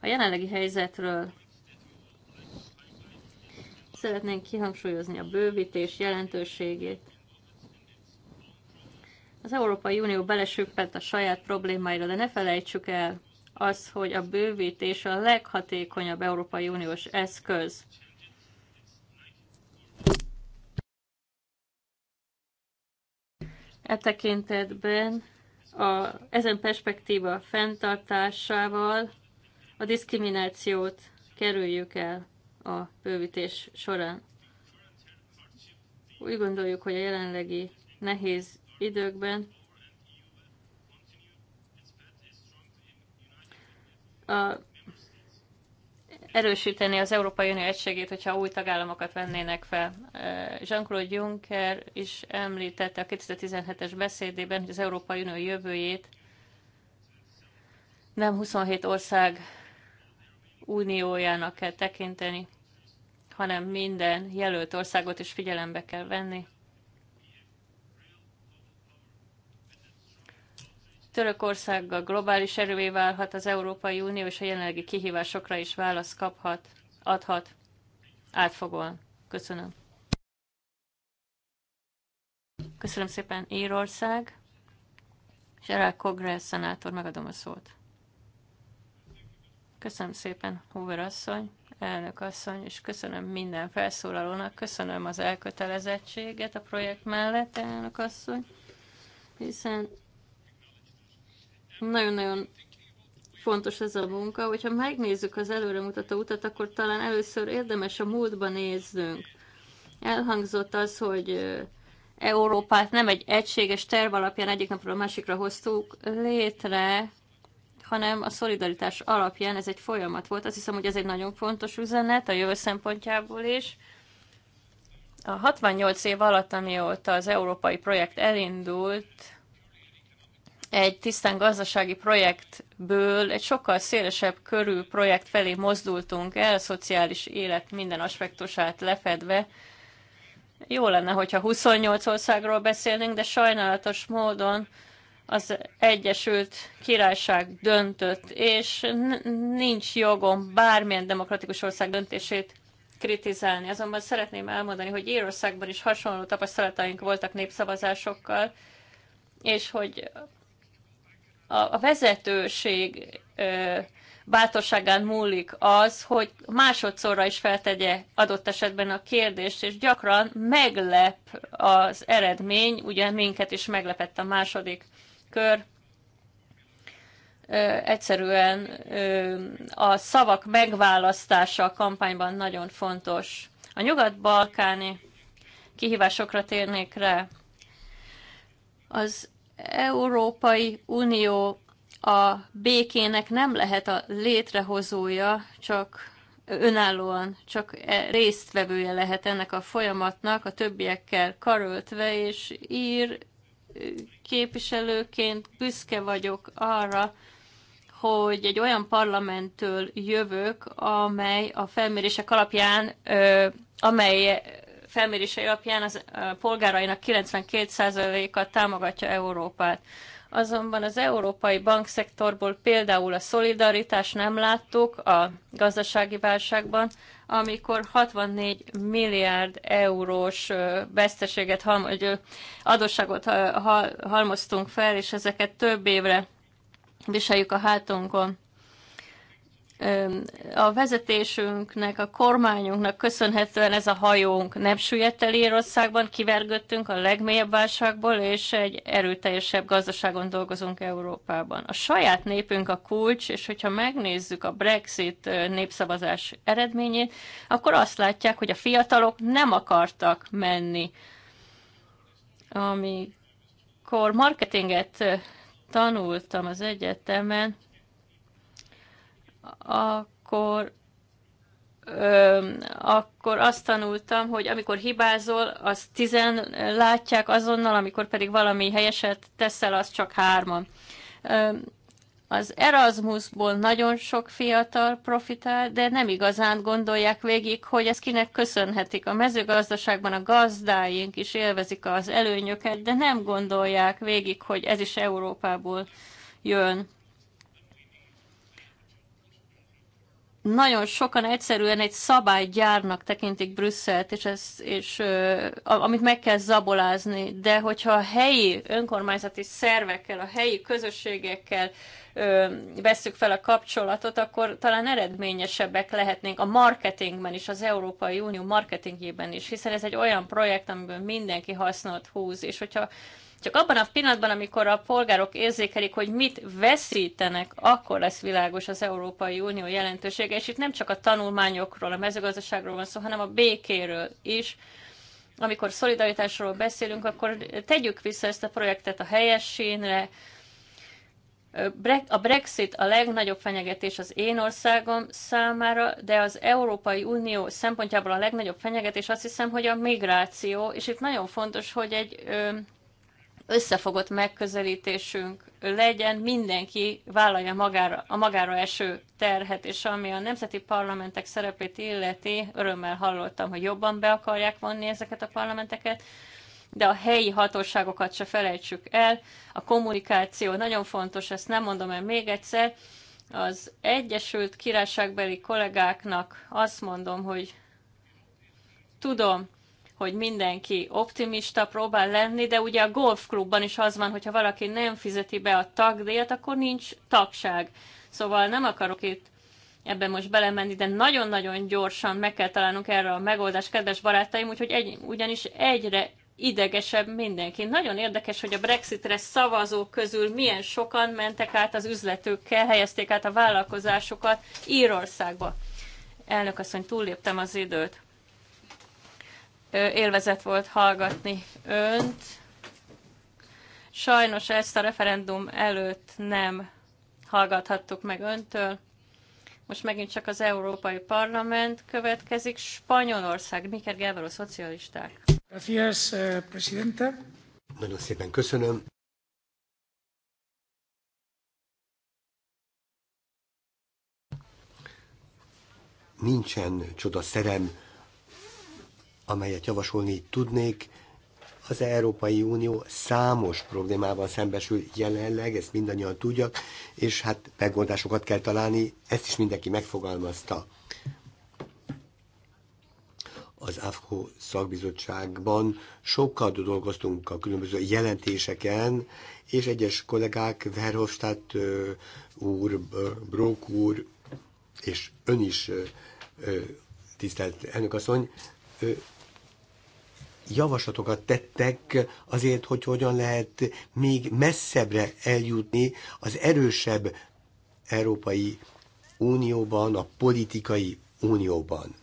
A jelenlegi helyzetről szeretnénk kihangsúlyozni a bővítés jelentőségét. Az Európai Unió belesüppent a saját problémáira, de ne felejtsük el az, hogy a bővítés a leghatékonyabb Európai Uniós eszköz E tekintetben a, ezen perspektíva fenntartásával a diszkriminációt kerüljük el a bővítés során. Úgy gondoljuk, hogy a jelenlegi nehéz időkben a erősíteni az Európai Unió egységét, hogyha új tagállamokat vennének fel. Eh, Jean-Claude Juncker is említette a 2017-es beszédében, hogy az Európai Unió jövőjét nem 27 ország uniójának kell tekinteni, hanem minden jelölt országot is figyelembe kell venni. Törökország a globális erővé válhat az Európai Unió, és a jelenlegi kihívásokra is választ kaphat, adhat átfogóan. Köszönöm. Köszönöm szépen Írország. Gerald Kogre, szenátor, megadom a szót. Köszönöm szépen, Hoover asszony, elnök asszony, és köszönöm minden felszólalónak, köszönöm az elkötelezettséget a projekt mellett, elnök asszony, hiszen nagyon-nagyon fontos ez a munka. Hogyha megnézzük az előremutató utat, akkor talán először érdemes a múltba néznünk. Elhangzott az, hogy Európát nem egy egységes terv alapján egyik napról a másikra hoztuk létre, hanem a szolidaritás alapján ez egy folyamat volt. Azt hiszem, hogy ez egy nagyon fontos üzenet a jövő szempontjából is. A 68 év alatt, amióta az európai projekt elindult, egy tisztán gazdasági projektből egy sokkal szélesebb körű projekt felé mozdultunk el, szociális élet minden aspektusát lefedve. Jó lenne, hogyha 28 országról beszélnénk, de sajnálatos módon az Egyesült Királyság döntött, és nincs jogom bármilyen demokratikus ország döntését kritizálni. Azonban szeretném elmondani, hogy Írországban is hasonló tapasztalataink voltak népszavazásokkal, és hogy a a vezetőség bátorságán múlik az, hogy másodszorra is feltegye adott esetben a kérdést, és gyakran meglep az eredmény, ugye minket is meglepett a második kör, egyszerűen a szavak megválasztása a kampányban nagyon fontos. A nyugat-balkáni kihívásokra térnék rá. Az Európai Unió a békének nem lehet a létrehozója, csak önállóan, csak e résztvevője lehet ennek a folyamatnak, a többiekkel karöltve, és ír képviselőként büszke vagyok arra, hogy egy olyan parlamenttől jövök, amely a felmérések alapján, ö, amely felmérései alapján az polgárainak 92%-a támogatja Európát. Azonban az európai bankszektorból például a szolidaritást nem láttuk a gazdasági válságban, amikor 64 milliárd eurós veszteséget, adósságot halmoztunk fel, és ezeket több évre viseljük a hátunkon a vezetésünknek, a kormányunknak köszönhetően ez a hajónk nem süllyedt el Írországban, kivergöttünk a legmélyebb válságból, és egy erőteljesebb gazdaságon dolgozunk Európában. A saját népünk a kulcs, és hogyha megnézzük a Brexit népszavazás eredményét, akkor azt látják, hogy a fiatalok nem akartak menni. Amikor marketinget tanultam az egyetemen, akkor Ö, akkor azt tanultam, hogy amikor hibázol, az tizen látják azonnal, amikor pedig valami helyeset teszel, az csak hárman. Ö, az Erasmusból nagyon sok fiatal profitál, de nem igazán gondolják végig, hogy ez kinek köszönhetik. A mezőgazdaságban a gazdáink is élvezik az előnyöket, de nem gondolják végig, hogy ez is Európából jön. nagyon sokan egyszerűen egy szabálygyárnak tekintik Brüsszelt, és, ez, és ö, amit meg kell zabolázni, de hogyha a helyi önkormányzati szervekkel, a helyi közösségekkel ö, veszük fel a kapcsolatot, akkor talán eredményesebbek lehetnénk a marketingben is, az Európai Unió marketingjében is, hiszen ez egy olyan projekt, amiből mindenki hasznot húz, és hogyha csak abban a pillanatban, amikor a polgárok érzékelik, hogy mit veszítenek, akkor lesz világos az Európai Unió jelentősége, és itt nem csak a tanulmányokról, a mezőgazdaságról van szó, hanem a békéről is. Amikor szolidaritásról beszélünk, akkor tegyük vissza ezt a projektet a helyes sínre, a Brexit a legnagyobb fenyegetés az én országom számára, de az Európai Unió szempontjából a legnagyobb fenyegetés azt hiszem, hogy a migráció, és itt nagyon fontos, hogy egy összefogott megközelítésünk legyen, mindenki vállalja magára, a magára eső terhet, és ami a nemzeti parlamentek szerepét illeti, örömmel hallottam, hogy jobban be akarják vonni ezeket a parlamenteket, de a helyi hatóságokat se felejtsük el. A kommunikáció nagyon fontos, ezt nem mondom el még egyszer. Az Egyesült Királyságbeli kollégáknak azt mondom, hogy tudom, hogy mindenki optimista próbál lenni, de ugye a golfklubban is az van, hogyha valaki nem fizeti be a tagdíjat, akkor nincs tagság. Szóval nem akarok itt ebben most belemenni, de nagyon-nagyon gyorsan meg kell találnunk erre a megoldást, kedves barátaim, úgyhogy egy, ugyanis egyre idegesebb mindenki. Nagyon érdekes, hogy a Brexitre szavazók közül milyen sokan mentek át az üzletőkkel, helyezték át a vállalkozásokat Írországba. Elnök asszony, túlléptem az időt élvezet volt hallgatni önt. Sajnos ezt a referendum előtt nem hallgathattuk meg öntől. Most megint csak az Európai Parlament következik. Spanyolország, Miker Gábor, a szocialisták. Gracias, eh, presidente. Nagyon szépen köszönöm. Nincsen csoda szerem amelyet javasolni tudnék, az Európai Unió számos problémával szembesül jelenleg, ezt mindannyian tudjak, és hát megoldásokat kell találni, ezt is mindenki megfogalmazta. Az AFKO szakbizottságban sokkal dolgoztunk a különböző jelentéseken, és egyes kollégák, Verhofstadt úr, Brók úr, és ön is tisztelt elnökasszony, javaslatokat tettek azért, hogy hogyan lehet még messzebbre eljutni az erősebb Európai Unióban, a politikai unióban.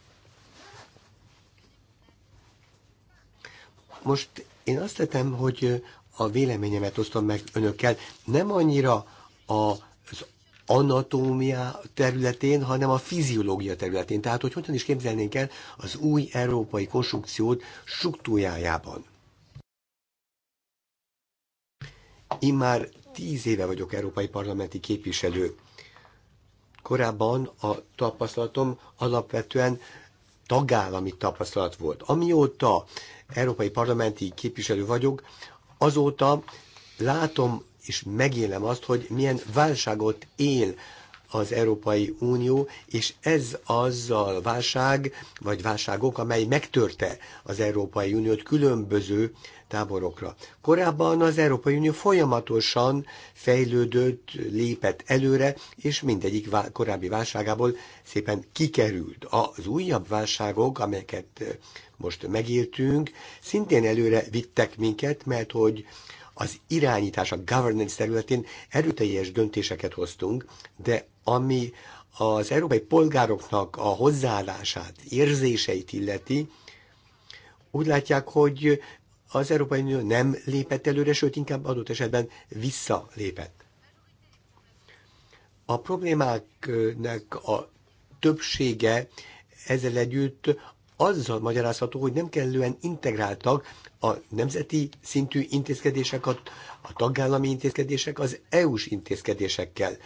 Most én azt tettem, hogy a véleményemet osztom meg önökkel, nem annyira a anatómia területén, hanem a fiziológia területén. Tehát, hogy hogyan is képzelnénk el az új európai konstrukciót struktúrájában. Én már tíz éve vagyok európai parlamenti képviselő. Korábban a tapasztalatom alapvetően tagállami tapasztalat volt. Amióta európai parlamenti képviselő vagyok, azóta látom és megélem azt, hogy milyen válságot él az Európai Unió, és ez az a válság, vagy válságok, amely megtörte az Európai Uniót különböző táborokra. Korábban az Európai Unió folyamatosan fejlődött, lépett előre, és mindegyik korábbi válságából szépen kikerült. Az újabb válságok, amelyeket most megéltünk, szintén előre vittek minket, mert hogy az irányítás, a governance területén erőteljes döntéseket hoztunk, de ami az európai polgároknak a hozzáállását, érzéseit illeti, úgy látják, hogy az Európai Unió nem lépett előre, sőt, inkább adott esetben visszalépett. A problémáknak a többsége ezzel együtt azzal magyarázható, hogy nem kellően integráltak a nemzeti szintű intézkedések, a, a tagállami intézkedések az EU-s intézkedésekkel.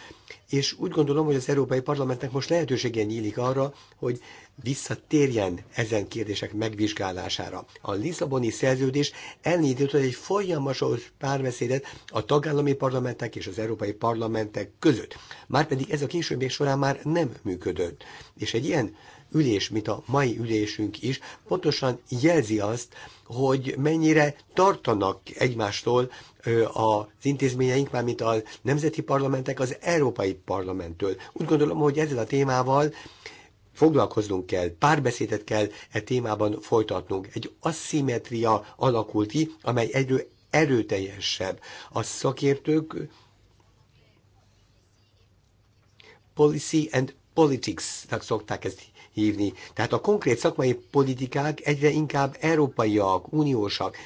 És úgy gondolom, hogy az Európai Parlamentnek most lehetősége nyílik arra, hogy visszatérjen ezen kérdések megvizsgálására. A Lisszaboni szerződés elindított egy folyamatos párbeszédet a tagállami parlamentek és az európai parlamentek között. Márpedig ez a későbbiek során már nem működött. És egy ilyen ülés, mint a mai ülésünk is, pontosan jelzi azt, hogy mennyire tartanak egymástól az intézményeink, mint a nemzeti parlamentek az Európai Parlamenttől. Úgy gondolom, hogy ezzel a témával foglalkoznunk kell, párbeszédet kell e témában folytatnunk. Egy asszimetria alakult ki, amely egyről erőteljesebb. A szakértők policy and politics-nak szokták ezt hívni. Tehát a konkrét szakmai politikák egyre inkább európaiak, uniósak,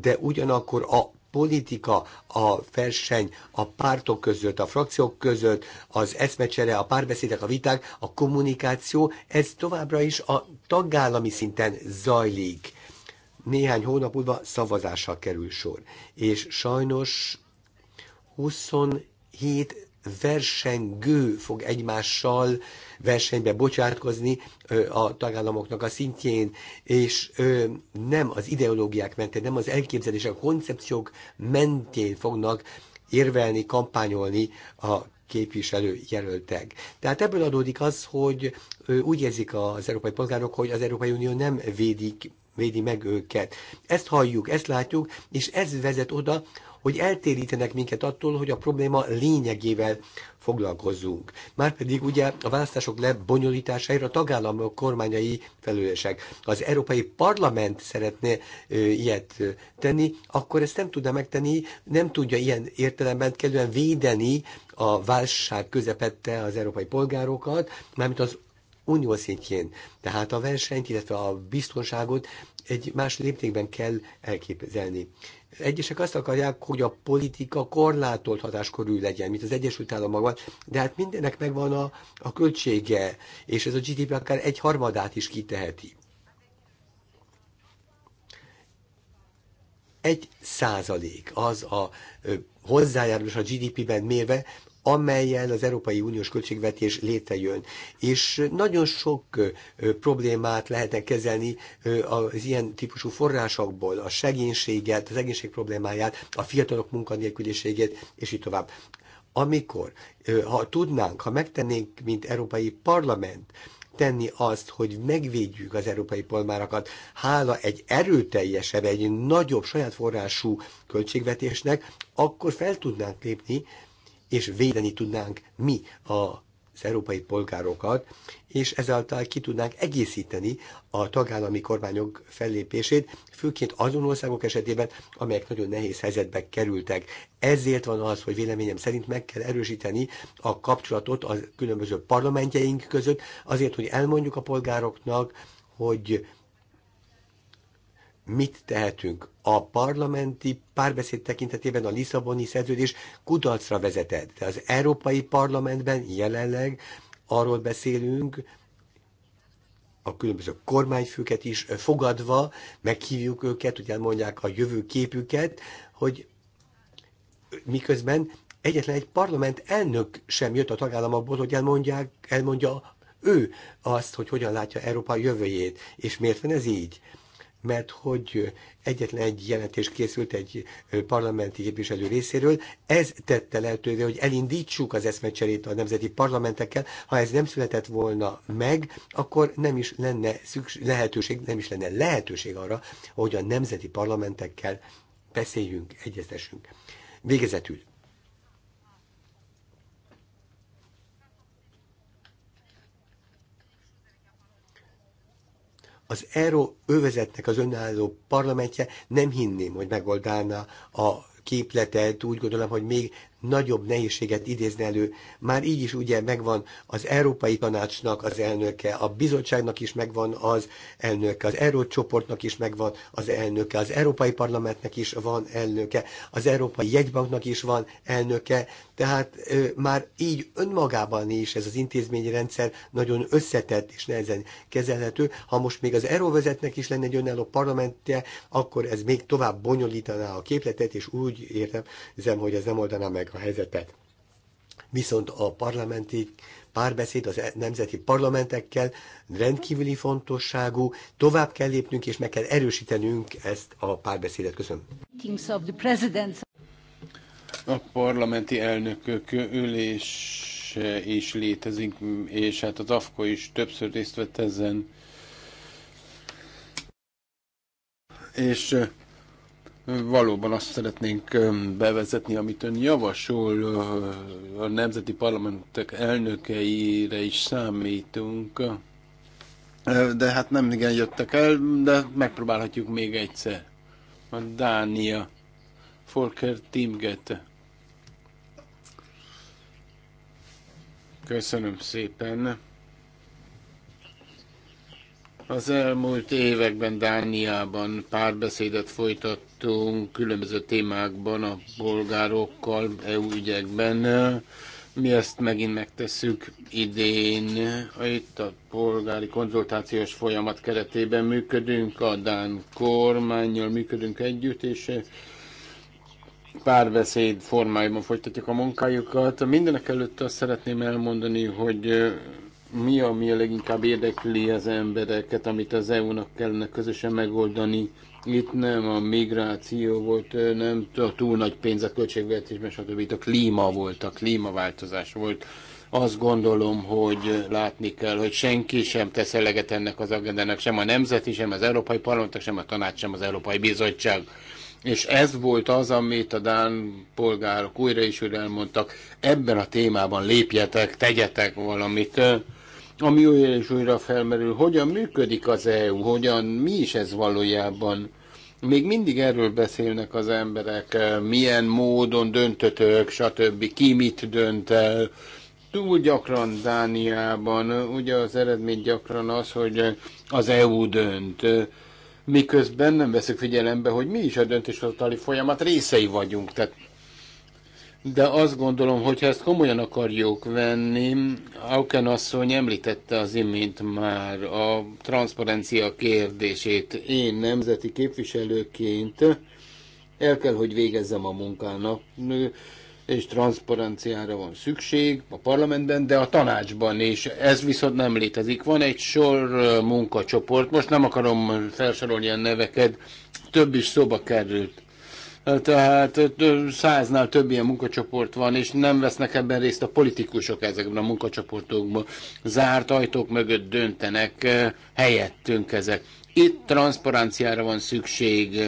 de ugyanakkor a politika, a verseny a pártok között, a frakciók között, az eszmecsere, a párbeszédek, a viták, a kommunikáció, ez továbbra is a tagállami szinten zajlik. Néhány hónap múlva szavazásra kerül sor. És sajnos 27 versengő fog egymással versenybe bocsátkozni a tagállamoknak a szintjén, és nem az ideológiák mentén, nem az elképzelések, a koncepciók mentén fognak érvelni, kampányolni a képviselő jelöltek. Tehát ebből adódik az, hogy úgy érzik az európai polgárok, hogy az Európai Unió nem védik, védi meg őket. Ezt halljuk, ezt látjuk, és ez vezet oda, hogy eltérítenek minket attól, hogy a probléma lényegével foglalkozzunk. Márpedig ugye a választások lebonyolításáért a tagállamok kormányai felelősek. Az Európai Parlament szeretne ö, ilyet ö, tenni, akkor ezt nem tudja megtenni, nem tudja ilyen értelemben kellően védeni a válság közepette az európai polgárokat, mármint az unió szintjén. Tehát a versenyt, illetve a biztonságot egy más léptékben kell elképzelni. Egyesek azt akarják, hogy a politika korlátolt hatáskorú legyen, mint az Egyesült Államokban, de hát mindennek megvan a, a költsége, és ez a GDP akár egy harmadát is kiteheti. Egy százalék az a hozzájárulás a GDP-ben mérve, amelyen az Európai Uniós költségvetés létrejön. És nagyon sok problémát lehetne kezelni az ilyen típusú forrásokból, a segénységet, az egészség problémáját, a fiatalok munkanélküliségét, és így tovább. Amikor, ha tudnánk, ha megtennénk, mint Európai Parlament, tenni azt, hogy megvédjük az európai polmárakat, hála egy erőteljesebb, egy nagyobb saját forrású költségvetésnek, akkor fel tudnánk lépni és védeni tudnánk mi a az európai polgárokat, és ezáltal ki tudnánk egészíteni a tagállami kormányok fellépését, főként azon országok esetében, amelyek nagyon nehéz helyzetbe kerültek. Ezért van az, hogy véleményem szerint meg kell erősíteni a kapcsolatot a különböző parlamentjeink között, azért, hogy elmondjuk a polgároknak, hogy mit tehetünk? A parlamenti párbeszéd tekintetében a Lisszaboni szerződés kudarcra vezetett. De az Európai Parlamentben jelenleg arról beszélünk, a különböző kormányfőket is fogadva, meghívjuk őket, ugye mondják a jövőképüket, hogy miközben egyetlen egy parlament elnök sem jött a tagállamokból, hogy elmondják, elmondja ő azt, hogy hogyan látja Európa jövőjét. És miért van ez így? mert hogy egyetlen egy jelentés készült egy parlamenti képviselő részéről, ez tette lehetővé, hogy elindítsuk az eszmecserét a nemzeti parlamentekkel, ha ez nem született volna meg, akkor nem is lenne szükség, lehetőség, nem is lenne lehetőség arra, hogy a nemzeti parlamentekkel beszéljünk, egyeztessünk. Végezetül az ERO övezetnek az önálló parlamentje nem hinném, hogy megoldána a képletet, úgy gondolom, hogy még nagyobb nehézséget idézne elő. Már így is ugye megvan az Európai Tanácsnak az elnöke, a bizottságnak is megvan az elnöke, az csoportnak is megvan az elnöke, az Európai Parlamentnek is van elnöke, az Európai Jegybanknak is van elnöke, tehát ö, már így önmagában is ez az intézményrendszer nagyon összetett és nehezen kezelhető. Ha most még az Euróvezetnek is lenne egy önálló parlamentje, akkor ez még tovább bonyolítaná a képletet, és úgy értem, hogy ez nem oldaná meg a helyzetet. Viszont a parlamenti párbeszéd az e- nemzeti parlamentekkel rendkívüli fontosságú, tovább kell lépnünk és meg kell erősítenünk ezt a párbeszédet. Köszönöm. A parlamenti elnökök ülés is létezik, és hát az AFKO is többször részt vett ezen. És valóban azt szeretnénk bevezetni, amit ön javasol, a nemzeti parlamentek elnökeire is számítunk, de hát nem igen jöttek el, de megpróbálhatjuk még egyszer. A Dánia, Folker Timget. Köszönöm szépen. Az elmúlt években Dániában párbeszédet folytat vitáztunk különböző témákban a polgárokkal, EU ügyekben. Mi ezt megint megtesszük idén. Itt a polgári konzultációs folyamat keretében működünk, a Dán kormányjal működünk együtt, és párbeszéd formájában folytatjuk a munkájukat. Mindenek előtt azt szeretném elmondani, hogy mi, ami a leginkább érdekli az embereket, amit az EU-nak kellene közösen megoldani itt nem a migráció volt, nem a túl nagy pénz a költségvetésben, stb. Itt a klíma volt, a klímaváltozás volt. Azt gondolom, hogy látni kell, hogy senki sem tesz eleget ennek az agendának, sem a nemzeti, sem az Európai Parlamentnek, sem a tanács, sem az Európai Bizottság. És ez volt az, amit a Dán polgárok újra is újra elmondtak, ebben a témában lépjetek, tegyetek valamit ami újra és újra felmerül, hogyan működik az EU, hogyan, mi is ez valójában. Még mindig erről beszélnek az emberek, eh, milyen módon döntötök, stb. ki mit dönt el. Túl gyakran Dániában, ugye az eredmény gyakran az, hogy az EU dönt, miközben nem veszük figyelembe, hogy mi is a döntéshozatali folyamat részei vagyunk. Tehát de azt gondolom, hogy ha ezt komolyan akarjuk venni, Auken asszony említette az imént már a transzparencia kérdését. Én nemzeti képviselőként el kell, hogy végezzem a munkának, és transzparenciára van szükség a parlamentben, de a tanácsban is. Ez viszont nem létezik. Van egy sor munkacsoport, most nem akarom felsorolni a neveket, több is szóba került tehát száznál több ilyen munkacsoport van, és nem vesznek ebben részt a politikusok ezekben a munkacsoportokban. Zárt ajtók mögött döntenek helyettünk ezek. Itt transzparenciára van szükség,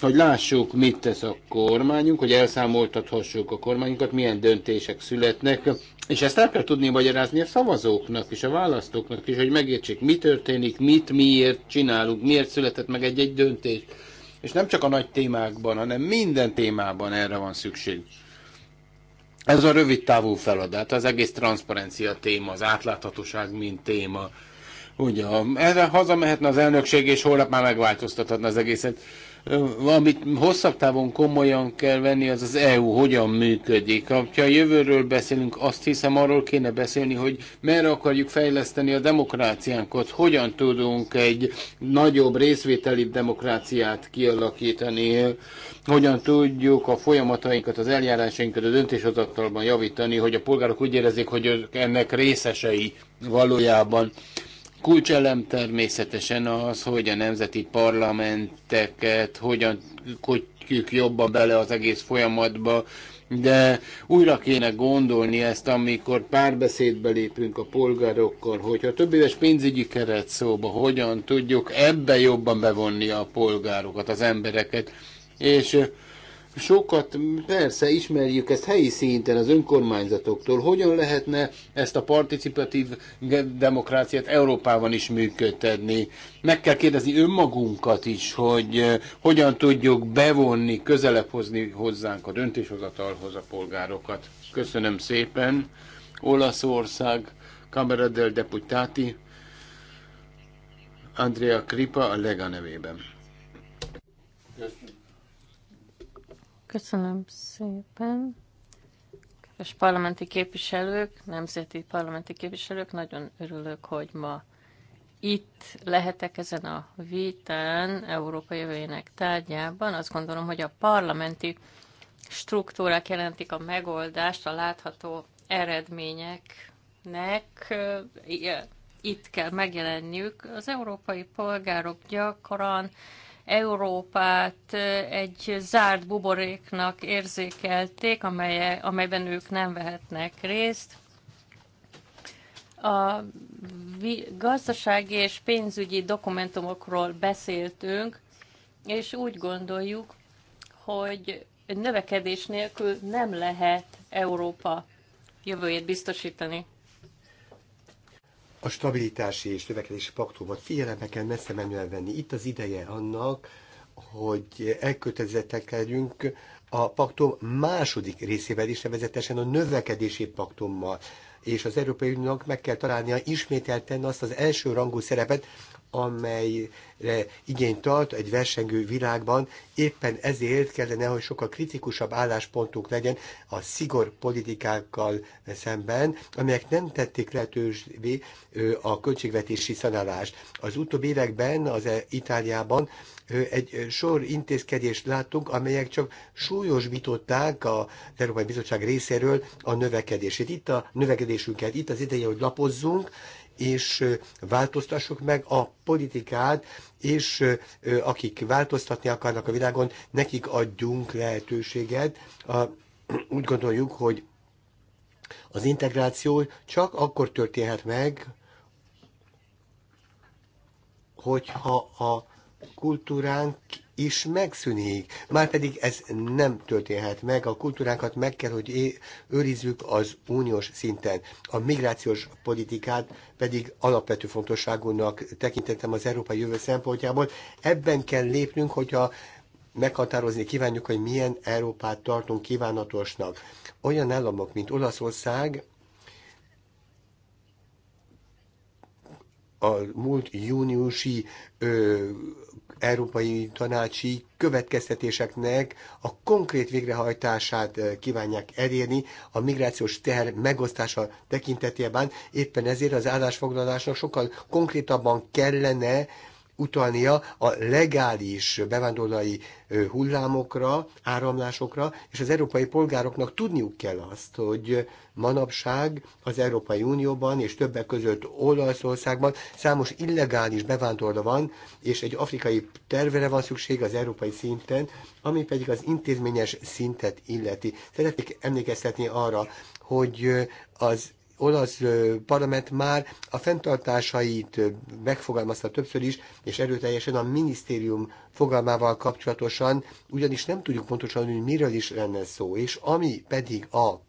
hogy lássuk, mit tesz a kormányunk, hogy elszámoltathassuk a kormányunkat, milyen döntések születnek, és ezt el kell tudni magyarázni a szavazóknak és a választóknak is, hogy megértsék, mi történik, mit, miért csinálunk, miért született meg egy-egy döntés és nem csak a nagy témákban, hanem minden témában erre van szükség. Ez a rövid távú feladat, az egész transzparencia téma, az átláthatóság mint téma. Ugye, erre hazamehetne az elnökség, és holnap már megváltoztathatna az egészet. Amit hosszabb távon komolyan kell venni, az az EU hogyan működik. Ha a jövőről beszélünk, azt hiszem arról kéne beszélni, hogy merre akarjuk fejleszteni a demokráciánkat, hogyan tudunk egy nagyobb részvételi demokráciát kialakítani, hogyan tudjuk a folyamatainkat, az eljárásainkat a döntéshozatalban javítani, hogy a polgárok úgy érezzék, hogy ők ennek részesei valójában. Kulcselem természetesen az, hogy a nemzeti parlamenteket hogyan kötjük jobban bele az egész folyamatba, de újra kéne gondolni ezt, amikor párbeszédbe lépünk a polgárokkal, hogyha több éves pénzügyi keret szóba hogyan tudjuk ebbe jobban bevonni a polgárokat, az embereket, és Sokat persze ismerjük ezt helyi szinten az önkormányzatoktól. Hogyan lehetne ezt a participatív demokráciát Európában is működtetni? Meg kell kérdezni önmagunkat is, hogy eh, hogyan tudjuk bevonni, közelebb hozni hozzánk a döntéshozatalhoz a polgárokat. Köszönöm szépen. Olaszország, Camera del Deputati, Andrea Kripa a Lega nevében. Köszönöm szépen. Kedves parlamenti képviselők, nemzeti parlamenti képviselők, nagyon örülök, hogy ma itt lehetek ezen a vitán Európa jövőjének tárgyában. Azt gondolom, hogy a parlamenti struktúrák jelentik a megoldást, a látható eredményeknek itt kell megjelenniük. Az európai polgárok gyakran Európát egy zárt buboréknak érzékelték, amely, amelyben ők nem vehetnek részt. A gazdasági és pénzügyi dokumentumokról beszéltünk, és úgy gondoljuk, hogy növekedés nélkül nem lehet Európa jövőjét biztosítani a stabilitási és növekedési paktumot figyelembe kell messze menően venni. Itt az ideje annak, hogy elkötelezettek legyünk a paktum második részével is, nevezetesen a növekedési paktummal. És az Európai Uniónak meg kell találnia ismételten azt az első rangú szerepet, amelyre igény tart egy versengő világban, éppen ezért kellene, hogy sokkal kritikusabb álláspontunk legyen a szigor politikákkal szemben, amelyek nem tették lehetővé a költségvetési szanálást. Az utóbbi években az e- Itáliában egy sor intézkedést láttunk, amelyek csak súlyosbították az Európai Bizottság részéről a növekedését. Itt a növekedésünket, itt az ideje, hogy lapozzunk, és változtassuk meg a politikát, és akik változtatni akarnak a világon, nekik adjunk lehetőséget. Úgy gondoljuk, hogy az integráció csak akkor történhet meg, hogyha a kultúránk is megszűnik. Márpedig ez nem történhet meg, a kultúránkat meg kell, hogy é- őrizzük az uniós szinten. A migrációs politikát pedig alapvető fontosságúnak tekintettem az európai jövő szempontjából. Ebben kell lépnünk, hogyha meghatározni kívánjuk, hogy milyen Európát tartunk kívánatosnak. Olyan államok, mint Olaszország, a múlt júniusi ö, európai tanácsi következtetéseknek a konkrét végrehajtását eh, kívánják elérni a migrációs teher megosztása tekintetében. Éppen ezért az állásfoglalásnak sokkal konkrétabban kellene utalnia a legális bevándorlói hullámokra, áramlásokra, és az európai polgároknak tudniuk kell azt, hogy manapság az Európai Unióban és többek között Olaszországban számos illegális bevándorló van, és egy afrikai tervere van szükség az európai szinten, ami pedig az intézményes szintet illeti. Szeretnék emlékeztetni arra, hogy az olasz parlament már a fenntartásait megfogalmazta többször is, és erőteljesen a minisztérium fogalmával kapcsolatosan, ugyanis nem tudjuk pontosan, hogy miről is lenne szó, és ami pedig a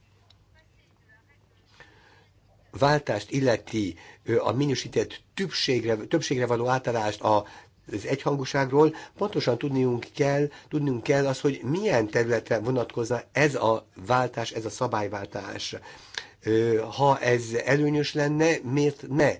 váltást illeti a minősített többségre, többségre való átállást a az egyhangúságról, pontosan tudnunk kell, tudnunk kell az, hogy milyen területre vonatkozna ez a váltás, ez a szabályváltás ha ez előnyös lenne, miért ne?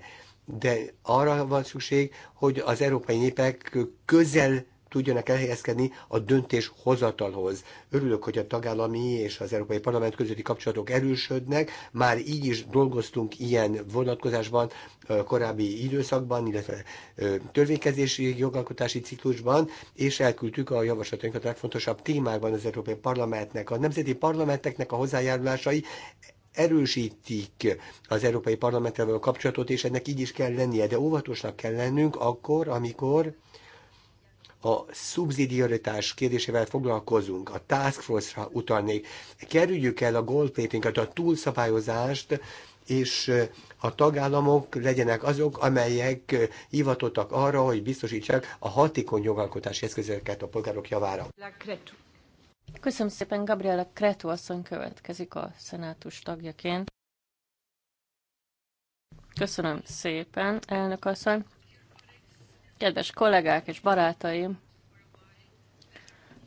De arra van szükség, hogy az európai népek közel tudjanak elhelyezkedni a döntéshozatalhoz. Örülök, hogy a tagállami és az Európai Parlament közötti kapcsolatok erősödnek. Már így is dolgoztunk ilyen vonatkozásban korábbi időszakban, illetve törvénykezési jogalkotási ciklusban, és elküldtük a javaslatainkat a legfontosabb témákban az Európai Parlamentnek. A nemzeti parlamenteknek a hozzájárulásai erősítik az Európai Parlamenttel való kapcsolatot, és ennek így is kell lennie, de óvatosnak kell lennünk akkor, amikor a szubszidiaritás kérdésével foglalkozunk, a task force-ra utalnék. Kerüljük el a goldplatinget, a túlszabályozást, és a tagállamok legyenek azok, amelyek hivatottak arra, hogy biztosítsák a hatékony jogalkotási eszközöket a polgárok javára. La Köszönöm szépen, Gabriela Kretu asszony következik a szenátus tagjaként. Köszönöm szépen, elnök asszony. Kedves kollégák és barátaim,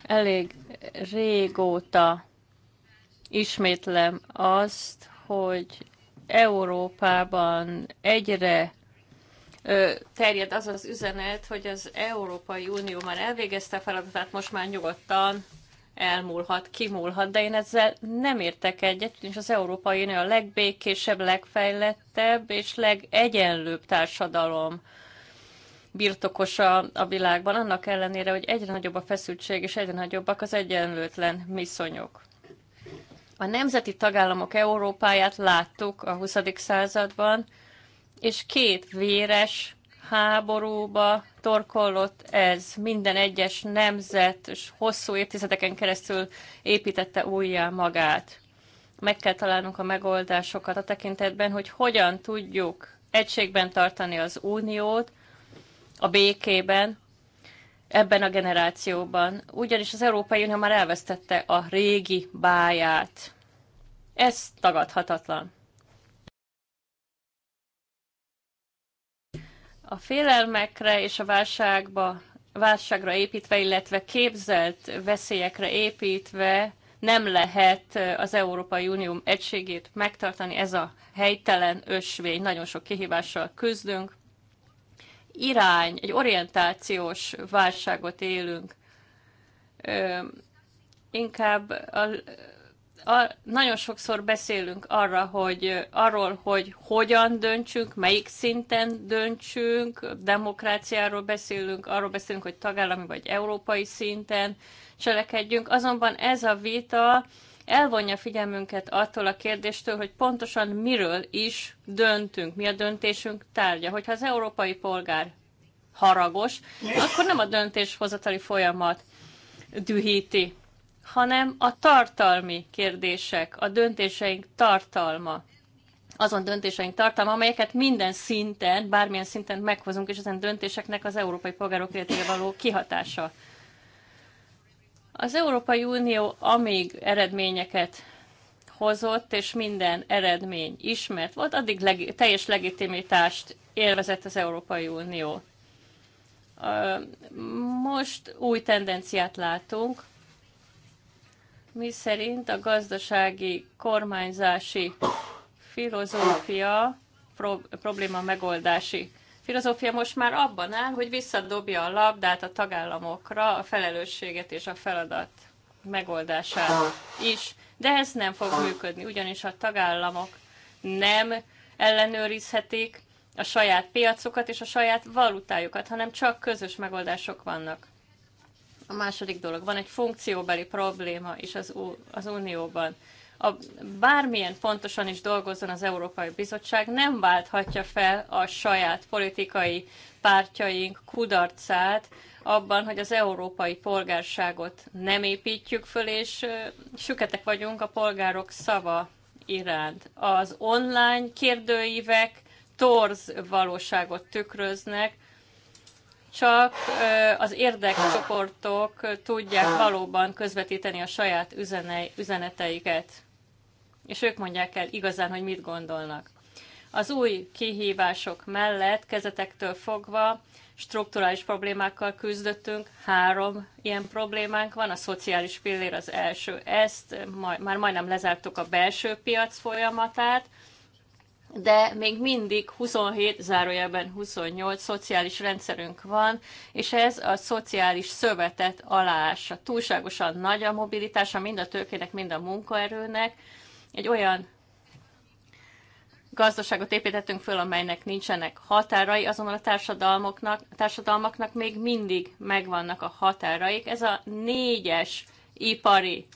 elég régóta ismétlem azt, hogy Európában egyre terjed az az üzenet, hogy az Európai Unió már elvégezte a feladatát, most már nyugodtan elmúlhat, kimúlhat, de én ezzel nem értek egyet, és az Európai Unió a legbékésebb, legfejlettebb és legegyenlőbb társadalom birtokosa a világban, annak ellenére, hogy egyre nagyobb a feszültség és egyre nagyobbak az egyenlőtlen viszonyok. A nemzeti tagállamok Európáját láttuk a 20. században, és két véres háborúba torkollott ez. Minden egyes nemzet és hosszú évtizedeken keresztül építette újjá magát. Meg kell találnunk a megoldásokat a tekintetben, hogy hogyan tudjuk egységben tartani az uniót, a békében, ebben a generációban. Ugyanis az Európai Unió már elvesztette a régi báját. Ez tagadhatatlan. A félelmekre és a válságba, válságra építve, illetve képzelt veszélyekre építve nem lehet az Európai Unió egységét megtartani. Ez a helytelen ösvény, nagyon sok kihívással küzdünk. Irány, egy orientációs válságot élünk. Ö, inkább a a, nagyon sokszor beszélünk arra, hogy arról, hogy hogyan döntsünk, melyik szinten döntsünk, demokráciáról beszélünk, arról beszélünk, hogy tagállami vagy európai szinten cselekedjünk. Azonban ez a vita elvonja figyelmünket attól a kérdéstől, hogy pontosan miről is döntünk, mi a döntésünk tárgya. Hogyha az európai polgár haragos, akkor nem a döntéshozatali folyamat dühíti hanem a tartalmi kérdések, a döntéseink tartalma azon döntéseink tartalma, amelyeket minden szinten, bármilyen szinten meghozunk, és ezen döntéseknek az európai polgárok életére való kihatása. Az Európai Unió amíg eredményeket hozott, és minden eredmény ismert volt, addig legi teljes legitimitást élvezett az Európai Unió. Most új tendenciát látunk, mi szerint a gazdasági kormányzási filozófia pro- probléma megoldási filozófia most már abban áll, hogy visszadobja a labdát a tagállamokra a felelősséget és a feladat megoldását is. De ez nem fog működni, ugyanis a tagállamok nem ellenőrizhetik a saját piacokat és a saját valutájukat, hanem csak közös megoldások vannak. A második dolog, van egy funkcióbeli probléma is az, az Unióban. A, bármilyen pontosan is dolgozzon az Európai Bizottság, nem válthatja fel a saját politikai pártjaink kudarcát abban, hogy az európai polgárságot nem építjük föl, és süketek vagyunk a polgárok szava iránt. Az online kérdőívek torz valóságot tükröznek, csak az érdekcsoportok tudják valóban közvetíteni a saját üzenei, üzeneteiket, és ők mondják el igazán, hogy mit gondolnak. Az új kihívások mellett kezetektől fogva strukturális problémákkal küzdöttünk, három ilyen problémánk van, a szociális pillér az első. Ezt már majdnem lezártuk a belső piac folyamatát, de még mindig 27, zárójelben 28 szociális rendszerünk van, és ez a szociális szövetet aláássa. Túlságosan nagy a mobilitása mind a tőkének, mind a munkaerőnek. Egy olyan gazdaságot építettünk föl, amelynek nincsenek határai, azonban a társadalmaknak, a társadalmaknak még mindig megvannak a határaik. Ez a négyes ipari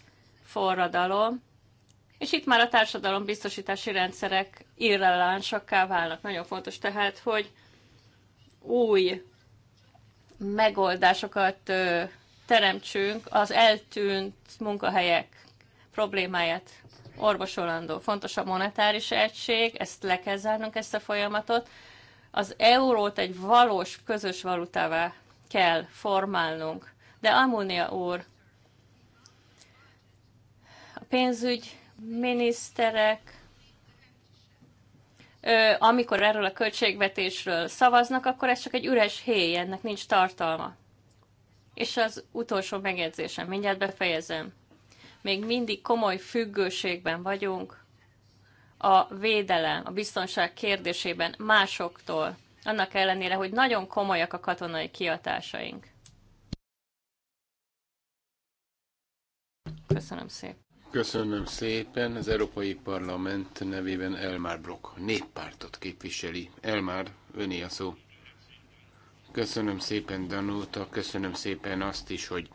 forradalom, és itt már a társadalombiztosítási rendszerek irrelevánsakká válnak. Nagyon fontos tehát, hogy új megoldásokat teremtsünk az eltűnt munkahelyek problémáját orvosolandó. Fontos a monetáris egység, ezt le kell zárnunk, ezt a folyamatot. Az eurót egy valós közös valutává kell formálnunk. De Amunia úr, a pénzügy miniszterek, amikor erről a költségvetésről szavaznak, akkor ez csak egy üres héj, ennek nincs tartalma. És az utolsó megjegyzésem, mindjárt befejezem. Még mindig komoly függőségben vagyunk a védelem, a biztonság kérdésében másoktól, annak ellenére, hogy nagyon komolyak a katonai kiatásaink. Köszönöm szépen. Köszönöm szépen. Az Európai Parlament nevében Elmar Brok néppártot képviseli. Elmar, öné a szó. Köszönöm szépen Danuta köszönöm szépen azt is, hogy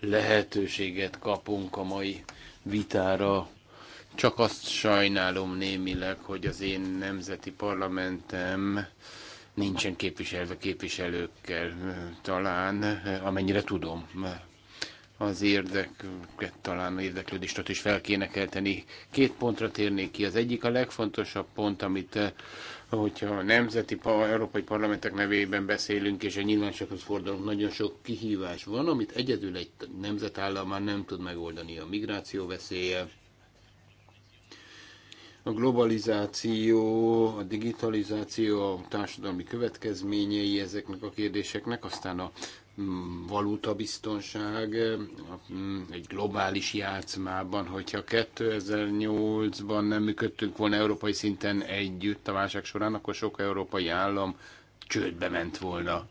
lehetőséget kapunk a mai vitára. Csak azt sajnálom némileg, hogy az én nemzeti parlamentem nincsen képviselve képviselőkkel talán, amennyire tudom az érdeket, talán érdeklődést is fel kéne kelteni. Két pontra térnék ki. Az egyik a legfontosabb pont, amit eh, hogyha a nemzeti európai parlamentek nevében beszélünk, és a nyilvánosághoz fordulunk, nagyon sok kihívás van, amit egyedül egy nemzetállam már nem tud megoldani a migráció veszélye, a globalizáció, a digitalizáció, a társadalmi következményei ezeknek a kérdéseknek, aztán a valutabiztonság eh, egy globális játszmában, hogyha 2008-ban nem működtünk volna európai szinten együtt a válság során, akkor sok európai állam csődbe ment volna.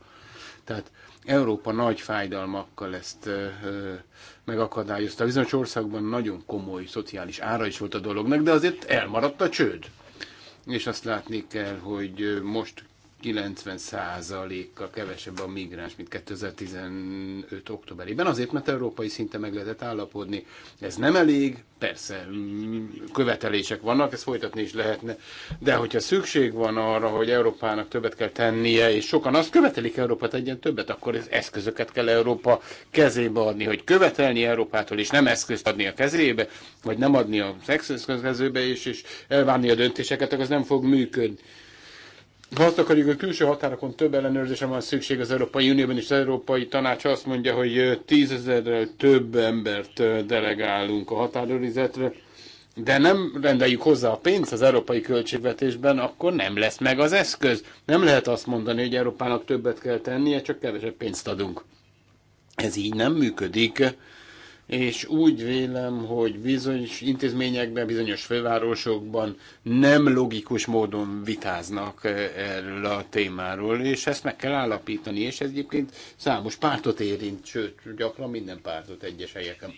Tehát Európa nagy fájdalmakkal ezt ö, eh, eh, megakadályozta. Bizonyos országban nagyon komoly szociális ára is volt a dolognak, de azért elmaradt a csőd. És azt látni kell, hogy most 90%-kal kevesebb a migráns, mint 2015. októberében. Azért, mert európai szinte meg lehetett állapodni. Ez nem elég, persze mm, követelések vannak, ezt folytatni is lehetne, de hogyha szükség van arra, hogy Európának többet kell tennie, és sokan azt követelik Európát, egyen többet, akkor az eszközöket kell Európa kezébe adni, hogy követelni Európától, és nem eszközt adni a kezébe, vagy nem adni az eszközkezőbe, és, és elvárni a döntéseket, akkor ez nem fog működni ha azt akarjuk, hogy külső határokon több ellenőrzésre van szükség az Európai Unióban, és az Európai Tanács azt mondja, hogy tízezerrel több embert delegálunk a határőrizetre, de nem rendeljük hozzá a pénzt az európai költségvetésben, akkor nem lesz meg az eszköz. Nem lehet azt mondani, hogy Európának többet kell tennie, csak kevesebb pénzt adunk. Ez így nem működik és úgy vélem, hogy bizonyos intézményekben, bizonyos fővárosokban nem logikus módon vitáznak eh, erről a témáról, és ezt meg kell állapítani, és ez egyébként számos pártot érint, sőt, gyakran minden pártot egyes helyeken.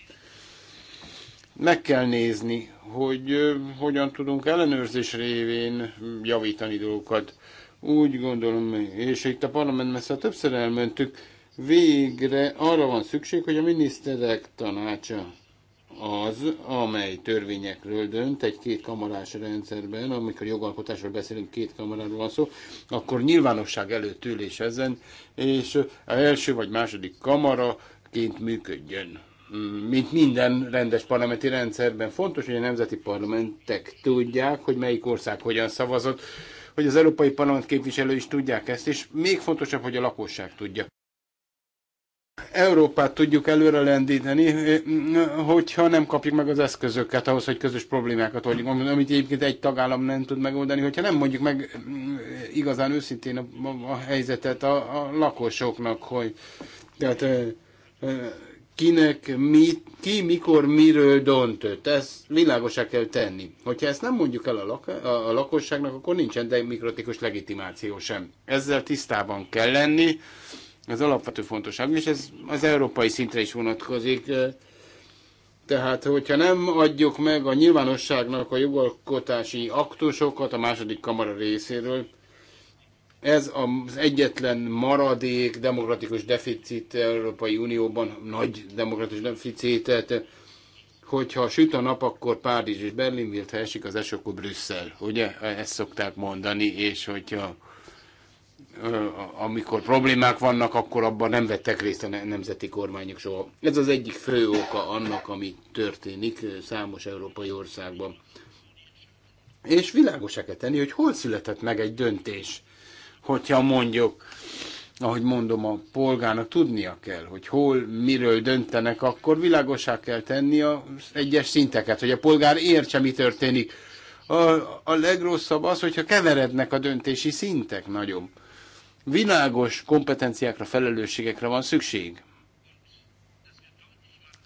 Meg kell nézni, hogy eh, hogyan tudunk ellenőrzés révén javítani dolgokat. Úgy gondolom, és itt a parlamentben ezt többször elmentük, Végre arra van szükség, hogy a miniszterek tanácsa az, amely törvényekről dönt egy kétkamarás rendszerben, amikor jogalkotásról beszélünk, két kamaráról van szó, akkor nyilvánosság előtt ülés ezen, és a első vagy második kamaraként működjön. Mint minden rendes parlamenti rendszerben fontos, hogy a nemzeti parlamentek tudják, hogy melyik ország hogyan szavazott, hogy az Európai Parlament képviselői is tudják ezt, és még fontosabb, hogy a lakosság tudja. Európát tudjuk előre lendíteni, hogyha nem kapjuk meg az eszközöket ahhoz, hogy közös problémákat oldjuk, amit egyébként egy tagállam nem tud megoldani, hogyha nem mondjuk meg mm, igazán őszintén a, a, a helyzetet a, a lakosoknak, hogy tehát kinek mi, ki mikor miről döntött. Ezt világosá kell tenni. Hogyha ezt nem mondjuk el a, lak, a, a lakosságnak, akkor nincsen demokratikus legitimáció sem. Ezzel tisztában kell lenni, ez alapvető fontosság, és ez az európai szintre is vonatkozik. Tehát, hogyha nem adjuk meg a nyilvánosságnak a jogalkotási aktusokat a második kamara részéről, ez az egyetlen maradék demokratikus deficit Európai Unióban, nagy demokratikus deficitet, hogyha süt a nap, akkor Párizs és Berlin, miért ha esik az eső, akkor Brüsszel. Ugye? Ezt szokták mondani, és hogyha amikor problémák vannak, akkor abban nem vettek részt a nemzeti kormányok soha. Ez az egyik fő oka annak, ami történik számos európai országban. És világos kell tenni, hogy hol született meg egy döntés, hogyha mondjuk, ahogy mondom, a polgának tudnia kell, hogy hol, miről döntenek, akkor világosá kell tenni az egyes szinteket, hogy a polgár értse, mi történik. A, a legrosszabb az, hogyha keverednek a döntési szintek nagyon Világos kompetenciákra, felelősségekre van szükség.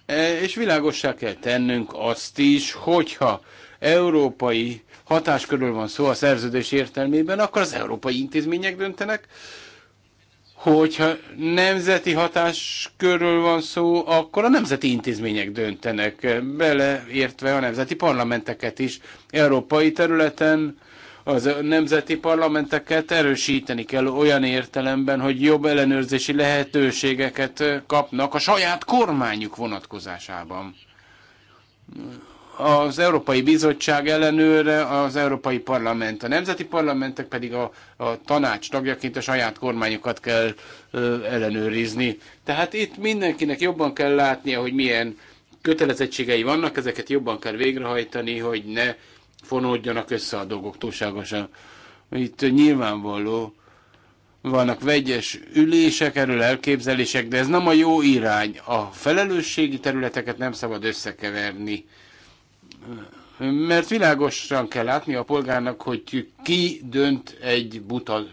E, és világossá kell tennünk azt is, hogyha európai hatáskörül van szó a szerződés értelmében, akkor az európai intézmények döntenek, hogyha nemzeti hatáskörül van szó, akkor a nemzeti intézmények döntenek, beleértve a nemzeti parlamenteket is. Európai területen az nemzeti parlamenteket erősíteni kell olyan értelemben, hogy jobb ellenőrzési lehetőségeket kapnak a saját kormányuk vonatkozásában. Az Európai Bizottság ellenőre az Európai Parlament, a nemzeti parlamentek pedig a, a tanács tagjaként a saját kormányokat kell ö, ellenőrizni. Tehát itt mindenkinek jobban kell látnia, hogy milyen kötelezettségei vannak, ezeket jobban kell végrehajtani, hogy ne fonódjanak össze a dolgok túlságosan. Itt nyilvánvaló, vannak vegyes ülések, erről elképzelések, de ez nem a jó irány. A felelősségi területeket nem szabad összekeverni. Mert világosan kell látni a polgárnak, hogy ki dönt egy buta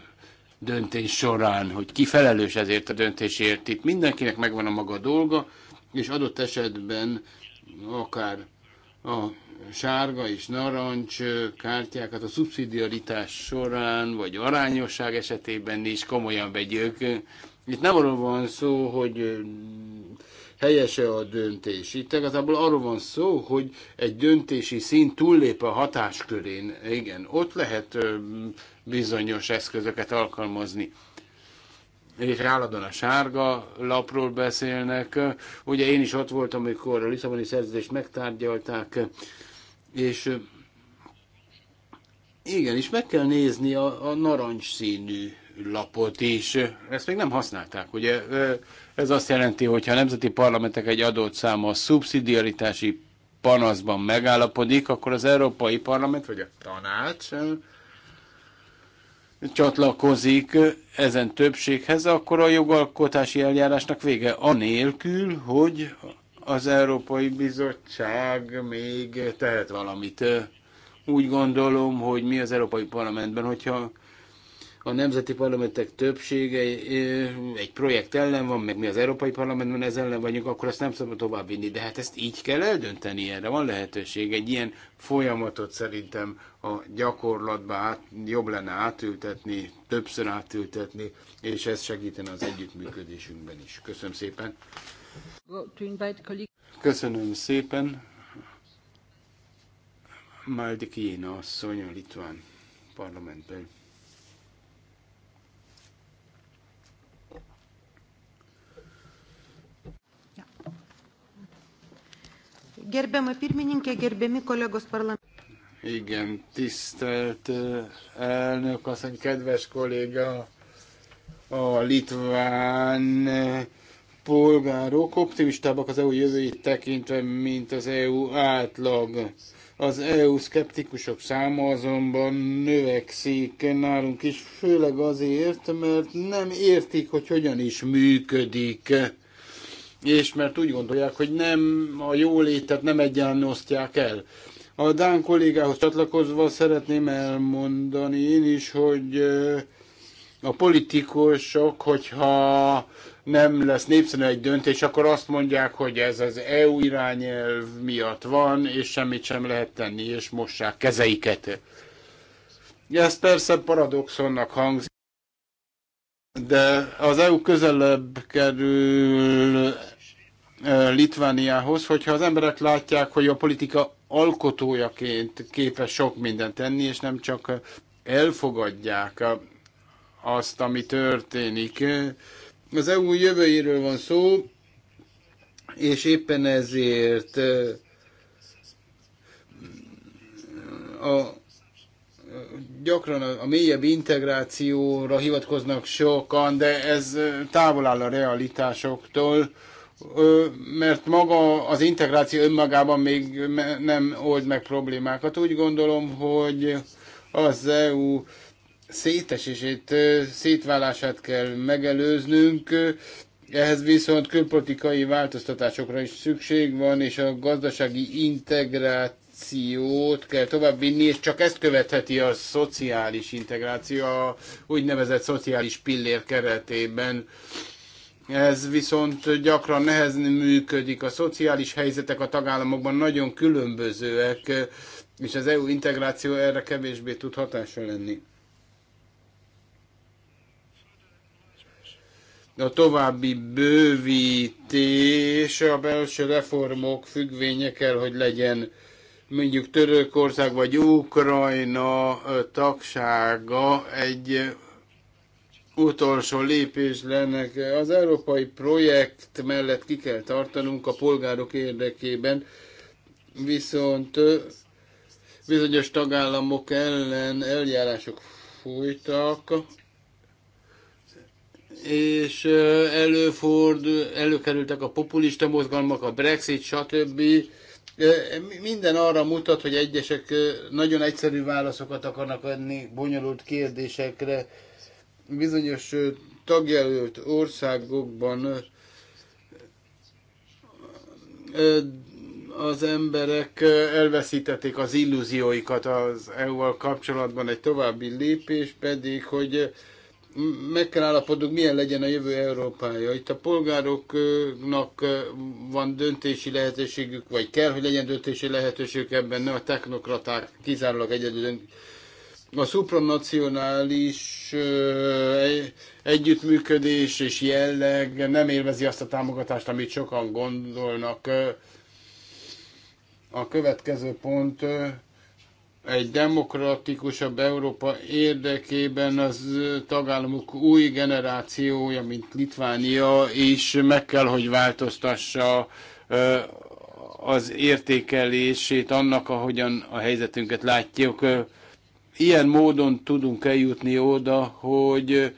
döntés során, hogy ki felelős ezért a döntésért. Itt mindenkinek megvan a maga dolga, és adott esetben akár a sárga és narancs kártyákat a szubszidiaritás során, vagy arányosság esetében is komolyan vegyük. Itt nem arról van szó, hogy helyese a döntés. Itt igazából arról van szó, hogy egy döntési szint túllép a hatáskörén. Igen, ott lehet bizonyos eszközöket alkalmazni és állandóan a sárga lapról beszélnek. Ugye én is ott voltam, amikor a Lisszaboni szerződést megtárgyalták, és igen, és meg kell nézni a, a narancsszínű lapot is. Ezt még nem használták, ugye? Ez azt jelenti, hogy ha a nemzeti parlamentek egy adott száma a szubszidiaritási panaszban megállapodik, akkor az Európai Parlament vagy a tanács csatlakozik ezen többséghez, akkor a jogalkotási eljárásnak vége, anélkül, hogy az Európai Bizottság még tehet valamit. Úgy gondolom, hogy mi az Európai Parlamentben, hogyha a nemzeti parlamentek többsége eh, egy projekt ellen van, meg mi az Európai Parlamentben ez ellen vagyunk, akkor azt nem szabad továbbvinni. De hát ezt így kell eldönteni, erre van lehetőség. Egy ilyen folyamatot szerintem a gyakorlatba át, jobb lenne átültetni, többször átültetni, és ez segítene az együttműködésünkben is. Köszönöm szépen! Köszönöm szépen. Maldik Jéna asszony a Litván parlamentben. Gerbiama pirmininkė, gerbiami kolegos parlament. Igen, tisztelt eh, elnök, aztán kedves kolléga, a litván eh, polgárok optimistábbak az EU jövőjét tekintve, mint az EU átlag. Az EU szkeptikusok száma azonban növekszik nálunk is, főleg azért, mert nem értik, hogy hogyan is működik. És mert úgy gondolják, hogy nem a jólétet nem egyenlően osztják el. A Dán kollégához csatlakozva szeretném elmondani én is, hogy a politikusok, hogyha nem lesz népszerű egy döntés, akkor azt mondják, hogy ez az EU irányelv miatt van, és semmit sem lehet tenni, és mossák kezeiket. Ez persze paradoxonnak hangzik, de az EU közelebb kerül e, Litvániához, hogyha az emberek látják, hogy a politika alkotójaként képes sok mindent tenni, és nem csak elfogadják azt, ami történik, az EU jövőjéről van szó, és éppen ezért a, gyakran a, a mélyebb integrációra hivatkoznak sokan, de ez távol áll a realitásoktól, mert maga az integráció önmagában még nem old meg problémákat. Úgy gondolom, hogy az EU szétesését, szétválását kell megelőznünk, ehhez viszont külpolitikai változtatásokra is szükség van, és a gazdasági integrációt kell továbbvinni, és csak ezt követheti a szociális integráció, a úgynevezett szociális pillér keretében. Ez viszont gyakran nehezen működik. A szociális helyzetek a tagállamokban nagyon különbözőek, és az EU integráció erre kevésbé tud hatással lenni. a további bővítés a belső reformok függvénye kell, hogy legyen mondjuk Törökország vagy Ukrajna tagsága egy utolsó lépés lenne. Az európai projekt mellett ki kell tartanunk a polgárok érdekében, viszont bizonyos tagállamok ellen eljárások folytak, és előfordul, előkerültek a populista mozgalmak, a Brexit, stb. Minden arra mutat, hogy egyesek nagyon egyszerű válaszokat akarnak adni bonyolult kérdésekre. Bizonyos tagjelölt országokban az emberek elveszítették az illúzióikat az EU-val kapcsolatban. Egy további lépés pedig, hogy meg kell állapodnunk, milyen legyen a jövő Európája. Itt a polgároknak van döntési lehetőségük, vagy kell, hogy legyen döntési lehetőségük ebben, nem a technokraták kizárólag egyedül. A szupranacionális együttműködés és jelleg nem élvezi azt a támogatást, amit sokan gondolnak. A következő pont egy demokratikusabb Európa érdekében az tagállamok új generációja, mint Litvánia is meg kell, hogy változtassa az értékelését annak, ahogyan a helyzetünket látjuk. Ilyen módon tudunk eljutni oda, hogy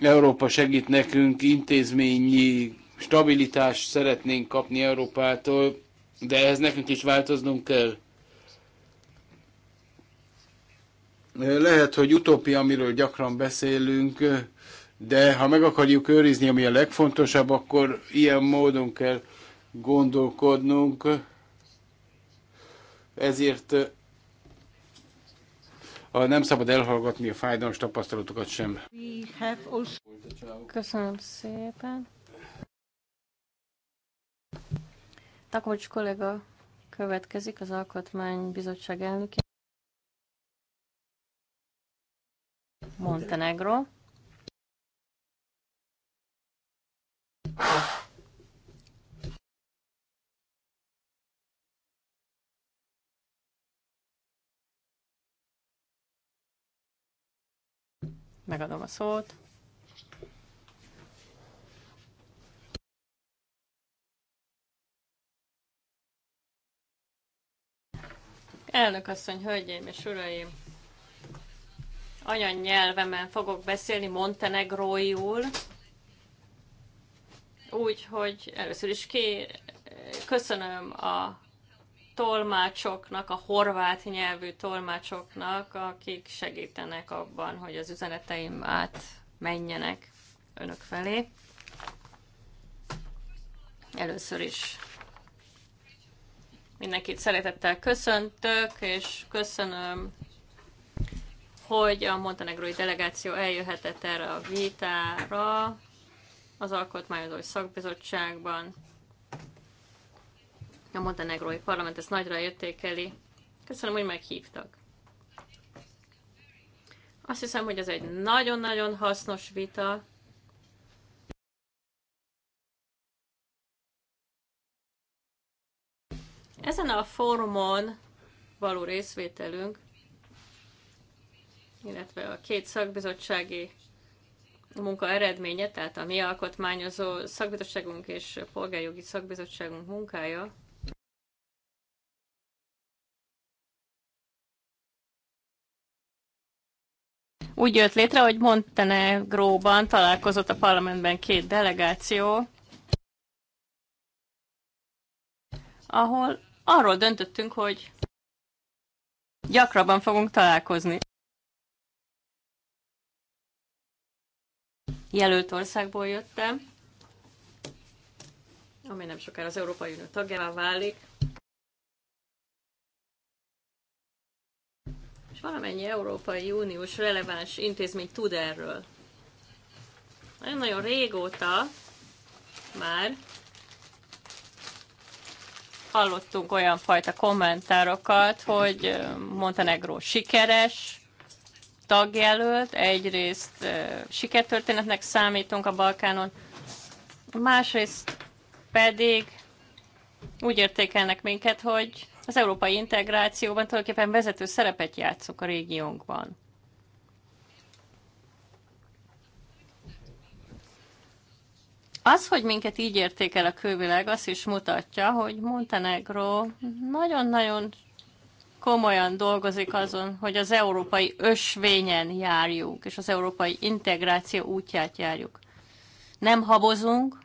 Európa segít nekünk, intézményi stabilitást szeretnénk kapni Európától, de ehhez nekünk is változnunk kell Lehet, hogy utópia, amiről gyakran beszélünk, de ha meg akarjuk őrizni, ami a legfontosabb, akkor ilyen módon kell gondolkodnunk. Ezért a nem szabad elhallgatni a fájdalmas tapasztalatokat sem. Köszönöm szépen. Takocs kollega következik, az Alkotmánybizottság elnöke. Montenegro. Megadom a szót. Elnök asszony, hölgyeim és uraim! anyanyelvemen fogok beszélni montenegróiul, úgyhogy először is ki köszönöm a tolmácsoknak, a horvát nyelvű tolmácsoknak, akik segítenek abban, hogy az üzeneteim át menjenek önök felé. Először is mindenkit szeretettel köszöntök, és köszönöm hogy a montenegrói delegáció eljöhetett erre a vitára az Alkotmányozói Szakbizottságban. A montenegrói parlament ezt nagyra értékeli. Köszönöm, hogy meghívtak. Azt hiszem, hogy ez egy nagyon-nagyon hasznos vita. Ezen a fórumon való részvételünk illetve a két szakbizottsági munka eredménye, tehát a mi alkotmányozó szakbizottságunk és polgárjogi szakbizottságunk munkája, úgy jött létre, hogy Montenegróban találkozott a parlamentben két delegáció, ahol arról döntöttünk, hogy gyakrabban fogunk találkozni. jelölt országból jöttem, ami nem sokára az Európai Unió tagjává válik. És valamennyi Európai Uniós releváns intézmény tud erről. Nagyon-nagyon régóta már hallottunk olyan fajta kommentárokat, hogy Montenegro sikeres, tagjelölt, egyrészt sikertörténetnek számítunk a Balkánon, másrészt pedig úgy értékelnek minket, hogy az európai integrációban tulajdonképpen vezető szerepet játszunk a régiónkban. Az, hogy minket így értékel a külvilág, azt is mutatja, hogy Montenegro nagyon-nagyon komolyan dolgozik azon, hogy az európai ösvényen járjunk, és az európai integráció útját járjuk. Nem habozunk,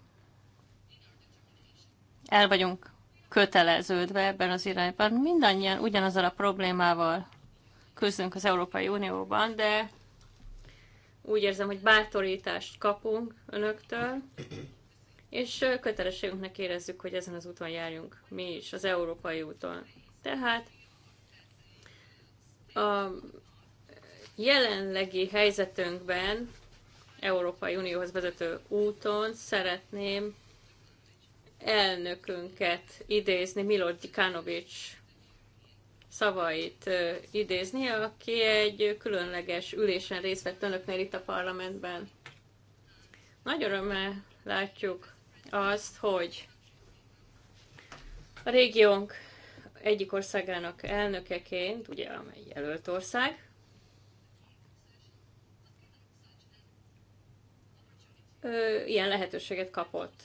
el vagyunk köteleződve ebben az irányban. Mindannyian ugyanazzal a problémával küzdünk az Európai Unióban, de úgy érzem, hogy bátorítást kapunk önöktől, és kötelességünknek érezzük, hogy ezen az úton járjunk mi is, az európai úton. Tehát a jelenlegi helyzetünkben, Európai Unióhoz vezető úton szeretném elnökünket idézni, Milot Dikanovics szavait idézni, aki egy különleges ülésen részt vett önöknél itt a parlamentben. Nagy örömmel látjuk azt, hogy a régiónk egyik országának elnökeként, ugye amely jelölt ország, ilyen lehetőséget kapott.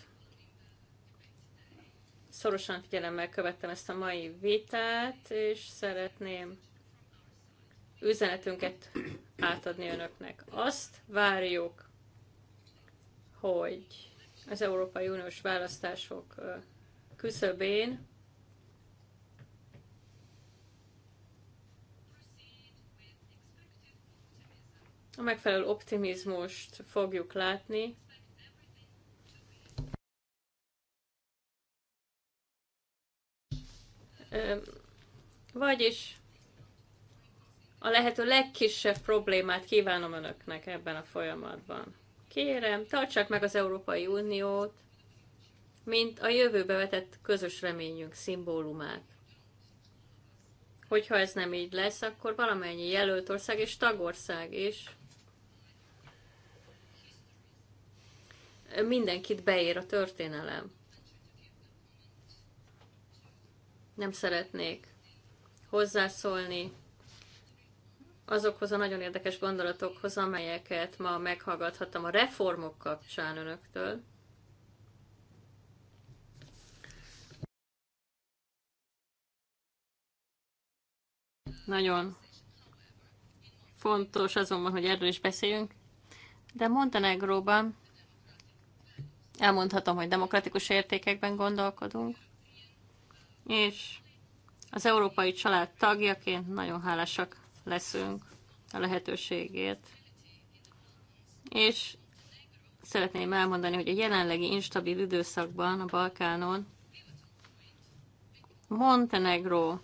Szorosan figyelemmel követtem ezt a mai vitát, és szeretném üzenetünket átadni önöknek. Azt várjuk, hogy az Európai Uniós választások küszöbén a megfelelő optimizmust fogjuk látni. Vagyis a lehető legkisebb problémát kívánom önöknek ebben a folyamatban. Kérem, tartsák meg az Európai Uniót, mint a jövőbe vetett közös reményünk szimbólumát. Hogyha ez nem így lesz, akkor valamennyi jelölt ország és tagország is mindenkit beér a történelem. Nem szeretnék hozzászólni azokhoz a nagyon érdekes gondolatokhoz, amelyeket ma meghallgathattam a reformok kapcsán önöktől. Nagyon fontos azonban, hogy erről is beszéljünk. De Montenegróban elmondhatom, hogy demokratikus értékekben gondolkodunk, és az európai család tagjaként nagyon hálásak leszünk a lehetőségét. És szeretném elmondani, hogy a jelenlegi instabil időszakban a Balkánon Montenegro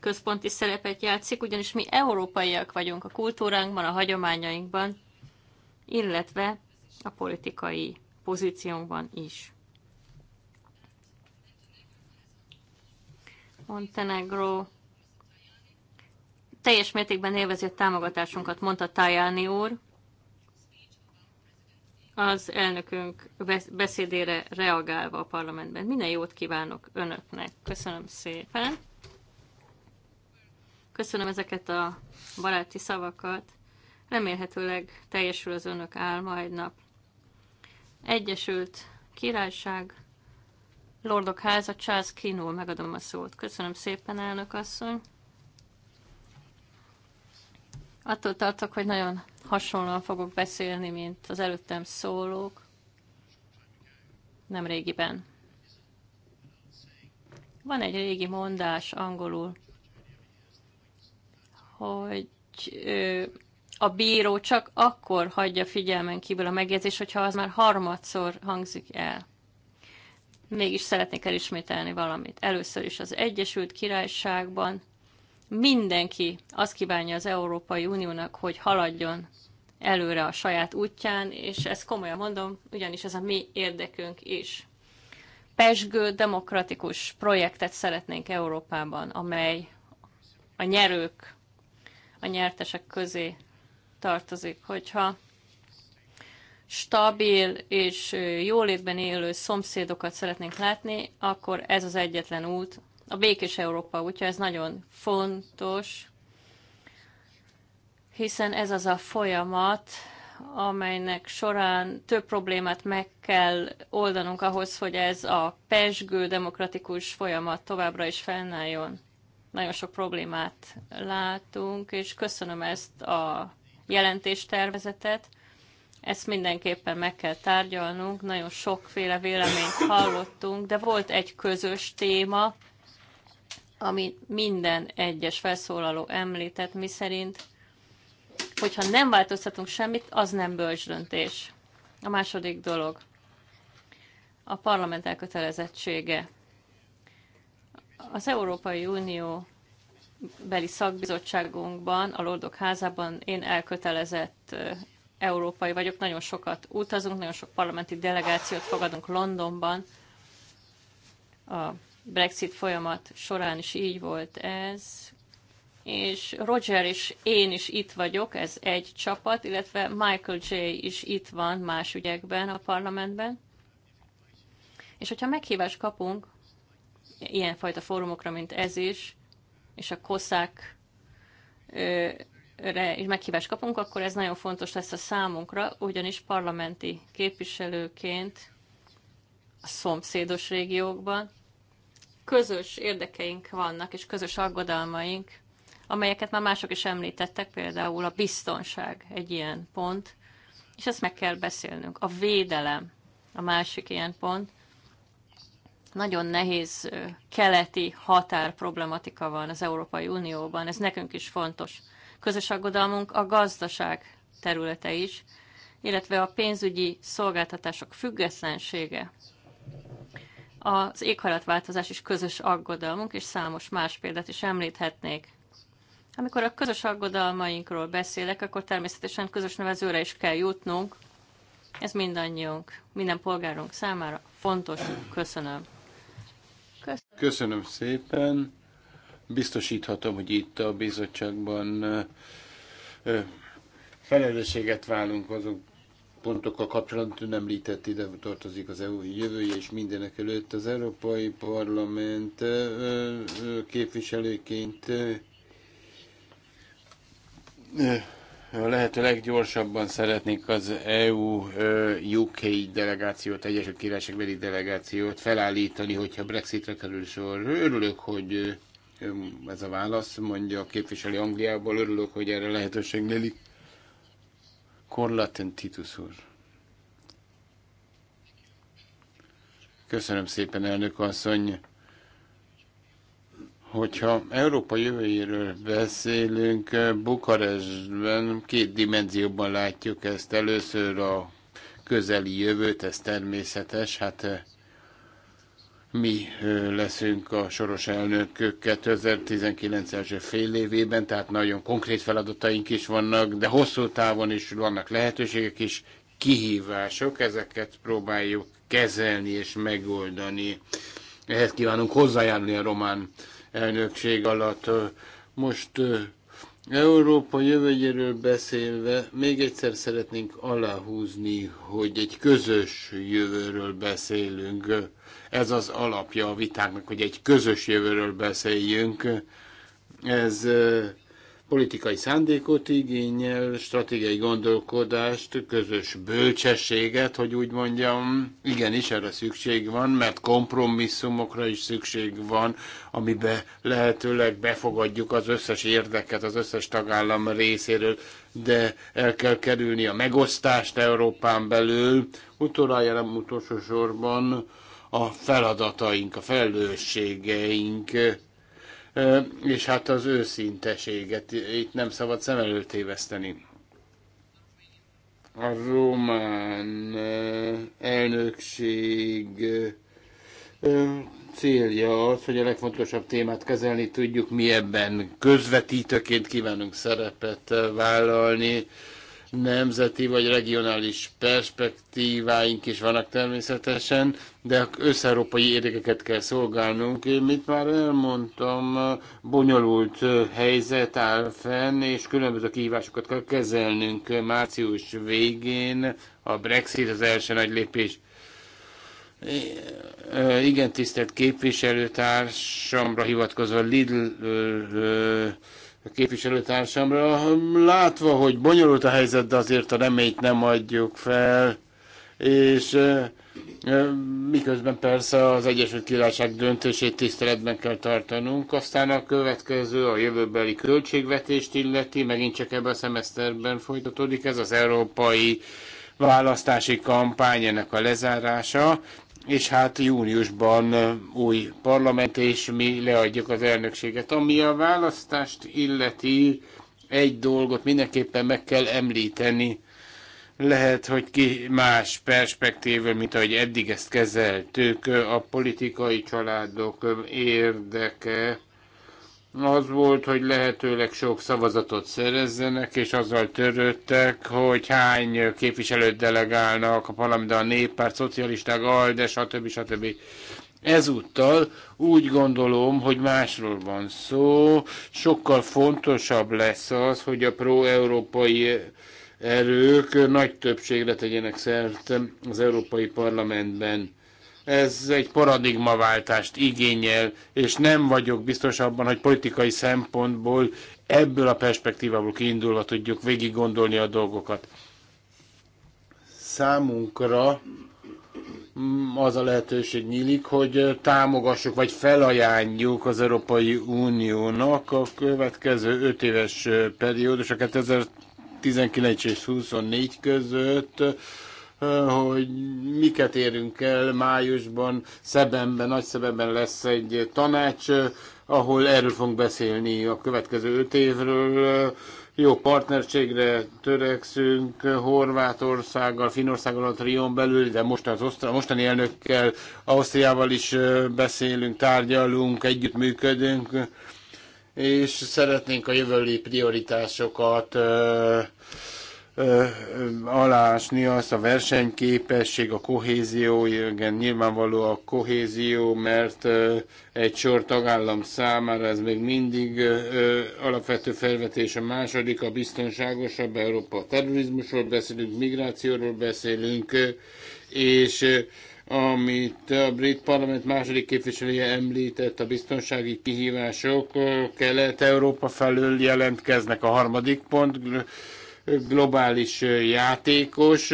központi szerepet játszik, ugyanis mi európaiak vagyunk a kultúránkban, a hagyományainkban, illetve a politikai pozíciónkban is. Montenegro teljes mértékben élvezi a támogatásunkat, mondta Tajani úr. Az elnökünk beszédére reagálva a parlamentben. Minden jót kívánok önöknek. Köszönöm szépen. Köszönöm ezeket a baráti szavakat. Remélhetőleg teljesül az önök álma egy nap. Egyesült Királyság, Lordok Háza, Charles Kinul, megadom a szót. Köszönöm szépen, elnök asszony. Attól tartok, hogy nagyon hasonlóan fogok beszélni, mint az előttem szólók. Nem régiben. Van egy régi mondás angolul, hogy a bíró csak akkor hagyja figyelmen kívül a megjegyzés, hogyha az már harmadszor hangzik el. Mégis szeretnék elismételni valamit. Először is az Egyesült Királyságban mindenki azt kívánja az Európai Uniónak, hogy haladjon előre a saját útján, és ezt komolyan mondom, ugyanis ez a mi érdekünk is. Pesgő demokratikus projektet szeretnénk Európában, amely a nyerők, a nyertesek közé tartozik, hogyha stabil és jólétben élő szomszédokat szeretnénk látni, akkor ez az egyetlen út, a békés Európa útja, ez nagyon fontos, hiszen ez az a folyamat, amelynek során több problémát meg kell oldanunk ahhoz, hogy ez a pesgő demokratikus folyamat továbbra is fennálljon. Nagyon sok problémát látunk, és köszönöm ezt a jelentéstervezetet. Ezt mindenképpen meg kell tárgyalnunk, nagyon sokféle véleményt hallottunk, de volt egy közös téma, ami minden egyes felszólaló említett, miszerint, hogyha nem változtatunk semmit, az nem bölcs döntés. A második dolog, a parlament elkötelezettsége. Az Európai Unió beli szakbizottságunkban, a Lordok házában én elkötelezett európai vagyok. Nagyon sokat utazunk, nagyon sok parlamenti delegációt fogadunk Londonban. A Brexit folyamat során is így volt ez. És Roger és én is itt vagyok, ez egy csapat, illetve Michael J. is itt van más ügyekben a parlamentben. És hogyha meghívást kapunk ilyenfajta fórumokra, mint ez is, és a koszák re is meghívást kapunk, akkor ez nagyon fontos lesz a számunkra, ugyanis parlamenti képviselőként a szomszédos régiókban közös érdekeink vannak, és közös aggodalmaink, amelyeket már mások is említettek, például a biztonság egy ilyen pont, és ezt meg kell beszélnünk. A védelem a másik ilyen pont, nagyon nehéz keleti határ problematika van az Európai Unióban, ez nekünk is fontos. Közös aggodalmunk a gazdaság területe is, illetve a pénzügyi szolgáltatások függetlensége. Az éghajlatváltozás is közös aggodalmunk, és számos más példát is említhetnék. Amikor a közös aggodalmainkról beszélek, akkor természetesen közös nevezőre is kell jutnunk. Ez mindannyiunk, minden polgárunk számára fontos. Köszönöm. Köszönöm. szépen. Biztosíthatom, hogy itt a bizottságban felelősséget válunk azok pontokkal kapcsolatban nem említett ide tartozik az EU jövője, és mindenek előtt az Európai Parlament képviselőként lehető leggyorsabban szeretnék az EU-UK delegációt, Egyesült beli delegációt felállítani, hogyha Brexitre kerül sor. Örülök, hogy ez a válasz, mondja a képviselő Angliából, örülök, hogy erre lehetőség nyílik. Korlaten Titus úr. Köszönöm szépen, elnök asszony. Hogyha Európa jövőjéről beszélünk, Bukarestben két dimenzióban látjuk ezt. Először a közeli jövőt, ez természetes, hát eh, mi eh, leszünk a soros elnök 2019 első fél évében, tehát nagyon konkrét feladataink is vannak, de hosszú távon is vannak lehetőségek is, kihívások, ezeket próbáljuk kezelni és megoldani. Ehhez kívánunk hozzájárulni a román elnökség alatt. Most Európa jövőjéről beszélve még egyszer szeretnénk aláhúzni, hogy egy közös jövőről beszélünk. Ez az alapja a vitáknak, hogy egy közös jövőről beszéljünk. Ez politikai szándékot igényel, stratégiai gondolkodást, közös bölcsességet, hogy úgy mondjam. Igenis, erre szükség van, mert kompromisszumokra is szükség van, amiben lehetőleg befogadjuk az összes érdeket az összes tagállam részéről, de el kell kerülni a megosztást Európán belül. Utoljára utolsó sorban a feladataink, a felelősségeink és hát az őszinteséget itt nem szabad szem előtt éveszteni. A román elnökség célja az, hogy a legfontosabb témát kezelni tudjuk, mi ebben közvetítőként kívánunk szerepet vállalni, nemzeti vagy regionális perspektíváink is vannak természetesen, de összeurópai érdekeket kell szolgálnunk. Én mit már elmondtam, bonyolult helyzet áll fenn, és különböző kihívásokat kell kezelnünk március végén. A Brexit az első nagy lépés. Igen, tisztelt képviselőtársamra hivatkozva Lidl a képviselőtársamra, látva, hogy bonyolult a helyzet, de azért a reményt nem adjuk fel, és miközben persze az Egyesült Királyság döntését tiszteletben kell tartanunk, aztán a következő a jövőbeli költségvetést illeti, megint csak ebben a szemeszterben folytatódik ez az európai választási kampány, ennek a lezárása és hát júniusban új parlament, és mi leadjuk az elnökséget. Ami a választást illeti, egy dolgot mindenképpen meg kell említeni, lehet, hogy ki más perspektívől, mint ahogy eddig ezt kezeltük, a politikai családok érdeke az volt, hogy lehetőleg sok szavazatot szerezzenek, és azzal törődtek, hogy hány képviselőt delegálnak a parlamentben a néppárt, szocialisták, ALDE, stb. stb. Ezúttal úgy gondolom, hogy másról van szó, sokkal fontosabb lesz az, hogy a pro-európai erők nagy többségre tegyenek szert az Európai Parlamentben ez egy paradigmaváltást igényel, és nem vagyok biztos abban, hogy politikai szempontból ebből a perspektívából kiindulva tudjuk végig gondolni a dolgokat. Számunkra az a lehetőség nyílik, hogy támogassuk vagy felajánljuk az Európai Uniónak a következő öt éves periódus, a 2019 és 2024 között hogy miket érünk el májusban, Szebenben, Nagyszebenben lesz egy tanács, ahol erről fogunk beszélni a következő öt évről. Jó partnerségre törekszünk Horvátországgal, Finországgal a Trion belül, de most az osztra, mostani elnökkel, Ausztriával is beszélünk, tárgyalunk, együttműködünk, és szeretnénk a jövőli prioritásokat alásni azt a versenyképesség, a kohézió, igen, nyilvánvaló a kohézió, mert egy sor tagállam számára ez még mindig alapvető felvetés. A második a biztonságosabb Európa. Terrorizmusról beszélünk, migrációról beszélünk, és amit a brit parlament második képviselője említett, a biztonsági kihívások Kelet-Európa felől jelentkeznek. A harmadik pont globális játékos,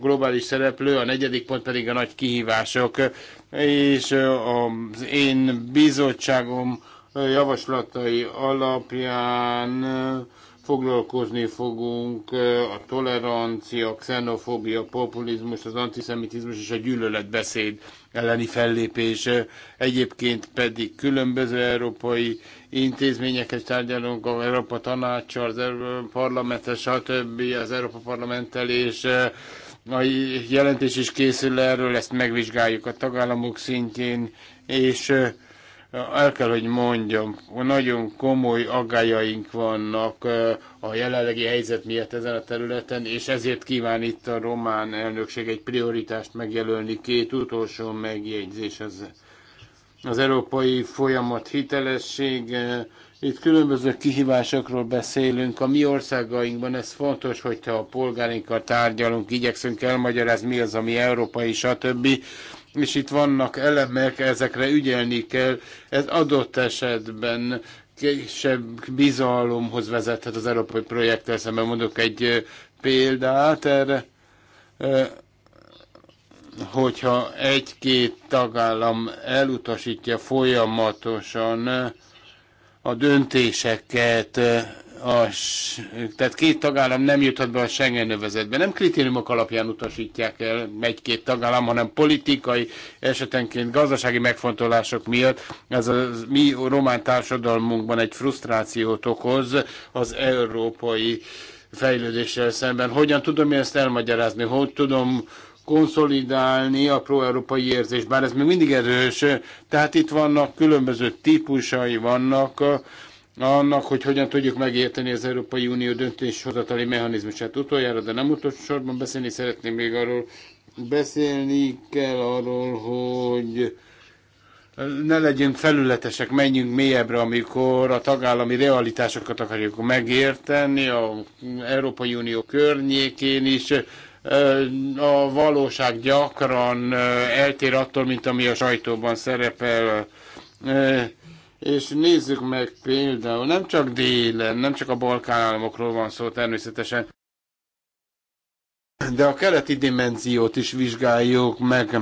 globális szereplő, a negyedik pont pedig a nagy kihívások, és az én bizottságom javaslatai alapján foglalkozni fogunk a tolerancia, xenofóbia, populizmus, az antiszemitizmus és a gyűlöletbeszéd elleni fellépés. Egyébként pedig különböző európai intézményeket tárgyalunk, az Európa Tanácssal, az Európa Parlamenttel, stb. az Európa Parlamenttel, és a jelentés is készül erről, ezt megvizsgáljuk a tagállamok szintjén, és el kell, hogy mondjam, nagyon komoly aggájaink vannak a jelenlegi helyzet miatt ezen a területen, és ezért kíván itt a román elnökség egy prioritást megjelölni. Két utolsó megjegyzés az az európai folyamat hitelessége. Itt különböző kihívásokról beszélünk. A mi országainkban ez fontos, hogyha a polgárinkkal tárgyalunk, igyekszünk elmagyarázni, mi az, ami európai, stb. És itt vannak elemek, ezekre ügyelni kell. Ez adott esetben kisebb bizalomhoz vezethet az európai projekttel szemben. Mondok egy példát erre hogyha egy-két tagállam elutasítja folyamatosan a döntéseket, a, tehát két tagállam nem juthat be a Schengen övezetbe. Nem kritériumok alapján utasítják el egy-két tagállam, hanem politikai, esetenként gazdasági megfontolások miatt. Ez a mi román társadalmunkban egy frusztrációt okoz az európai fejlődéssel szemben. Hogyan tudom én ezt elmagyarázni? Hogy tudom konszolidálni a pro-európai érzést, bár ez még mindig erős. Tehát itt vannak különböző típusai vannak eh, annak, hogy hogyan tudjuk megérteni az Európai Unió döntéshozatali mechanizmusát utoljára, de nem utolsó sorban beszélni szeretném még arról, beszélni kell arról, hogy ne legyünk felületesek, menjünk mélyebbre, amikor a tagállami realitásokat akarjuk megérteni, a Európai Unió környékén is a valóság gyakran eltér attól, mint ami a sajtóban szerepel. És nézzük meg például, nem csak délen, nem csak a Balkán államokról van szó természetesen, de a keleti dimenziót is vizsgáljuk meg.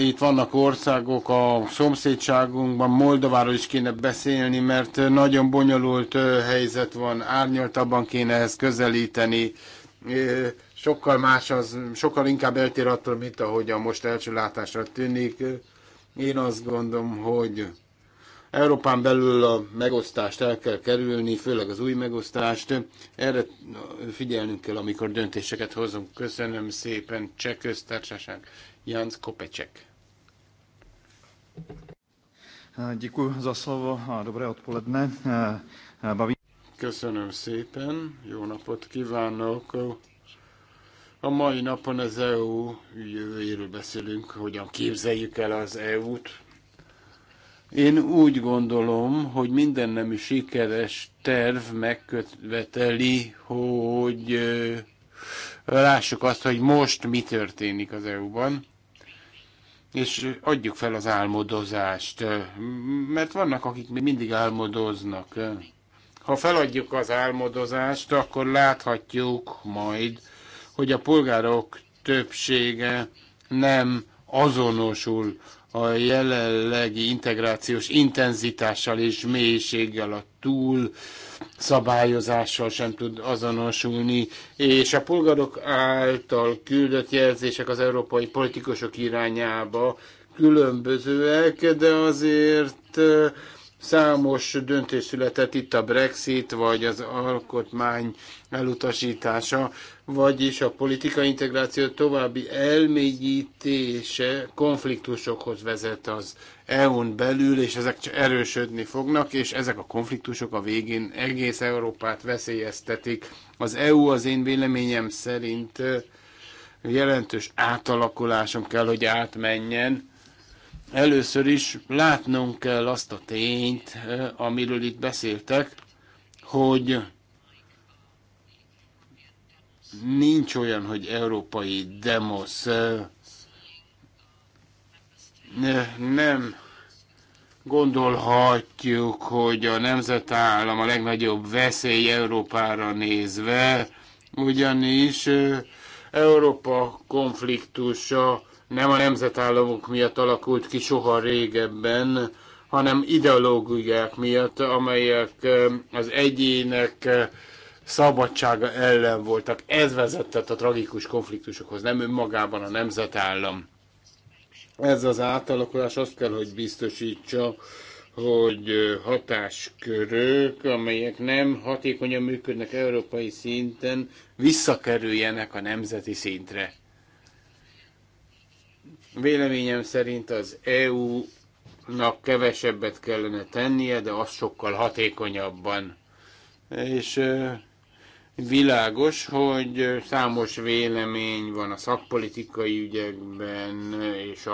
Itt vannak országok a szomszédságunkban, Moldováról is kéne beszélni, mert nagyon bonyolult helyzet van, árnyaltabban kéne ezt közelíteni, sokkal más az, sokkal inkább eltér attól, mint ahogy a most első látásra tűnik. Én azt gondolom, hogy Európán belül a megosztást el kell kerülni, főleg az új megosztást. Erre figyelnünk kell, amikor döntéseket hozunk. Köszönöm szépen, Cseh köztársaság, Janc Kopecsek. Děkuji za slovo a dobré odpoledne. Baví... Köszönöm szépen, jó napot kívánok! A mai napon az EU jövőjéről beszélünk, hogyan képzeljük el az EU-t. Én úgy gondolom, hogy minden nemű sikeres terv megköveteli, hogy lássuk azt, hogy most mi történik az EU-ban és adjuk fel az álmodozást, mert vannak, akik még mindig álmodoznak. Ha feladjuk az álmodozást, akkor láthatjuk majd, hogy a polgárok többsége nem azonosul a jelenlegi integrációs intenzitással és mélységgel, a túl szabályozással sem tud azonosulni, és a polgárok által küldött jelzések az európai politikusok irányába különbözőek, de azért Számos döntés született itt a Brexit, vagy az alkotmány elutasítása, vagyis a politikai integráció további elmélyítése konfliktusokhoz vezet az EU-n belül, és ezek csak erősödni fognak, és ezek a konfliktusok a végén egész Európát veszélyeztetik. Az EU az én véleményem szerint jelentős átalakuláson kell, hogy átmenjen, Először is látnunk kell azt a tényt, eh, amiről itt beszéltek, hogy nincs olyan, hogy európai demosz. Eh, eh, nem gondolhatjuk, hogy a nemzetállam a legnagyobb veszély Európára nézve, ugyanis Európa konfliktusa nem a nemzetállamok miatt alakult ki soha régebben, hanem ideológiák miatt, amelyek eh, az egyének eh, szabadsága ellen voltak. Ez vezetett a tragikus konfliktusokhoz, nem önmagában a nemzetállam. Ez az átalakulás azt kell, hogy biztosítsa, hogy eh, hatáskörök, amelyek nem hatékonyan működnek európai szinten, visszakerüljenek a nemzeti szintre. Véleményem szerint az EU-nak kevesebbet kellene tennie, de az sokkal hatékonyabban. És világos, hogy számos vélemény van a szakpolitikai ügyekben, és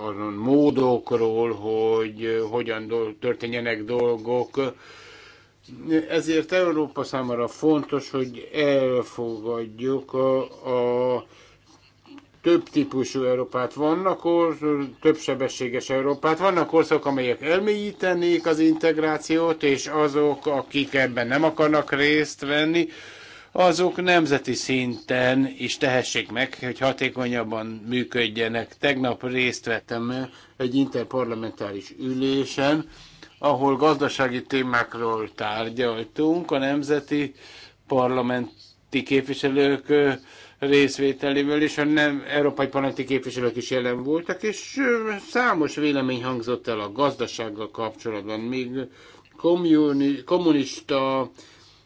azon módokról, hogy hogyan történjenek dolgok. Ezért Európa számára fontos, hogy elfogadjuk a, a több típusú Európát, vannak orsz, több sebességes Európát, vannak országok, amelyek elmélyítenék az integrációt, és azok, akik ebben nem akarnak részt venni, azok nemzeti szinten is tehessék meg, hogy hatékonyabban működjenek. Tegnap részt vettem egy interparlamentáris ülésen, ahol gazdasági témákról tárgyaltunk, a nemzeti parlamenti képviselők részvételével, és a nem európai parlamenti képviselők is jelen voltak, és számos vélemény hangzott el a gazdasággal kapcsolatban, még kommuni, kommunista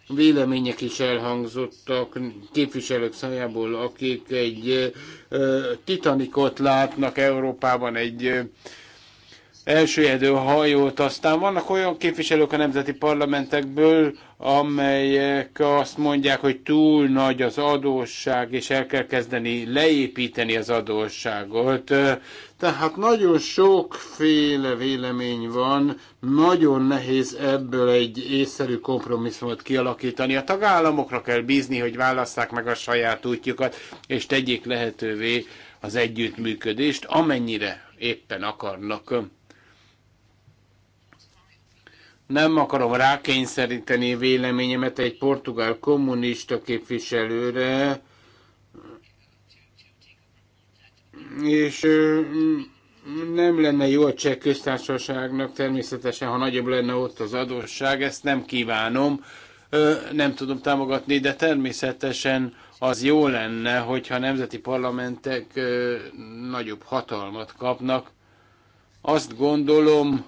vélemények is elhangzottak képviselők szájából, akik egy ö, titanikot látnak Európában, egy elsőjedő hajót. Aztán vannak olyan képviselők a nemzeti parlamentekből, amelyek azt mondják, hogy túl nagy az adósság, és el kell kezdeni leépíteni az adósságot. Tehát nagyon sokféle vélemény van, nagyon nehéz ebből egy észszerű kompromisszumot kialakítani. A tagállamokra kell bízni, hogy válasszák meg a saját útjukat, és tegyék lehetővé az együttműködést, amennyire éppen akarnak nem akarom rákényszeríteni véleményemet egy portugál kommunista képviselőre, és nem lenne jó a cseh köztársaságnak természetesen, ha nagyobb lenne ott az adósság, ezt nem kívánom, nem tudom támogatni, de természetesen az jó lenne, hogyha nemzeti parlamentek nagyobb hatalmat kapnak. Azt gondolom,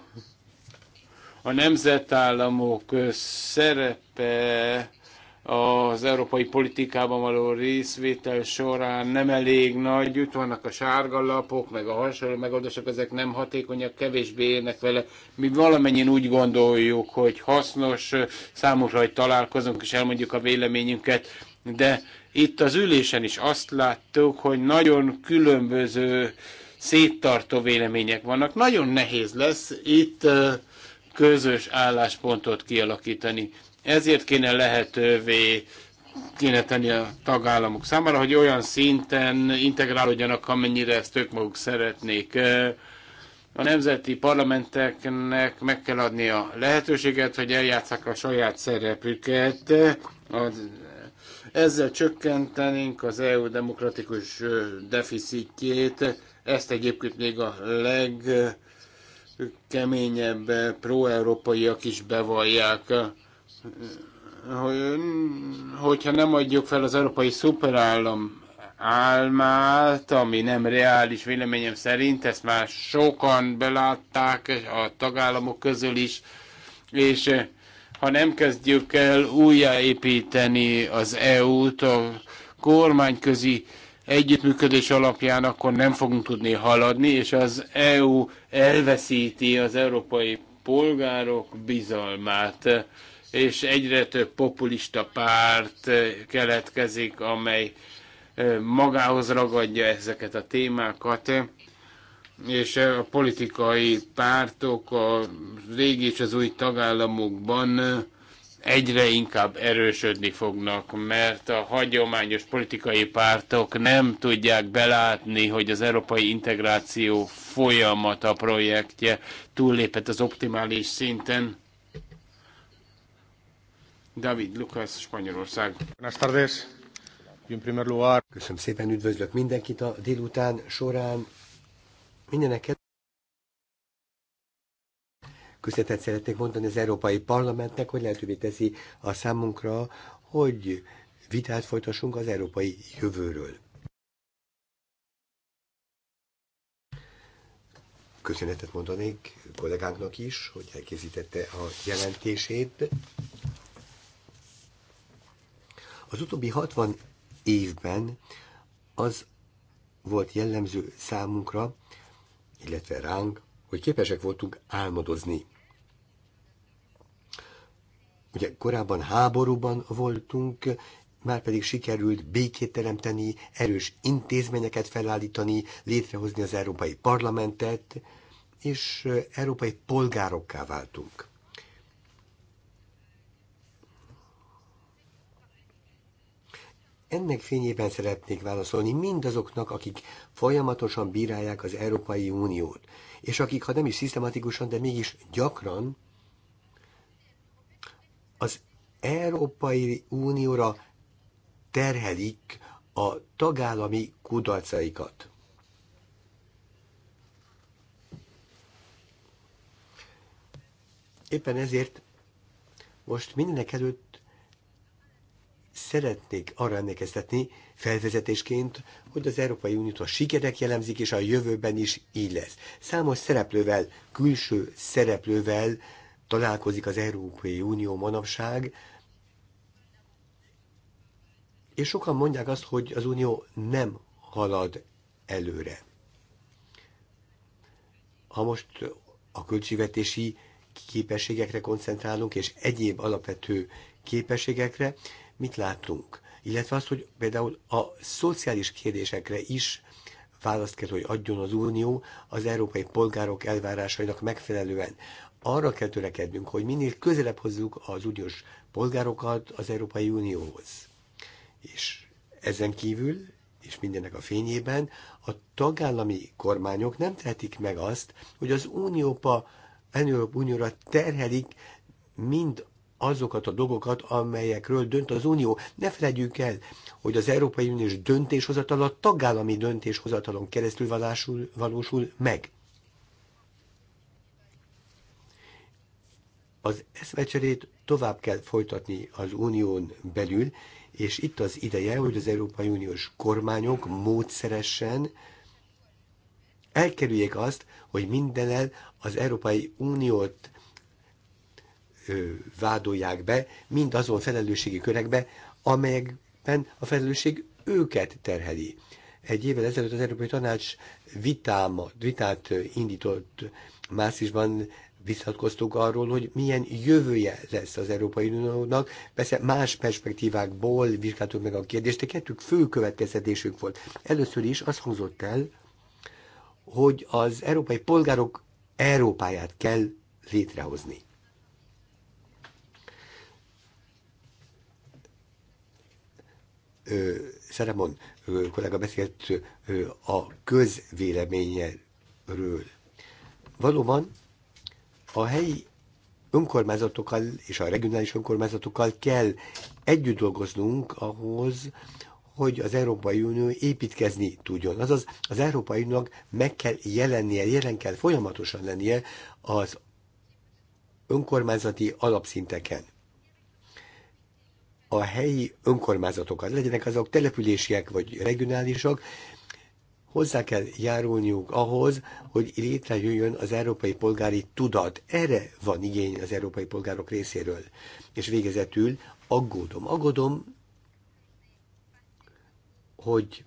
a nemzetállamok szerepe az európai politikában való részvétel során nem elég nagy, itt vannak a sárga lapok, meg a hasonló megoldások, ezek nem hatékonyak, kevésbé élnek vele. Mi valamennyien úgy gondoljuk, hogy hasznos, számukra, hogy találkozunk és elmondjuk a véleményünket, de itt az ülésen is azt láttuk, hogy nagyon különböző széttartó vélemények vannak. Nagyon nehéz lesz itt közös álláspontot kialakítani. Ezért kéne lehetővé kéne tenni a tagállamok számára, hogy olyan szinten integrálódjanak, amennyire ezt ők maguk szeretnék. A nemzeti parlamenteknek meg kell adni a lehetőséget, hogy eljátszák a saját szerepüket. Ezzel csökkentenénk az EU demokratikus deficitjét. Ezt egyébként még a leg keményebb pro-európaiak is bevallják, hogyha nem adjuk fel az európai szuperállam álmát, ami nem reális véleményem szerint, ezt már sokan belátták a tagállamok közül is, és ha nem kezdjük el újjáépíteni az EU-t a kormányközi együttműködés alapján, akkor nem fogunk tudni haladni, és az EU elveszíti az európai polgárok bizalmát, és egyre több populista párt keletkezik, amely magához ragadja ezeket a témákat, és a politikai pártok a régi és az új tagállamokban egyre inkább erősödni fognak, mert a hagyományos politikai pártok nem tudják belátni, hogy az európai integráció folyamat a projektje, túllépett az optimális szinten. David Lucas, Spanyolország. Buenas tardes. Köszönöm szépen, üdvözlök mindenkit a délután során. Mindeneket köszönetet szeretnék mondani az Európai Parlamentnek, hogy lehetővé teszi a számunkra, hogy vitát folytassunk az európai jövőről. köszönetet mondanék kollégánknak is, hogy elkészítette a jelentését. Az utóbbi 60 évben az volt jellemző számunkra, illetve ránk, hogy képesek voltunk álmodozni. Ugye korábban háborúban voltunk, már pedig sikerült békét teremteni, erős intézményeket felállítani, létrehozni az Európai Parlamentet, és európai polgárokká váltunk. Ennek fényében szeretnék válaszolni mindazoknak, akik folyamatosan bírálják az Európai Uniót, és akik, ha nem is szisztematikusan, de mégis gyakran az Európai Unióra terhelik a tagállami kudarcaikat. Éppen ezért most mindenek előtt szeretnék arra emlékeztetni felvezetésként, hogy az Európai Uniót a sikerek jellemzik, és a jövőben is így lesz. Számos szereplővel, külső szereplővel találkozik az Európai Unió manapság, és sokan mondják azt, hogy az Unió nem halad előre. Ha most a költségvetési képességekre koncentrálunk, és egyéb alapvető képességekre, mit látunk? Illetve azt, hogy például a szociális kérdésekre is választ kell, hogy adjon az Unió az európai polgárok elvárásainak megfelelően. Arra kell törekednünk, hogy minél közelebb hozzuk az uniós polgárokat az Európai Unióhoz. És ezen kívül, és mindennek a fényében, a tagállami kormányok nem tehetik meg azt, hogy az Uniópa, Unióra terhelik mind azokat a dolgokat, amelyekről dönt az Unió. Ne felejtjük el, hogy az Európai Uniós döntéshozatal a tagállami döntéshozatalon keresztül valósul, valósul meg. Az eszmecserét tovább kell folytatni az Unión belül, és itt az ideje, hogy az Európai Uniós kormányok módszeresen elkerüljék azt, hogy mindenel az Európai Uniót vádolják be, mind azon felelősségi körekbe, amelyekben a felelősség őket terheli. Egy évvel ezelőtt az Európai Tanács vitáma, vitát indított márciusban visszatkoztunk arról, hogy milyen jövője lesz az Európai Uniónak. Persze más perspektívákból vizsgáltuk meg a kérdést, de kettők fő következtetésünk volt. Először is az hangzott el, hogy az európai polgárok Európáját kell létrehozni. Szeremon kollega beszélt a közvéleményről. Valóban a helyi önkormányzatokkal és a regionális önkormányzatokkal kell együtt dolgoznunk ahhoz, hogy az Európai Unió építkezni tudjon. Azaz az Európai Uniónak meg kell jelennie, jelen kell folyamatosan lennie az önkormányzati alapszinteken. A helyi önkormányzatokat, legyenek azok településiek vagy regionálisak, hozzá kell járulniuk ahhoz, hogy létrejöjjön az európai polgári tudat. Erre van igény az európai polgárok részéről. És végezetül aggódom. Aggódom, hogy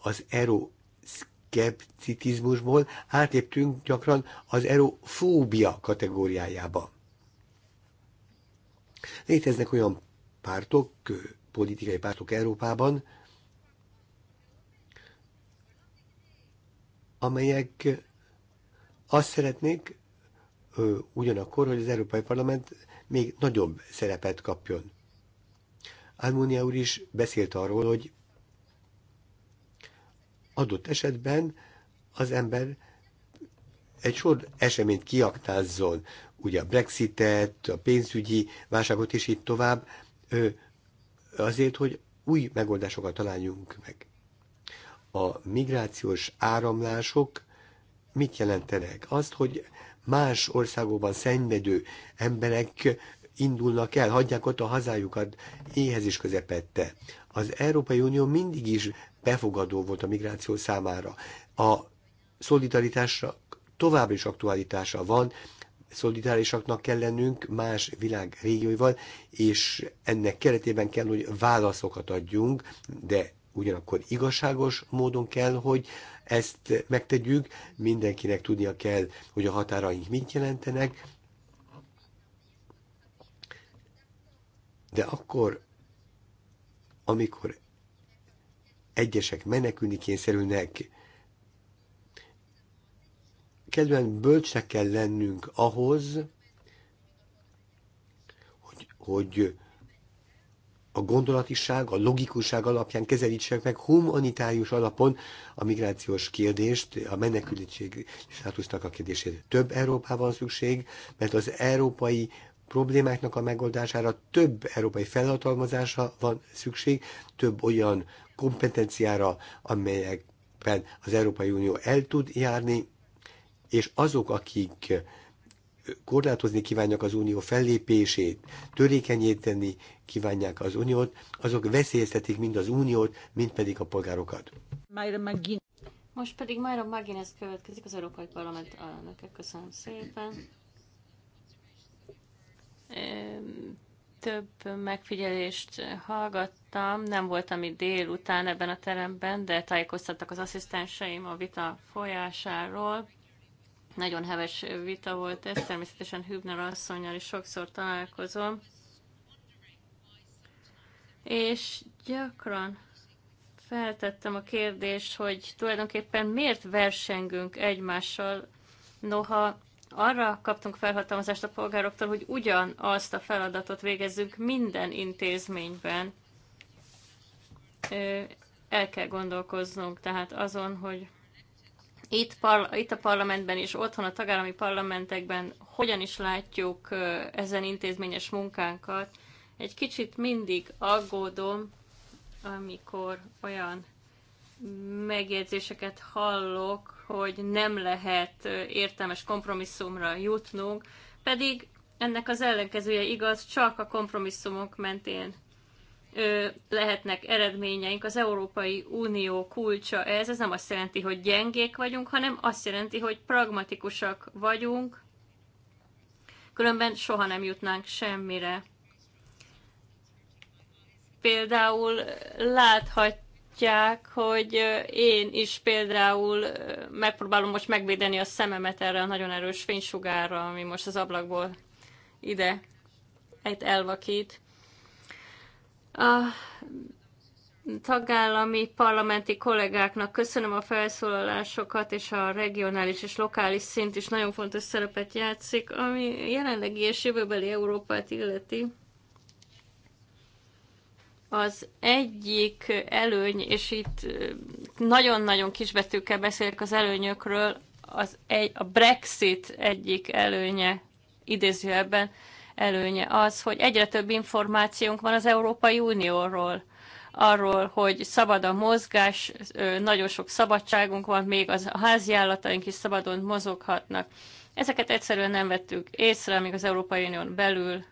az euró szkepticizmusból átéptünk gyakran az erofóbia kategóriájába. Léteznek olyan pártok, politikai pártok Európában, amelyek azt szeretnék ö, ugyanakkor, hogy az Európai Parlament még nagyobb szerepet kapjon. Almunia úr is beszélt arról, hogy adott esetben az ember egy sor eseményt kiaktázzon, ugye a Brexitet, a pénzügyi válságot is itt tovább, azért, hogy új megoldásokat találjunk meg a migrációs áramlások mit jelentenek? Azt, hogy más országokban szenvedő emberek indulnak el, hagyják ott a hazájukat is közepette. Az Európai Unió mindig is befogadó volt a migráció számára. A szolidaritásra továbbra is aktualitása van, szolidárisaknak kell lennünk más világ régióival, és ennek keretében kell, hogy válaszokat adjunk, de ugyanakkor igazságos módon kell, hogy ezt megtegyük, mindenkinek tudnia kell, hogy a határaink mit jelentenek, de akkor, amikor egyesek menekülni kényszerülnek, kedven bölcsnek kell lennünk ahhoz, hogy, hogy a gondolatiság, a logikusság alapján kezelítsenek meg humanitárius alapon a migrációs kérdést, a menekültség státusznak a kérdését. Több Európában szükség, mert az európai problémáknak a megoldására több európai felhatalmazásra van szükség, több olyan kompetenciára, amelyekben az Európai Unió el tud járni, és azok, akik korlátozni kívánják az unió fellépését, törékenyíteni kívánják az uniót, azok veszélyeztetik mind az uniót, mind pedig a polgárokat. Most pedig Mayra Magines következik az Európai Parlament elnöke. Köszönöm szépen. Több megfigyelést hallgattam, nem voltam itt délután ebben a teremben, de tájékoztattak az asszisztenseim a vita folyásáról nagyon heves vita volt ez, természetesen Hübner asszonynal is sokszor találkozom. És gyakran feltettem a kérdést, hogy tulajdonképpen miért versengünk egymással, noha arra kaptunk felhatalmazást a polgároktól, hogy ugyanazt a feladatot végezzünk minden intézményben. El kell gondolkoznunk tehát azon, hogy itt, parla- itt a parlamentben és otthon a tagállami parlamentekben hogyan is látjuk ezen intézményes munkánkat. Egy kicsit mindig aggódom, amikor olyan megjegyzéseket hallok, hogy nem lehet értelmes kompromisszumra jutnunk, pedig ennek az ellenkezője igaz, csak a kompromisszumok mentén lehetnek eredményeink. Az Európai Unió kulcsa ez, ez nem azt jelenti, hogy gyengék vagyunk, hanem azt jelenti, hogy pragmatikusak vagyunk, különben soha nem jutnánk semmire. Például láthatják, hogy én is például megpróbálom most megvédeni a szememet erre a nagyon erős fénysugárra, ami most az ablakból ide egy elvakít a tagállami parlamenti kollégáknak köszönöm a felszólalásokat, és a regionális és lokális szint is nagyon fontos szerepet játszik, ami jelenlegi és jövőbeli Európát illeti. Az egyik előny, és itt nagyon-nagyon kisbetűkkel beszélek az előnyökről, az egy, a Brexit egyik előnye idézőjelben, előnye az, hogy egyre több információnk van az Európai Unióról arról, hogy szabad a mozgás, nagyon sok szabadságunk van, még az a háziállataink is szabadon mozoghatnak. Ezeket egyszerűen nem vettük észre, amíg az Európai Unión belül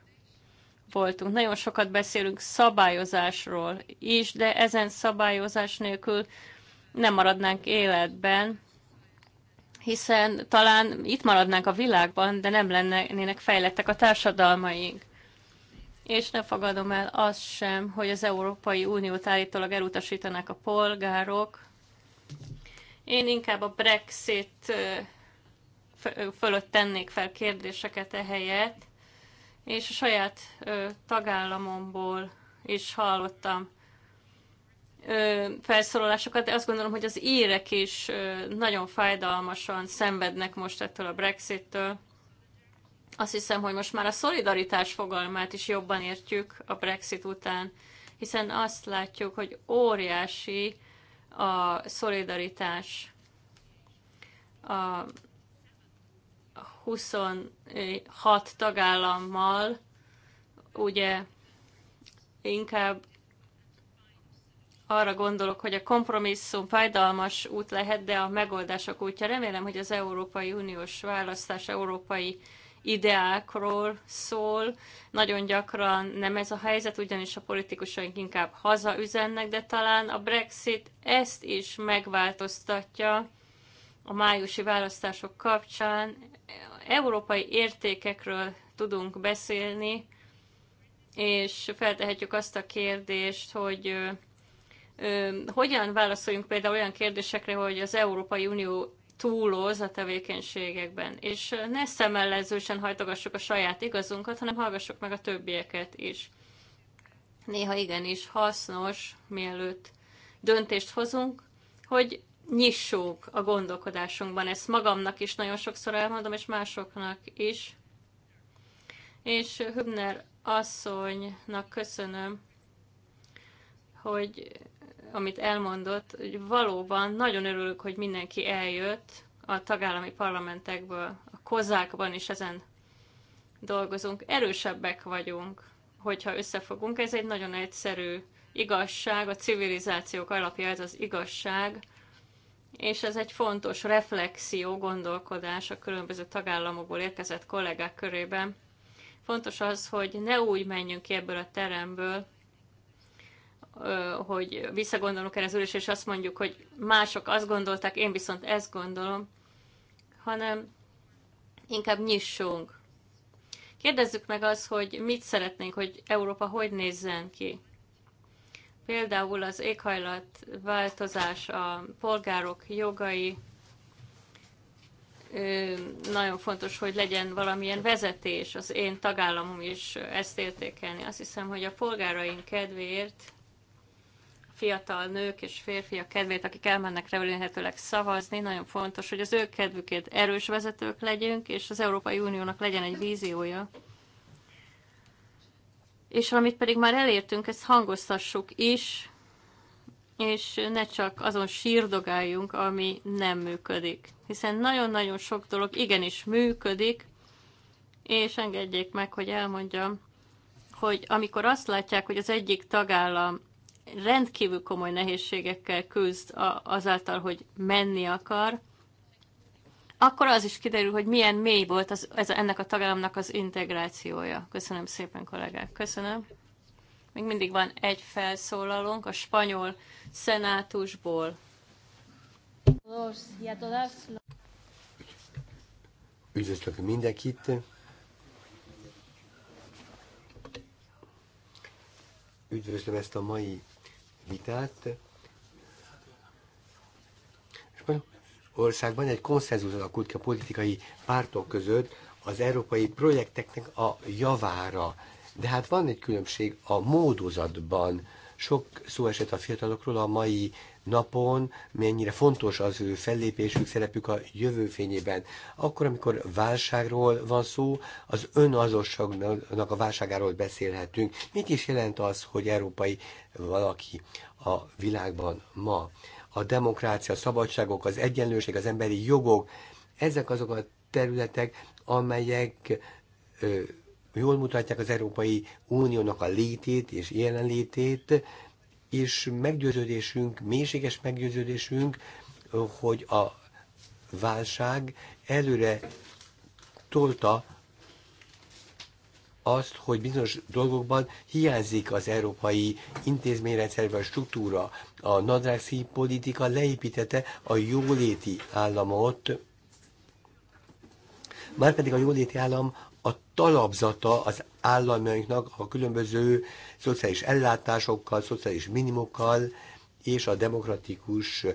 voltunk. Nagyon sokat beszélünk szabályozásról is, de ezen szabályozás nélkül nem maradnánk életben, hiszen talán itt maradnánk a világban, de nem lennének fejlettek a társadalmaink. És nem fogadom el azt sem, hogy az Európai Uniót állítólag elutasítanák a polgárok. Én inkább a Brexit fölött tennék fel kérdéseket ehelyett, és a saját tagállamomból is hallottam felszólalásokat, de azt gondolom, hogy az írek is nagyon fájdalmasan szenvednek most ettől a Brexit-től. Azt hiszem, hogy most már a szolidaritás fogalmát is jobban értjük a Brexit után, hiszen azt látjuk, hogy óriási a szolidaritás a 26 tagállammal, ugye inkább arra gondolok, hogy a kompromisszum fájdalmas út lehet, de a megoldások útja. Remélem, hogy az Európai Uniós választás európai ideákról szól. Nagyon gyakran nem ez a helyzet, ugyanis a politikusaink inkább hazaüzennek, de talán a Brexit ezt is megváltoztatja a májusi választások kapcsán. Európai értékekről tudunk beszélni, és feltehetjük azt a kérdést, hogy hogyan válaszoljunk például olyan kérdésekre, hogy az Európai Unió túloz a tevékenységekben, és ne szemellenzősen hajtogassuk a saját igazunkat, hanem hallgassuk meg a többieket is. Néha igenis hasznos, mielőtt döntést hozunk, hogy nyissuk a gondolkodásunkban. Ezt magamnak is nagyon sokszor elmondom, és másoknak is. És Hübner asszonynak köszönöm, hogy amit elmondott, hogy valóban nagyon örülök, hogy mindenki eljött a tagállami parlamentekből, a kozákban is ezen dolgozunk, erősebbek vagyunk, hogyha összefogunk. Ez egy nagyon egyszerű igazság, a civilizációk alapja ez az igazság, és ez egy fontos reflexió, gondolkodás a különböző tagállamokból érkezett kollégák körében. Fontos az, hogy ne úgy menjünk ki ebből a teremből, hogy visszagondolunk erre az ülésre, és azt mondjuk, hogy mások azt gondolták, én viszont ezt gondolom, hanem inkább nyissunk. Kérdezzük meg azt, hogy mit szeretnénk, hogy Európa hogy nézzen ki. Például az éghajlat változás, a polgárok jogai, nagyon fontos, hogy legyen valamilyen vezetés, az én tagállamom is ezt értékelni. Azt hiszem, hogy a polgáraink kedvéért fiatal nők és férfiak kedvét, akik elmennek remélhetőleg szavazni. Nagyon fontos, hogy az ő kedvükért erős vezetők legyünk, és az Európai Uniónak legyen egy víziója. És amit pedig már elértünk, ezt hangoztassuk is, és ne csak azon sírdogáljunk, ami nem működik. Hiszen nagyon-nagyon sok dolog igenis működik, és engedjék meg, hogy elmondjam, hogy amikor azt látják, hogy az egyik tagállam rendkívül komoly nehézségekkel küzd azáltal, hogy menni akar, akkor az is kiderül, hogy milyen mély volt az, ez, ennek a tagállamnak az integrációja. Köszönöm szépen, kollégák. Köszönöm. Még mindig van egy felszólalónk a spanyol szenátusból. Üdvözlök mindenkit! Üdvözlöm ezt a mai vitát. országban egy konszenzus alakult ki a politikai pártok között az európai projekteknek a javára. De hát van egy különbség a módozatban. Sok szó esett a fiatalokról a mai napon, mennyire fontos az ő fellépésük, szerepük a jövő fényében. Akkor, amikor válságról van szó, az önazosságnak a válságáról beszélhetünk. Mit is jelent az, hogy európai valaki a világban ma? A demokrácia, a szabadságok, az egyenlőség, az emberi jogok, ezek azok a területek, amelyek ö, jól mutatják az Európai Uniónak a létét és jelenlétét, és meggyőződésünk, mélységes meggyőződésünk, hogy a válság előre tolta azt, hogy bizonyos dolgokban hiányzik az európai intézményrendszerben a struktúra, a nadrágszi politika leépítette a jóléti államot, márpedig a jóléti állam talapzata az államainknak a különböző szociális ellátásokkal, szociális minimokkal és a demokratikus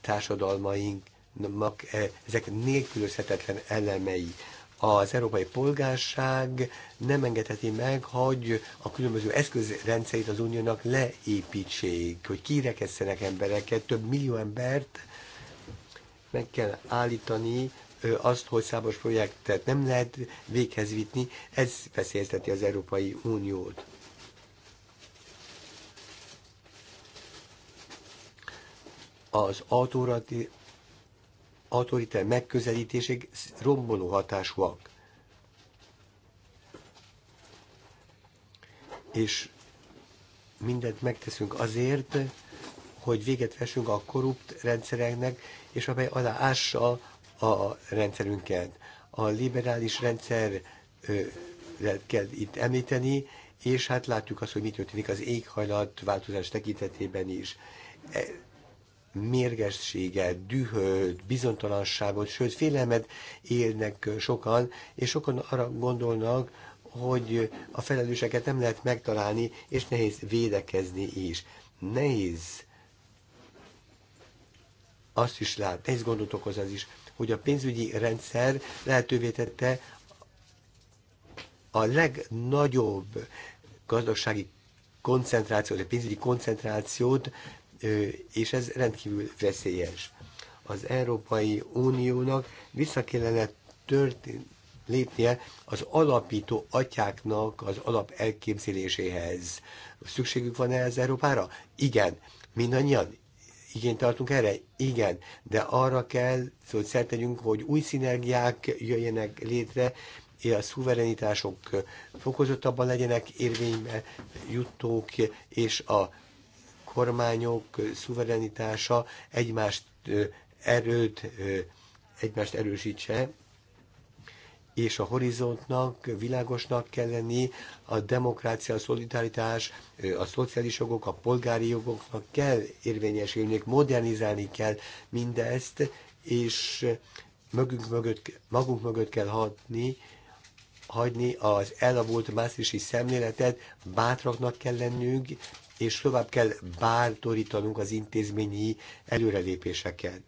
társadalmainknak e, ezek nélkülözhetetlen elemei az európai polgárság nem engedheti meg, hogy a különböző eszközrendszerét az uniónak leépítsék, hogy kirekesszenek embereket, több millió embert meg kell állítani azt, hogy számos projektet nem lehet véghez vitni, ez veszélyezteti az Európai Uniót. Az autoritár megközelítések romboló hatásúak. És mindent megteszünk azért, hogy véget vessünk a korrupt rendszereknek, és amely aláássa a rendszerünket. A liberális rendszer kell itt említeni, és hát látjuk azt, hogy mit történik az éghajlat változás tekintetében is e, mérgességet, dühöt, bizonytalanságot, sőt félelmet élnek sokan, és sokan arra gondolnak, hogy a felelőseket nem lehet megtalálni, és nehéz védekezni is. Nehéz azt is lát, nehéz gondot okoz az is, hogy a pénzügyi rendszer lehetővé tette a legnagyobb gazdasági koncentrációt, a pénzügyi koncentrációt, és ez rendkívül veszélyes. Az Európai Uniónak vissza kellene történni, lépnie az alapító atyáknak az alap elképzeléséhez. Szükségük van -e az Európára? Igen, mindannyian igényt tartunk erre? Igen, de arra kell, hogy szert tegyünk, hogy új szinergiák jöjjenek létre, és a szuverenitások fokozottabban legyenek érvénybe juttók, és a kormányok szuverenitása egymást erőt, egymást erősítse, és a horizontnak világosnak kell lenni, a demokrácia, a szolidaritás, a szociális jogok, a polgári jogoknak kell érvényesülni, modernizálni kell mindezt, és mögünk mögött, magunk mögött kell hadni, hagyni az elavult mászrisi szemléletet, bátraknak kell lennünk, és tovább kell bátorítanunk az intézményi előrelépéseket.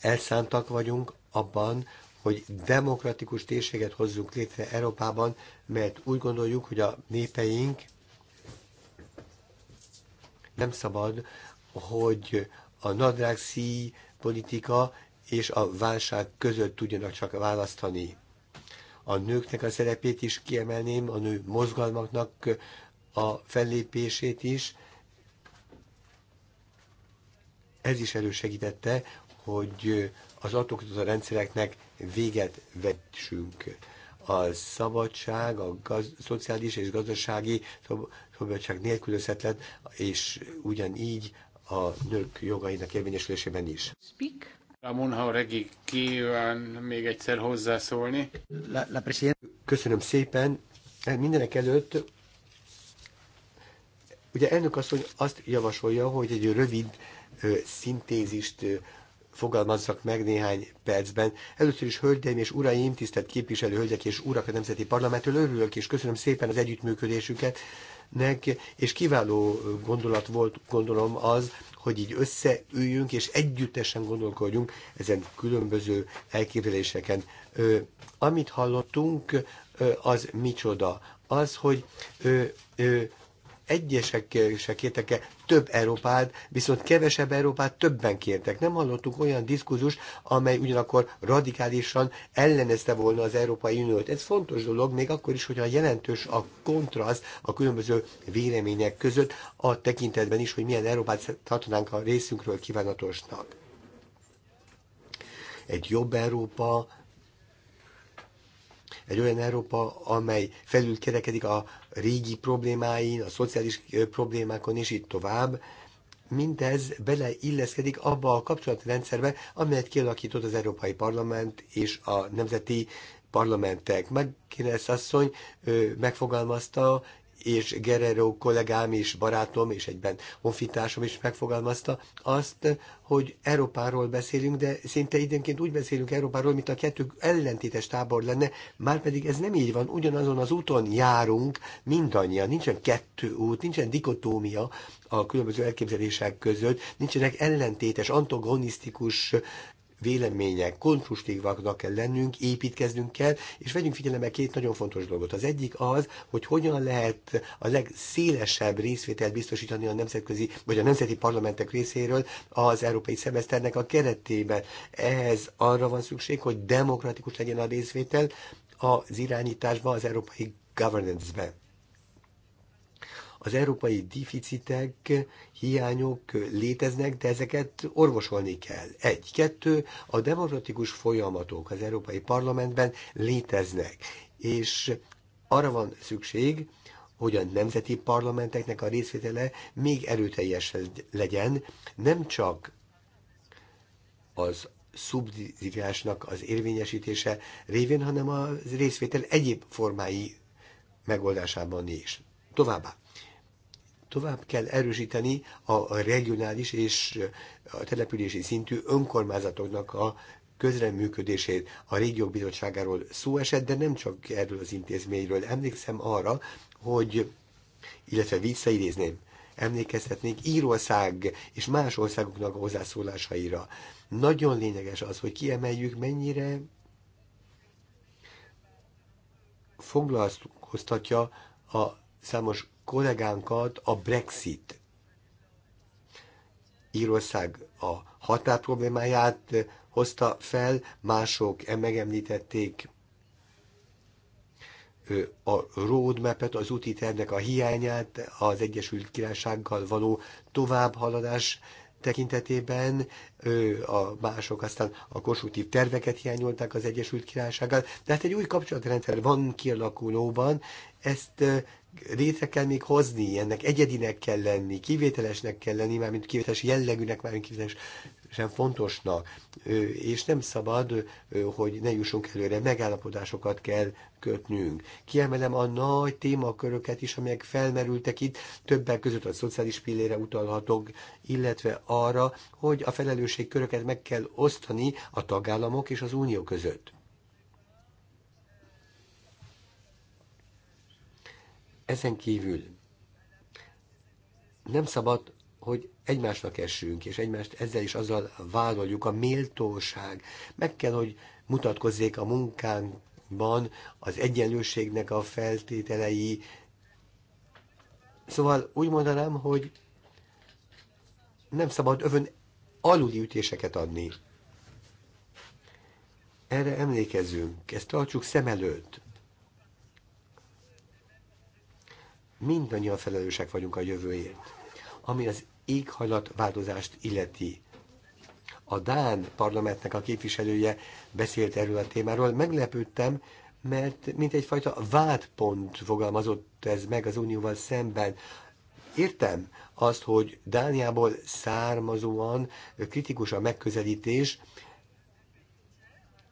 Elszántak vagyunk abban, hogy demokratikus térséget hozzunk létre Európában, mert úgy gondoljuk, hogy a népeink nem szabad, hogy a nadrágszi politika és a válság között tudjanak csak választani. A nőknek a szerepét is kiemelném, a nő mozgalmaknak a fellépését is. Ez is elősegítette, hogy az alkotózó rendszereknek véget vetsünk. A szabadság, a gaz, szociális és gazdasági szabadság nélkülözhetetlen, és ugyanígy a nők jogainak érvényesülésében is. Speak. Ramon Hauregi kíván még egyszer hozzászólni. La, la Köszönöm szépen. Mindenek előtt Ugye elnök asszony azt javasolja, hogy egy rövid ö, szintézist fogalmazzak meg néhány percben. Először is, hölgyeim és uraim, tisztelt képviselő hölgyek és urak a Nemzeti Parlamenttől örülök, és köszönöm szépen az együttműködésüket, nek, és kiváló gondolat volt, gondolom az, hogy így összeüljünk és együttesen gondolkodjunk ezen különböző elképzeléseken. Ö, amit hallottunk, ö, az micsoda? Az, hogy ö, ö, egyesek se kértek -e több Európát, viszont kevesebb Európát többen kértek. Nem hallottuk olyan diskurzus, amely ugyanakkor radikálisan ellenezte volna az Európai Uniót. Ez fontos dolog, még akkor is, hogyha jelentős a kontraszt a különböző vélemények között, a tekintetben is, hogy milyen Európát tartanánk a részünkről kívánatosnak. Egy jobb Európa, egy olyan Európa, amely felülkerekedik a régi problémáin, a szociális problémákon és így tovább, mindez beleilleszkedik abba a kapcsolatrendszerbe, amelyet kialakított az Európai Parlament és a nemzeti parlamentek. Megkérez asszony megfogalmazta és Guerrero kollégám és barátom, és egyben honfitársam is megfogalmazta azt, hogy Európáról beszélünk, de szinte időnként úgy beszélünk Európáról, mint a kettő ellentétes tábor lenne, márpedig ez nem így van, ugyanazon az úton járunk mindannyian, nincsen kettő út, nincsen dikotómia a különböző elképzelések között, nincsenek ellentétes, antagonisztikus vélemények, konstruktívaknak kell lennünk, építkeznünk kell, és vegyünk figyelembe két nagyon fontos dolgot. Az egyik az, hogy hogyan lehet a legszélesebb részvételt biztosítani a nemzetközi vagy a nemzeti parlamentek részéről az európai szemeszternek a keretében. Ehhez arra van szükség, hogy demokratikus legyen a részvétel az irányításban, az európai governance-ben. Az európai deficitek, hiányok léteznek, de ezeket orvosolni kell. Egy, kettő, a demokratikus folyamatok az Európai Parlamentben léteznek, és arra van szükség, hogy a nemzeti parlamenteknek a részvétele még erőteljes legyen, nem csak az szubdizásnak az érvényesítése révén, hanem a részvétel egyéb formái megoldásában is. Továbbá tovább kell erősíteni a regionális és a települési szintű önkormányzatoknak a közreműködését a régiók bizottságáról szó esett, de nem csak erről az intézményről. Emlékszem arra, hogy, illetve visszaidézném, emlékeztetnék Írország és más országoknak a hozzászólásaira. Nagyon lényeges az, hogy kiemeljük, mennyire foglalkoztatja a számos kollégánkat a Brexit. Írország a határ problémáját hozta fel, mások megemlítették a roadmap-et, az úti tervnek a hiányát, az Egyesült Királysággal való továbbhaladás tekintetében, a mások aztán a konstruktív terveket hiányolták az Egyesült Királysággal. Tehát egy új kapcsolatrendszer van kialakulóban, ezt létre kell még hozni, ennek egyedinek kell lenni, kivételesnek kell lenni, mármint kivételes jellegűnek, mármint sem fontosnak, és nem szabad, hogy ne jussunk előre, megállapodásokat kell kötnünk. Kiemelem a nagy témaköröket is, amelyek felmerültek itt, többek között a szociális pillére utalhatok, illetve arra, hogy a felelősségköröket meg kell osztani a tagállamok és az unió között. Ezen kívül nem szabad, hogy egymásnak essünk, és egymást ezzel is azzal vádoljuk a méltóság. Meg kell, hogy mutatkozzék a munkánkban az egyenlőségnek a feltételei. Szóval úgy mondanám, hogy nem szabad övön aluli ütéseket adni. Erre emlékezünk. ezt tartsuk szem előtt. mindannyian felelősek vagyunk a jövőért. Ami az éghajlatváltozást illeti. A Dán parlamentnek a képviselője beszélt erről a témáról, meglepődtem, mert mint egyfajta vádpont fogalmazott ez meg az Unióval szemben. Értem azt, hogy Dániából származóan kritikus a megközelítés,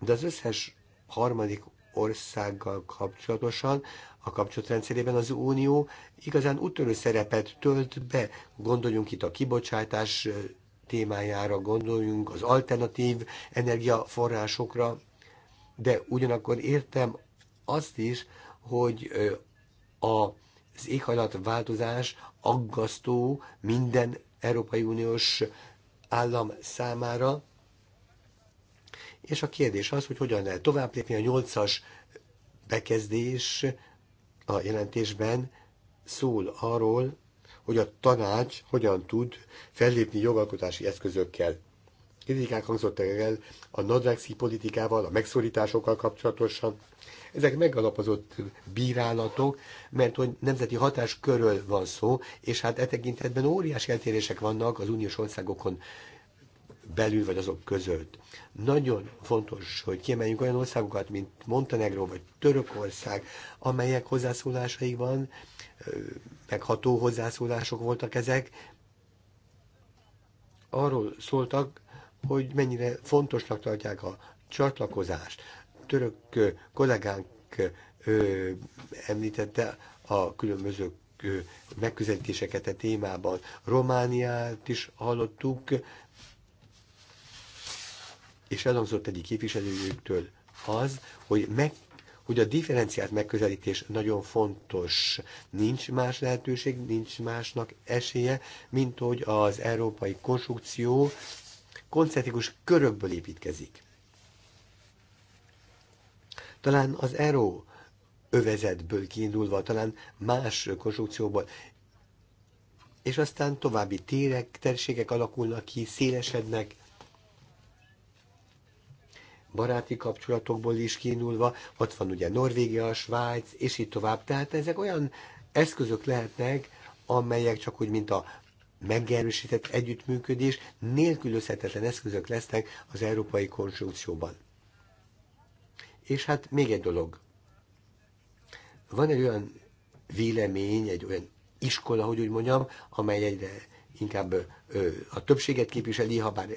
de az összes harmadik országgal kapcsolatosan a kapcsolatrendszerében az Unió igazán úttörő szerepet tölt be. Gondoljunk itt a kibocsátás témájára, gondoljunk az alternatív energiaforrásokra, de ugyanakkor értem azt is, hogy az éghajlatváltozás aggasztó minden Európai Uniós állam számára, és a kérdés az, hogy hogyan lehet tovább lépni a nyolcas bekezdés a jelentésben szól arról, hogy a tanács hogyan tud fellépni jogalkotási eszközökkel. Kritikák hangzottak el a nadrágszi politikával, a megszorításokkal kapcsolatosan. Ezek megalapozott bírálatok, mert hogy nemzeti hatáskörről van szó, és hát e tekintetben óriási eltérések vannak az uniós országokon belül, vagy azok között. Nagyon fontos, hogy kiemeljünk olyan országokat, mint Montenegro vagy Törökország, amelyek hozzászólásaikban megható hozzászólások voltak ezek, arról szóltak, hogy mennyire fontosnak tartják a csatlakozást. Török kollégánk ö, említette a különböző megközelítéseket a e témában. Romániát is hallottuk, és elhangzott egyik képviselőjüktől az, hogy meg hogy a differenciált megközelítés nagyon fontos. Nincs más lehetőség, nincs másnak esélye, mint hogy az európai konstrukció koncentrikus körökből építkezik. Talán az ERO övezetből kiindulva, talán más konstrukcióból, és aztán további térek, terségek alakulnak ki, szélesednek, baráti kapcsolatokból is kiindulva, ott van ugye Norvégia, Svájc, és így tovább. Tehát ezek olyan eszközök lehetnek, amelyek csak úgy, mint a megerősített együttműködés nélkülözhetetlen eszközök lesznek az európai konstrukcióban. És hát még egy dolog. Van egy olyan vélemény, egy olyan iskola, hogy úgy mondjam, amely egyre inkább a többséget képviseli, ha bár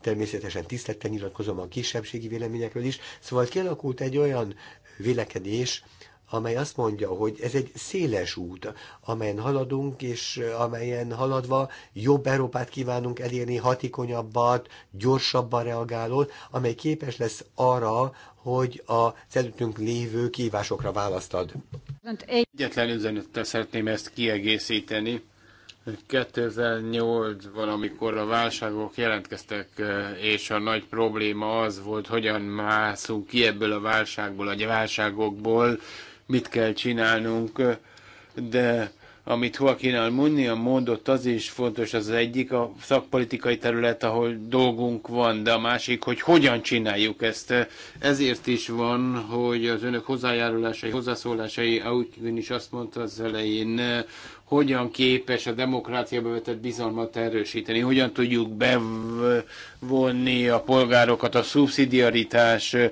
természetesen tisztelten nyilatkozom a kisebbségi véleményekről is, szóval kialakult egy olyan vélekedés, amely azt mondja, hogy ez egy széles út, amelyen haladunk, és amelyen haladva jobb Európát kívánunk elérni, hatékonyabbat, gyorsabban reagáló, amely képes lesz arra, hogy a előttünk lévő kívásokra választ ad. Egyetlen üzenettel szeretném ezt kiegészíteni. 2008 valamikor a válságok jelentkeztek, eh, és a nagy probléma az volt, hogyan mászunk ki ebből a válságból, a válságokból, mit kell csinálnunk, de amit Joaquin a mondott, az is fontos, az egyik a szakpolitikai terület, ahol dolgunk van, de a másik, hogy hogyan csináljuk ezt. Ezért is van, hogy az önök hozzájárulásai, hozzászólásai, Autyin is azt mondta az elején, hogyan képes a demokráciába vetett bizalmat erősíteni, hogyan tudjuk bevonni a polgárokat a szubszidiaritás eh,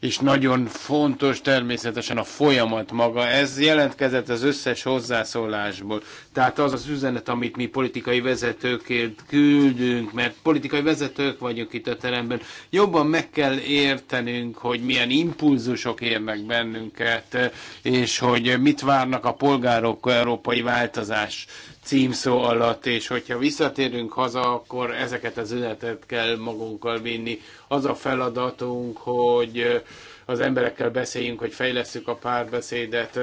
és nagyon fontos természetesen a folyamat maga. Ez jelentkezett az összes hozzászólásból. Tehát az az üzenet, amit mi politikai vezetőként küldünk, mert politikai vezetők vagyunk itt a teremben, jobban meg kell értenünk, hogy milyen impulzusok érnek bennünket, és hogy mit várnak a polgárok európai változás címszó alatt, és hogyha visszatérünk haza, akkor ezeket az üzenetet kell magunkkal vinni. Az a feladatunk, hogy az emberekkel beszéljünk, hogy fejlesszük a párbeszédet,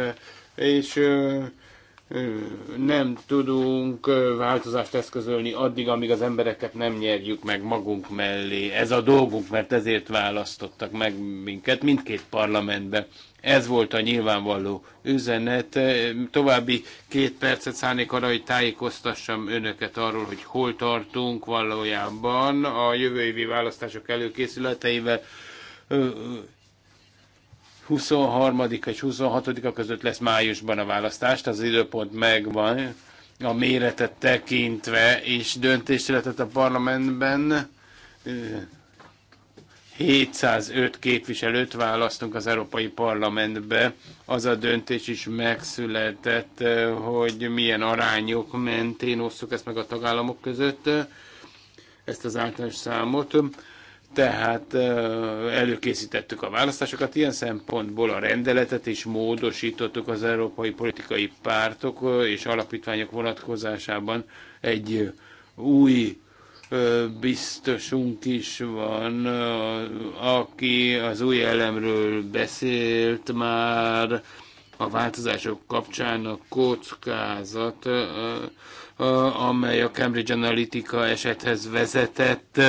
és nem tudunk változást eszközölni addig, amíg az embereket nem nyerjük meg magunk mellé. Ez a dolgunk, mert ezért választottak meg minket mindkét parlamentben. Ez volt a nyilvánvaló üzenet. További két percet szállnék arra, hogy tájékoztassam önöket arról, hogy hol tartunk valójában a jövő évi választások előkészületeivel. 23 és 26 között lesz májusban a választást, az időpont megvan a méretet tekintve, és döntés született a parlamentben 705 képviselőt választunk az Európai Parlamentbe. Az a döntés is megszületett, eh, hogy milyen arányok mentén osszuk ezt meg a tagállamok között, eh, ezt az általános számot. Tehát eh, előkészítettük a választásokat, ilyen szempontból a rendeletet is módosítottuk az európai politikai pártok és alapítványok vonatkozásában egy új biztosunk is van, aki az új elemről beszélt már a változások kapcsán a kockázat, amely a Cambridge Analytica esethez vezetett,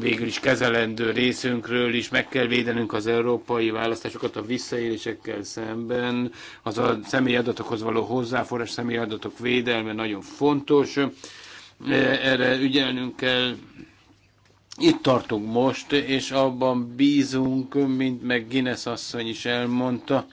végül is kezelendő részünkről is meg kell védenünk az európai választásokat a visszaélésekkel szemben. Az a személyadatokhoz való hozzáforrás személyadatok védelme nagyon fontos. E, erre ügyelnünk kell. Itt tartunk most, és abban bízunk, mint meg Guinness asszony is elmondta,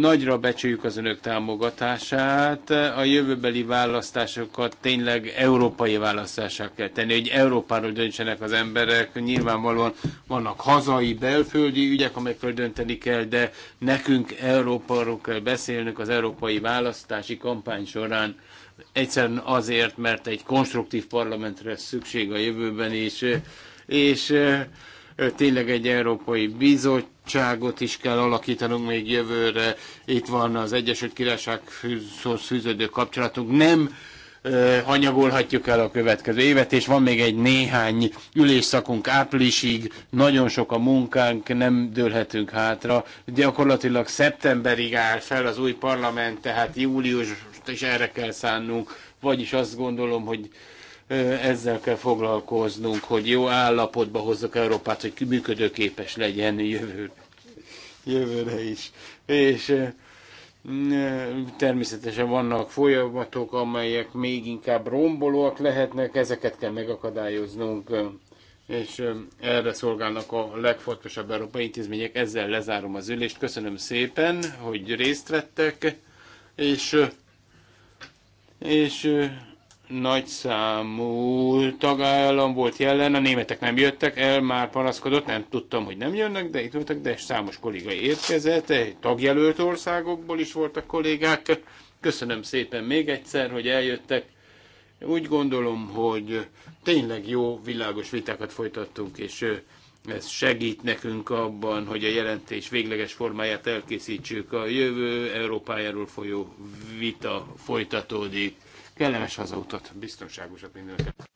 Nagyra becsüljük az önök támogatását. A jövőbeli választásokat tényleg európai választásra kell tenni, hogy Európáról döntsenek az emberek. Nyilvánvalóan vannak hazai, belföldi ügyek, amelyekről dönteni kell, de nekünk Európáról kell beszélnünk az európai választási kampány során. Egyszerűen azért, mert egy konstruktív parlamentre szükség a jövőben is, és tényleg egy európai bizottságot is kell alakítanunk még jövőre. Itt van az Egyesült Királysághoz fűződő kapcsolatunk. Nem hanyagolhatjuk el a következő évet, és van még egy néhány ülésszakunk áprilisig, nagyon sok a munkánk, nem dőlhetünk hátra. Gyakorlatilag szeptemberig áll fel az új parlament, tehát július ott is erre kell szánnunk, vagyis azt gondolom, hogy ezzel kell foglalkoznunk, hogy jó állapotba hozzuk Európát, hogy működőképes legyen jövőre, jövőre is. És természetesen vannak folyamatok, amelyek még inkább rombolóak lehetnek, ezeket kell megakadályoznunk, és erre szolgálnak a legfontosabb európai intézmények. Ezzel lezárom az ülést. Köszönöm szépen, hogy részt vettek, és és nagyszámú tagállam volt jelen, a németek nem jöttek el, már panaszkodott, nem tudtam, hogy nem jönnek, de itt voltak, de számos kolléga érkezett, tagjelölt országokból is voltak kollégák. Köszönöm szépen még egyszer, hogy eljöttek. Úgy gondolom, hogy tényleg jó, világos vitákat folytattunk, és ez segít nekünk abban, hogy a jelentés végleges formáját elkészítsük. A jövő Európájáról folyó vita folytatódik. Kellemes hazautat, biztonságosat mindenkinek.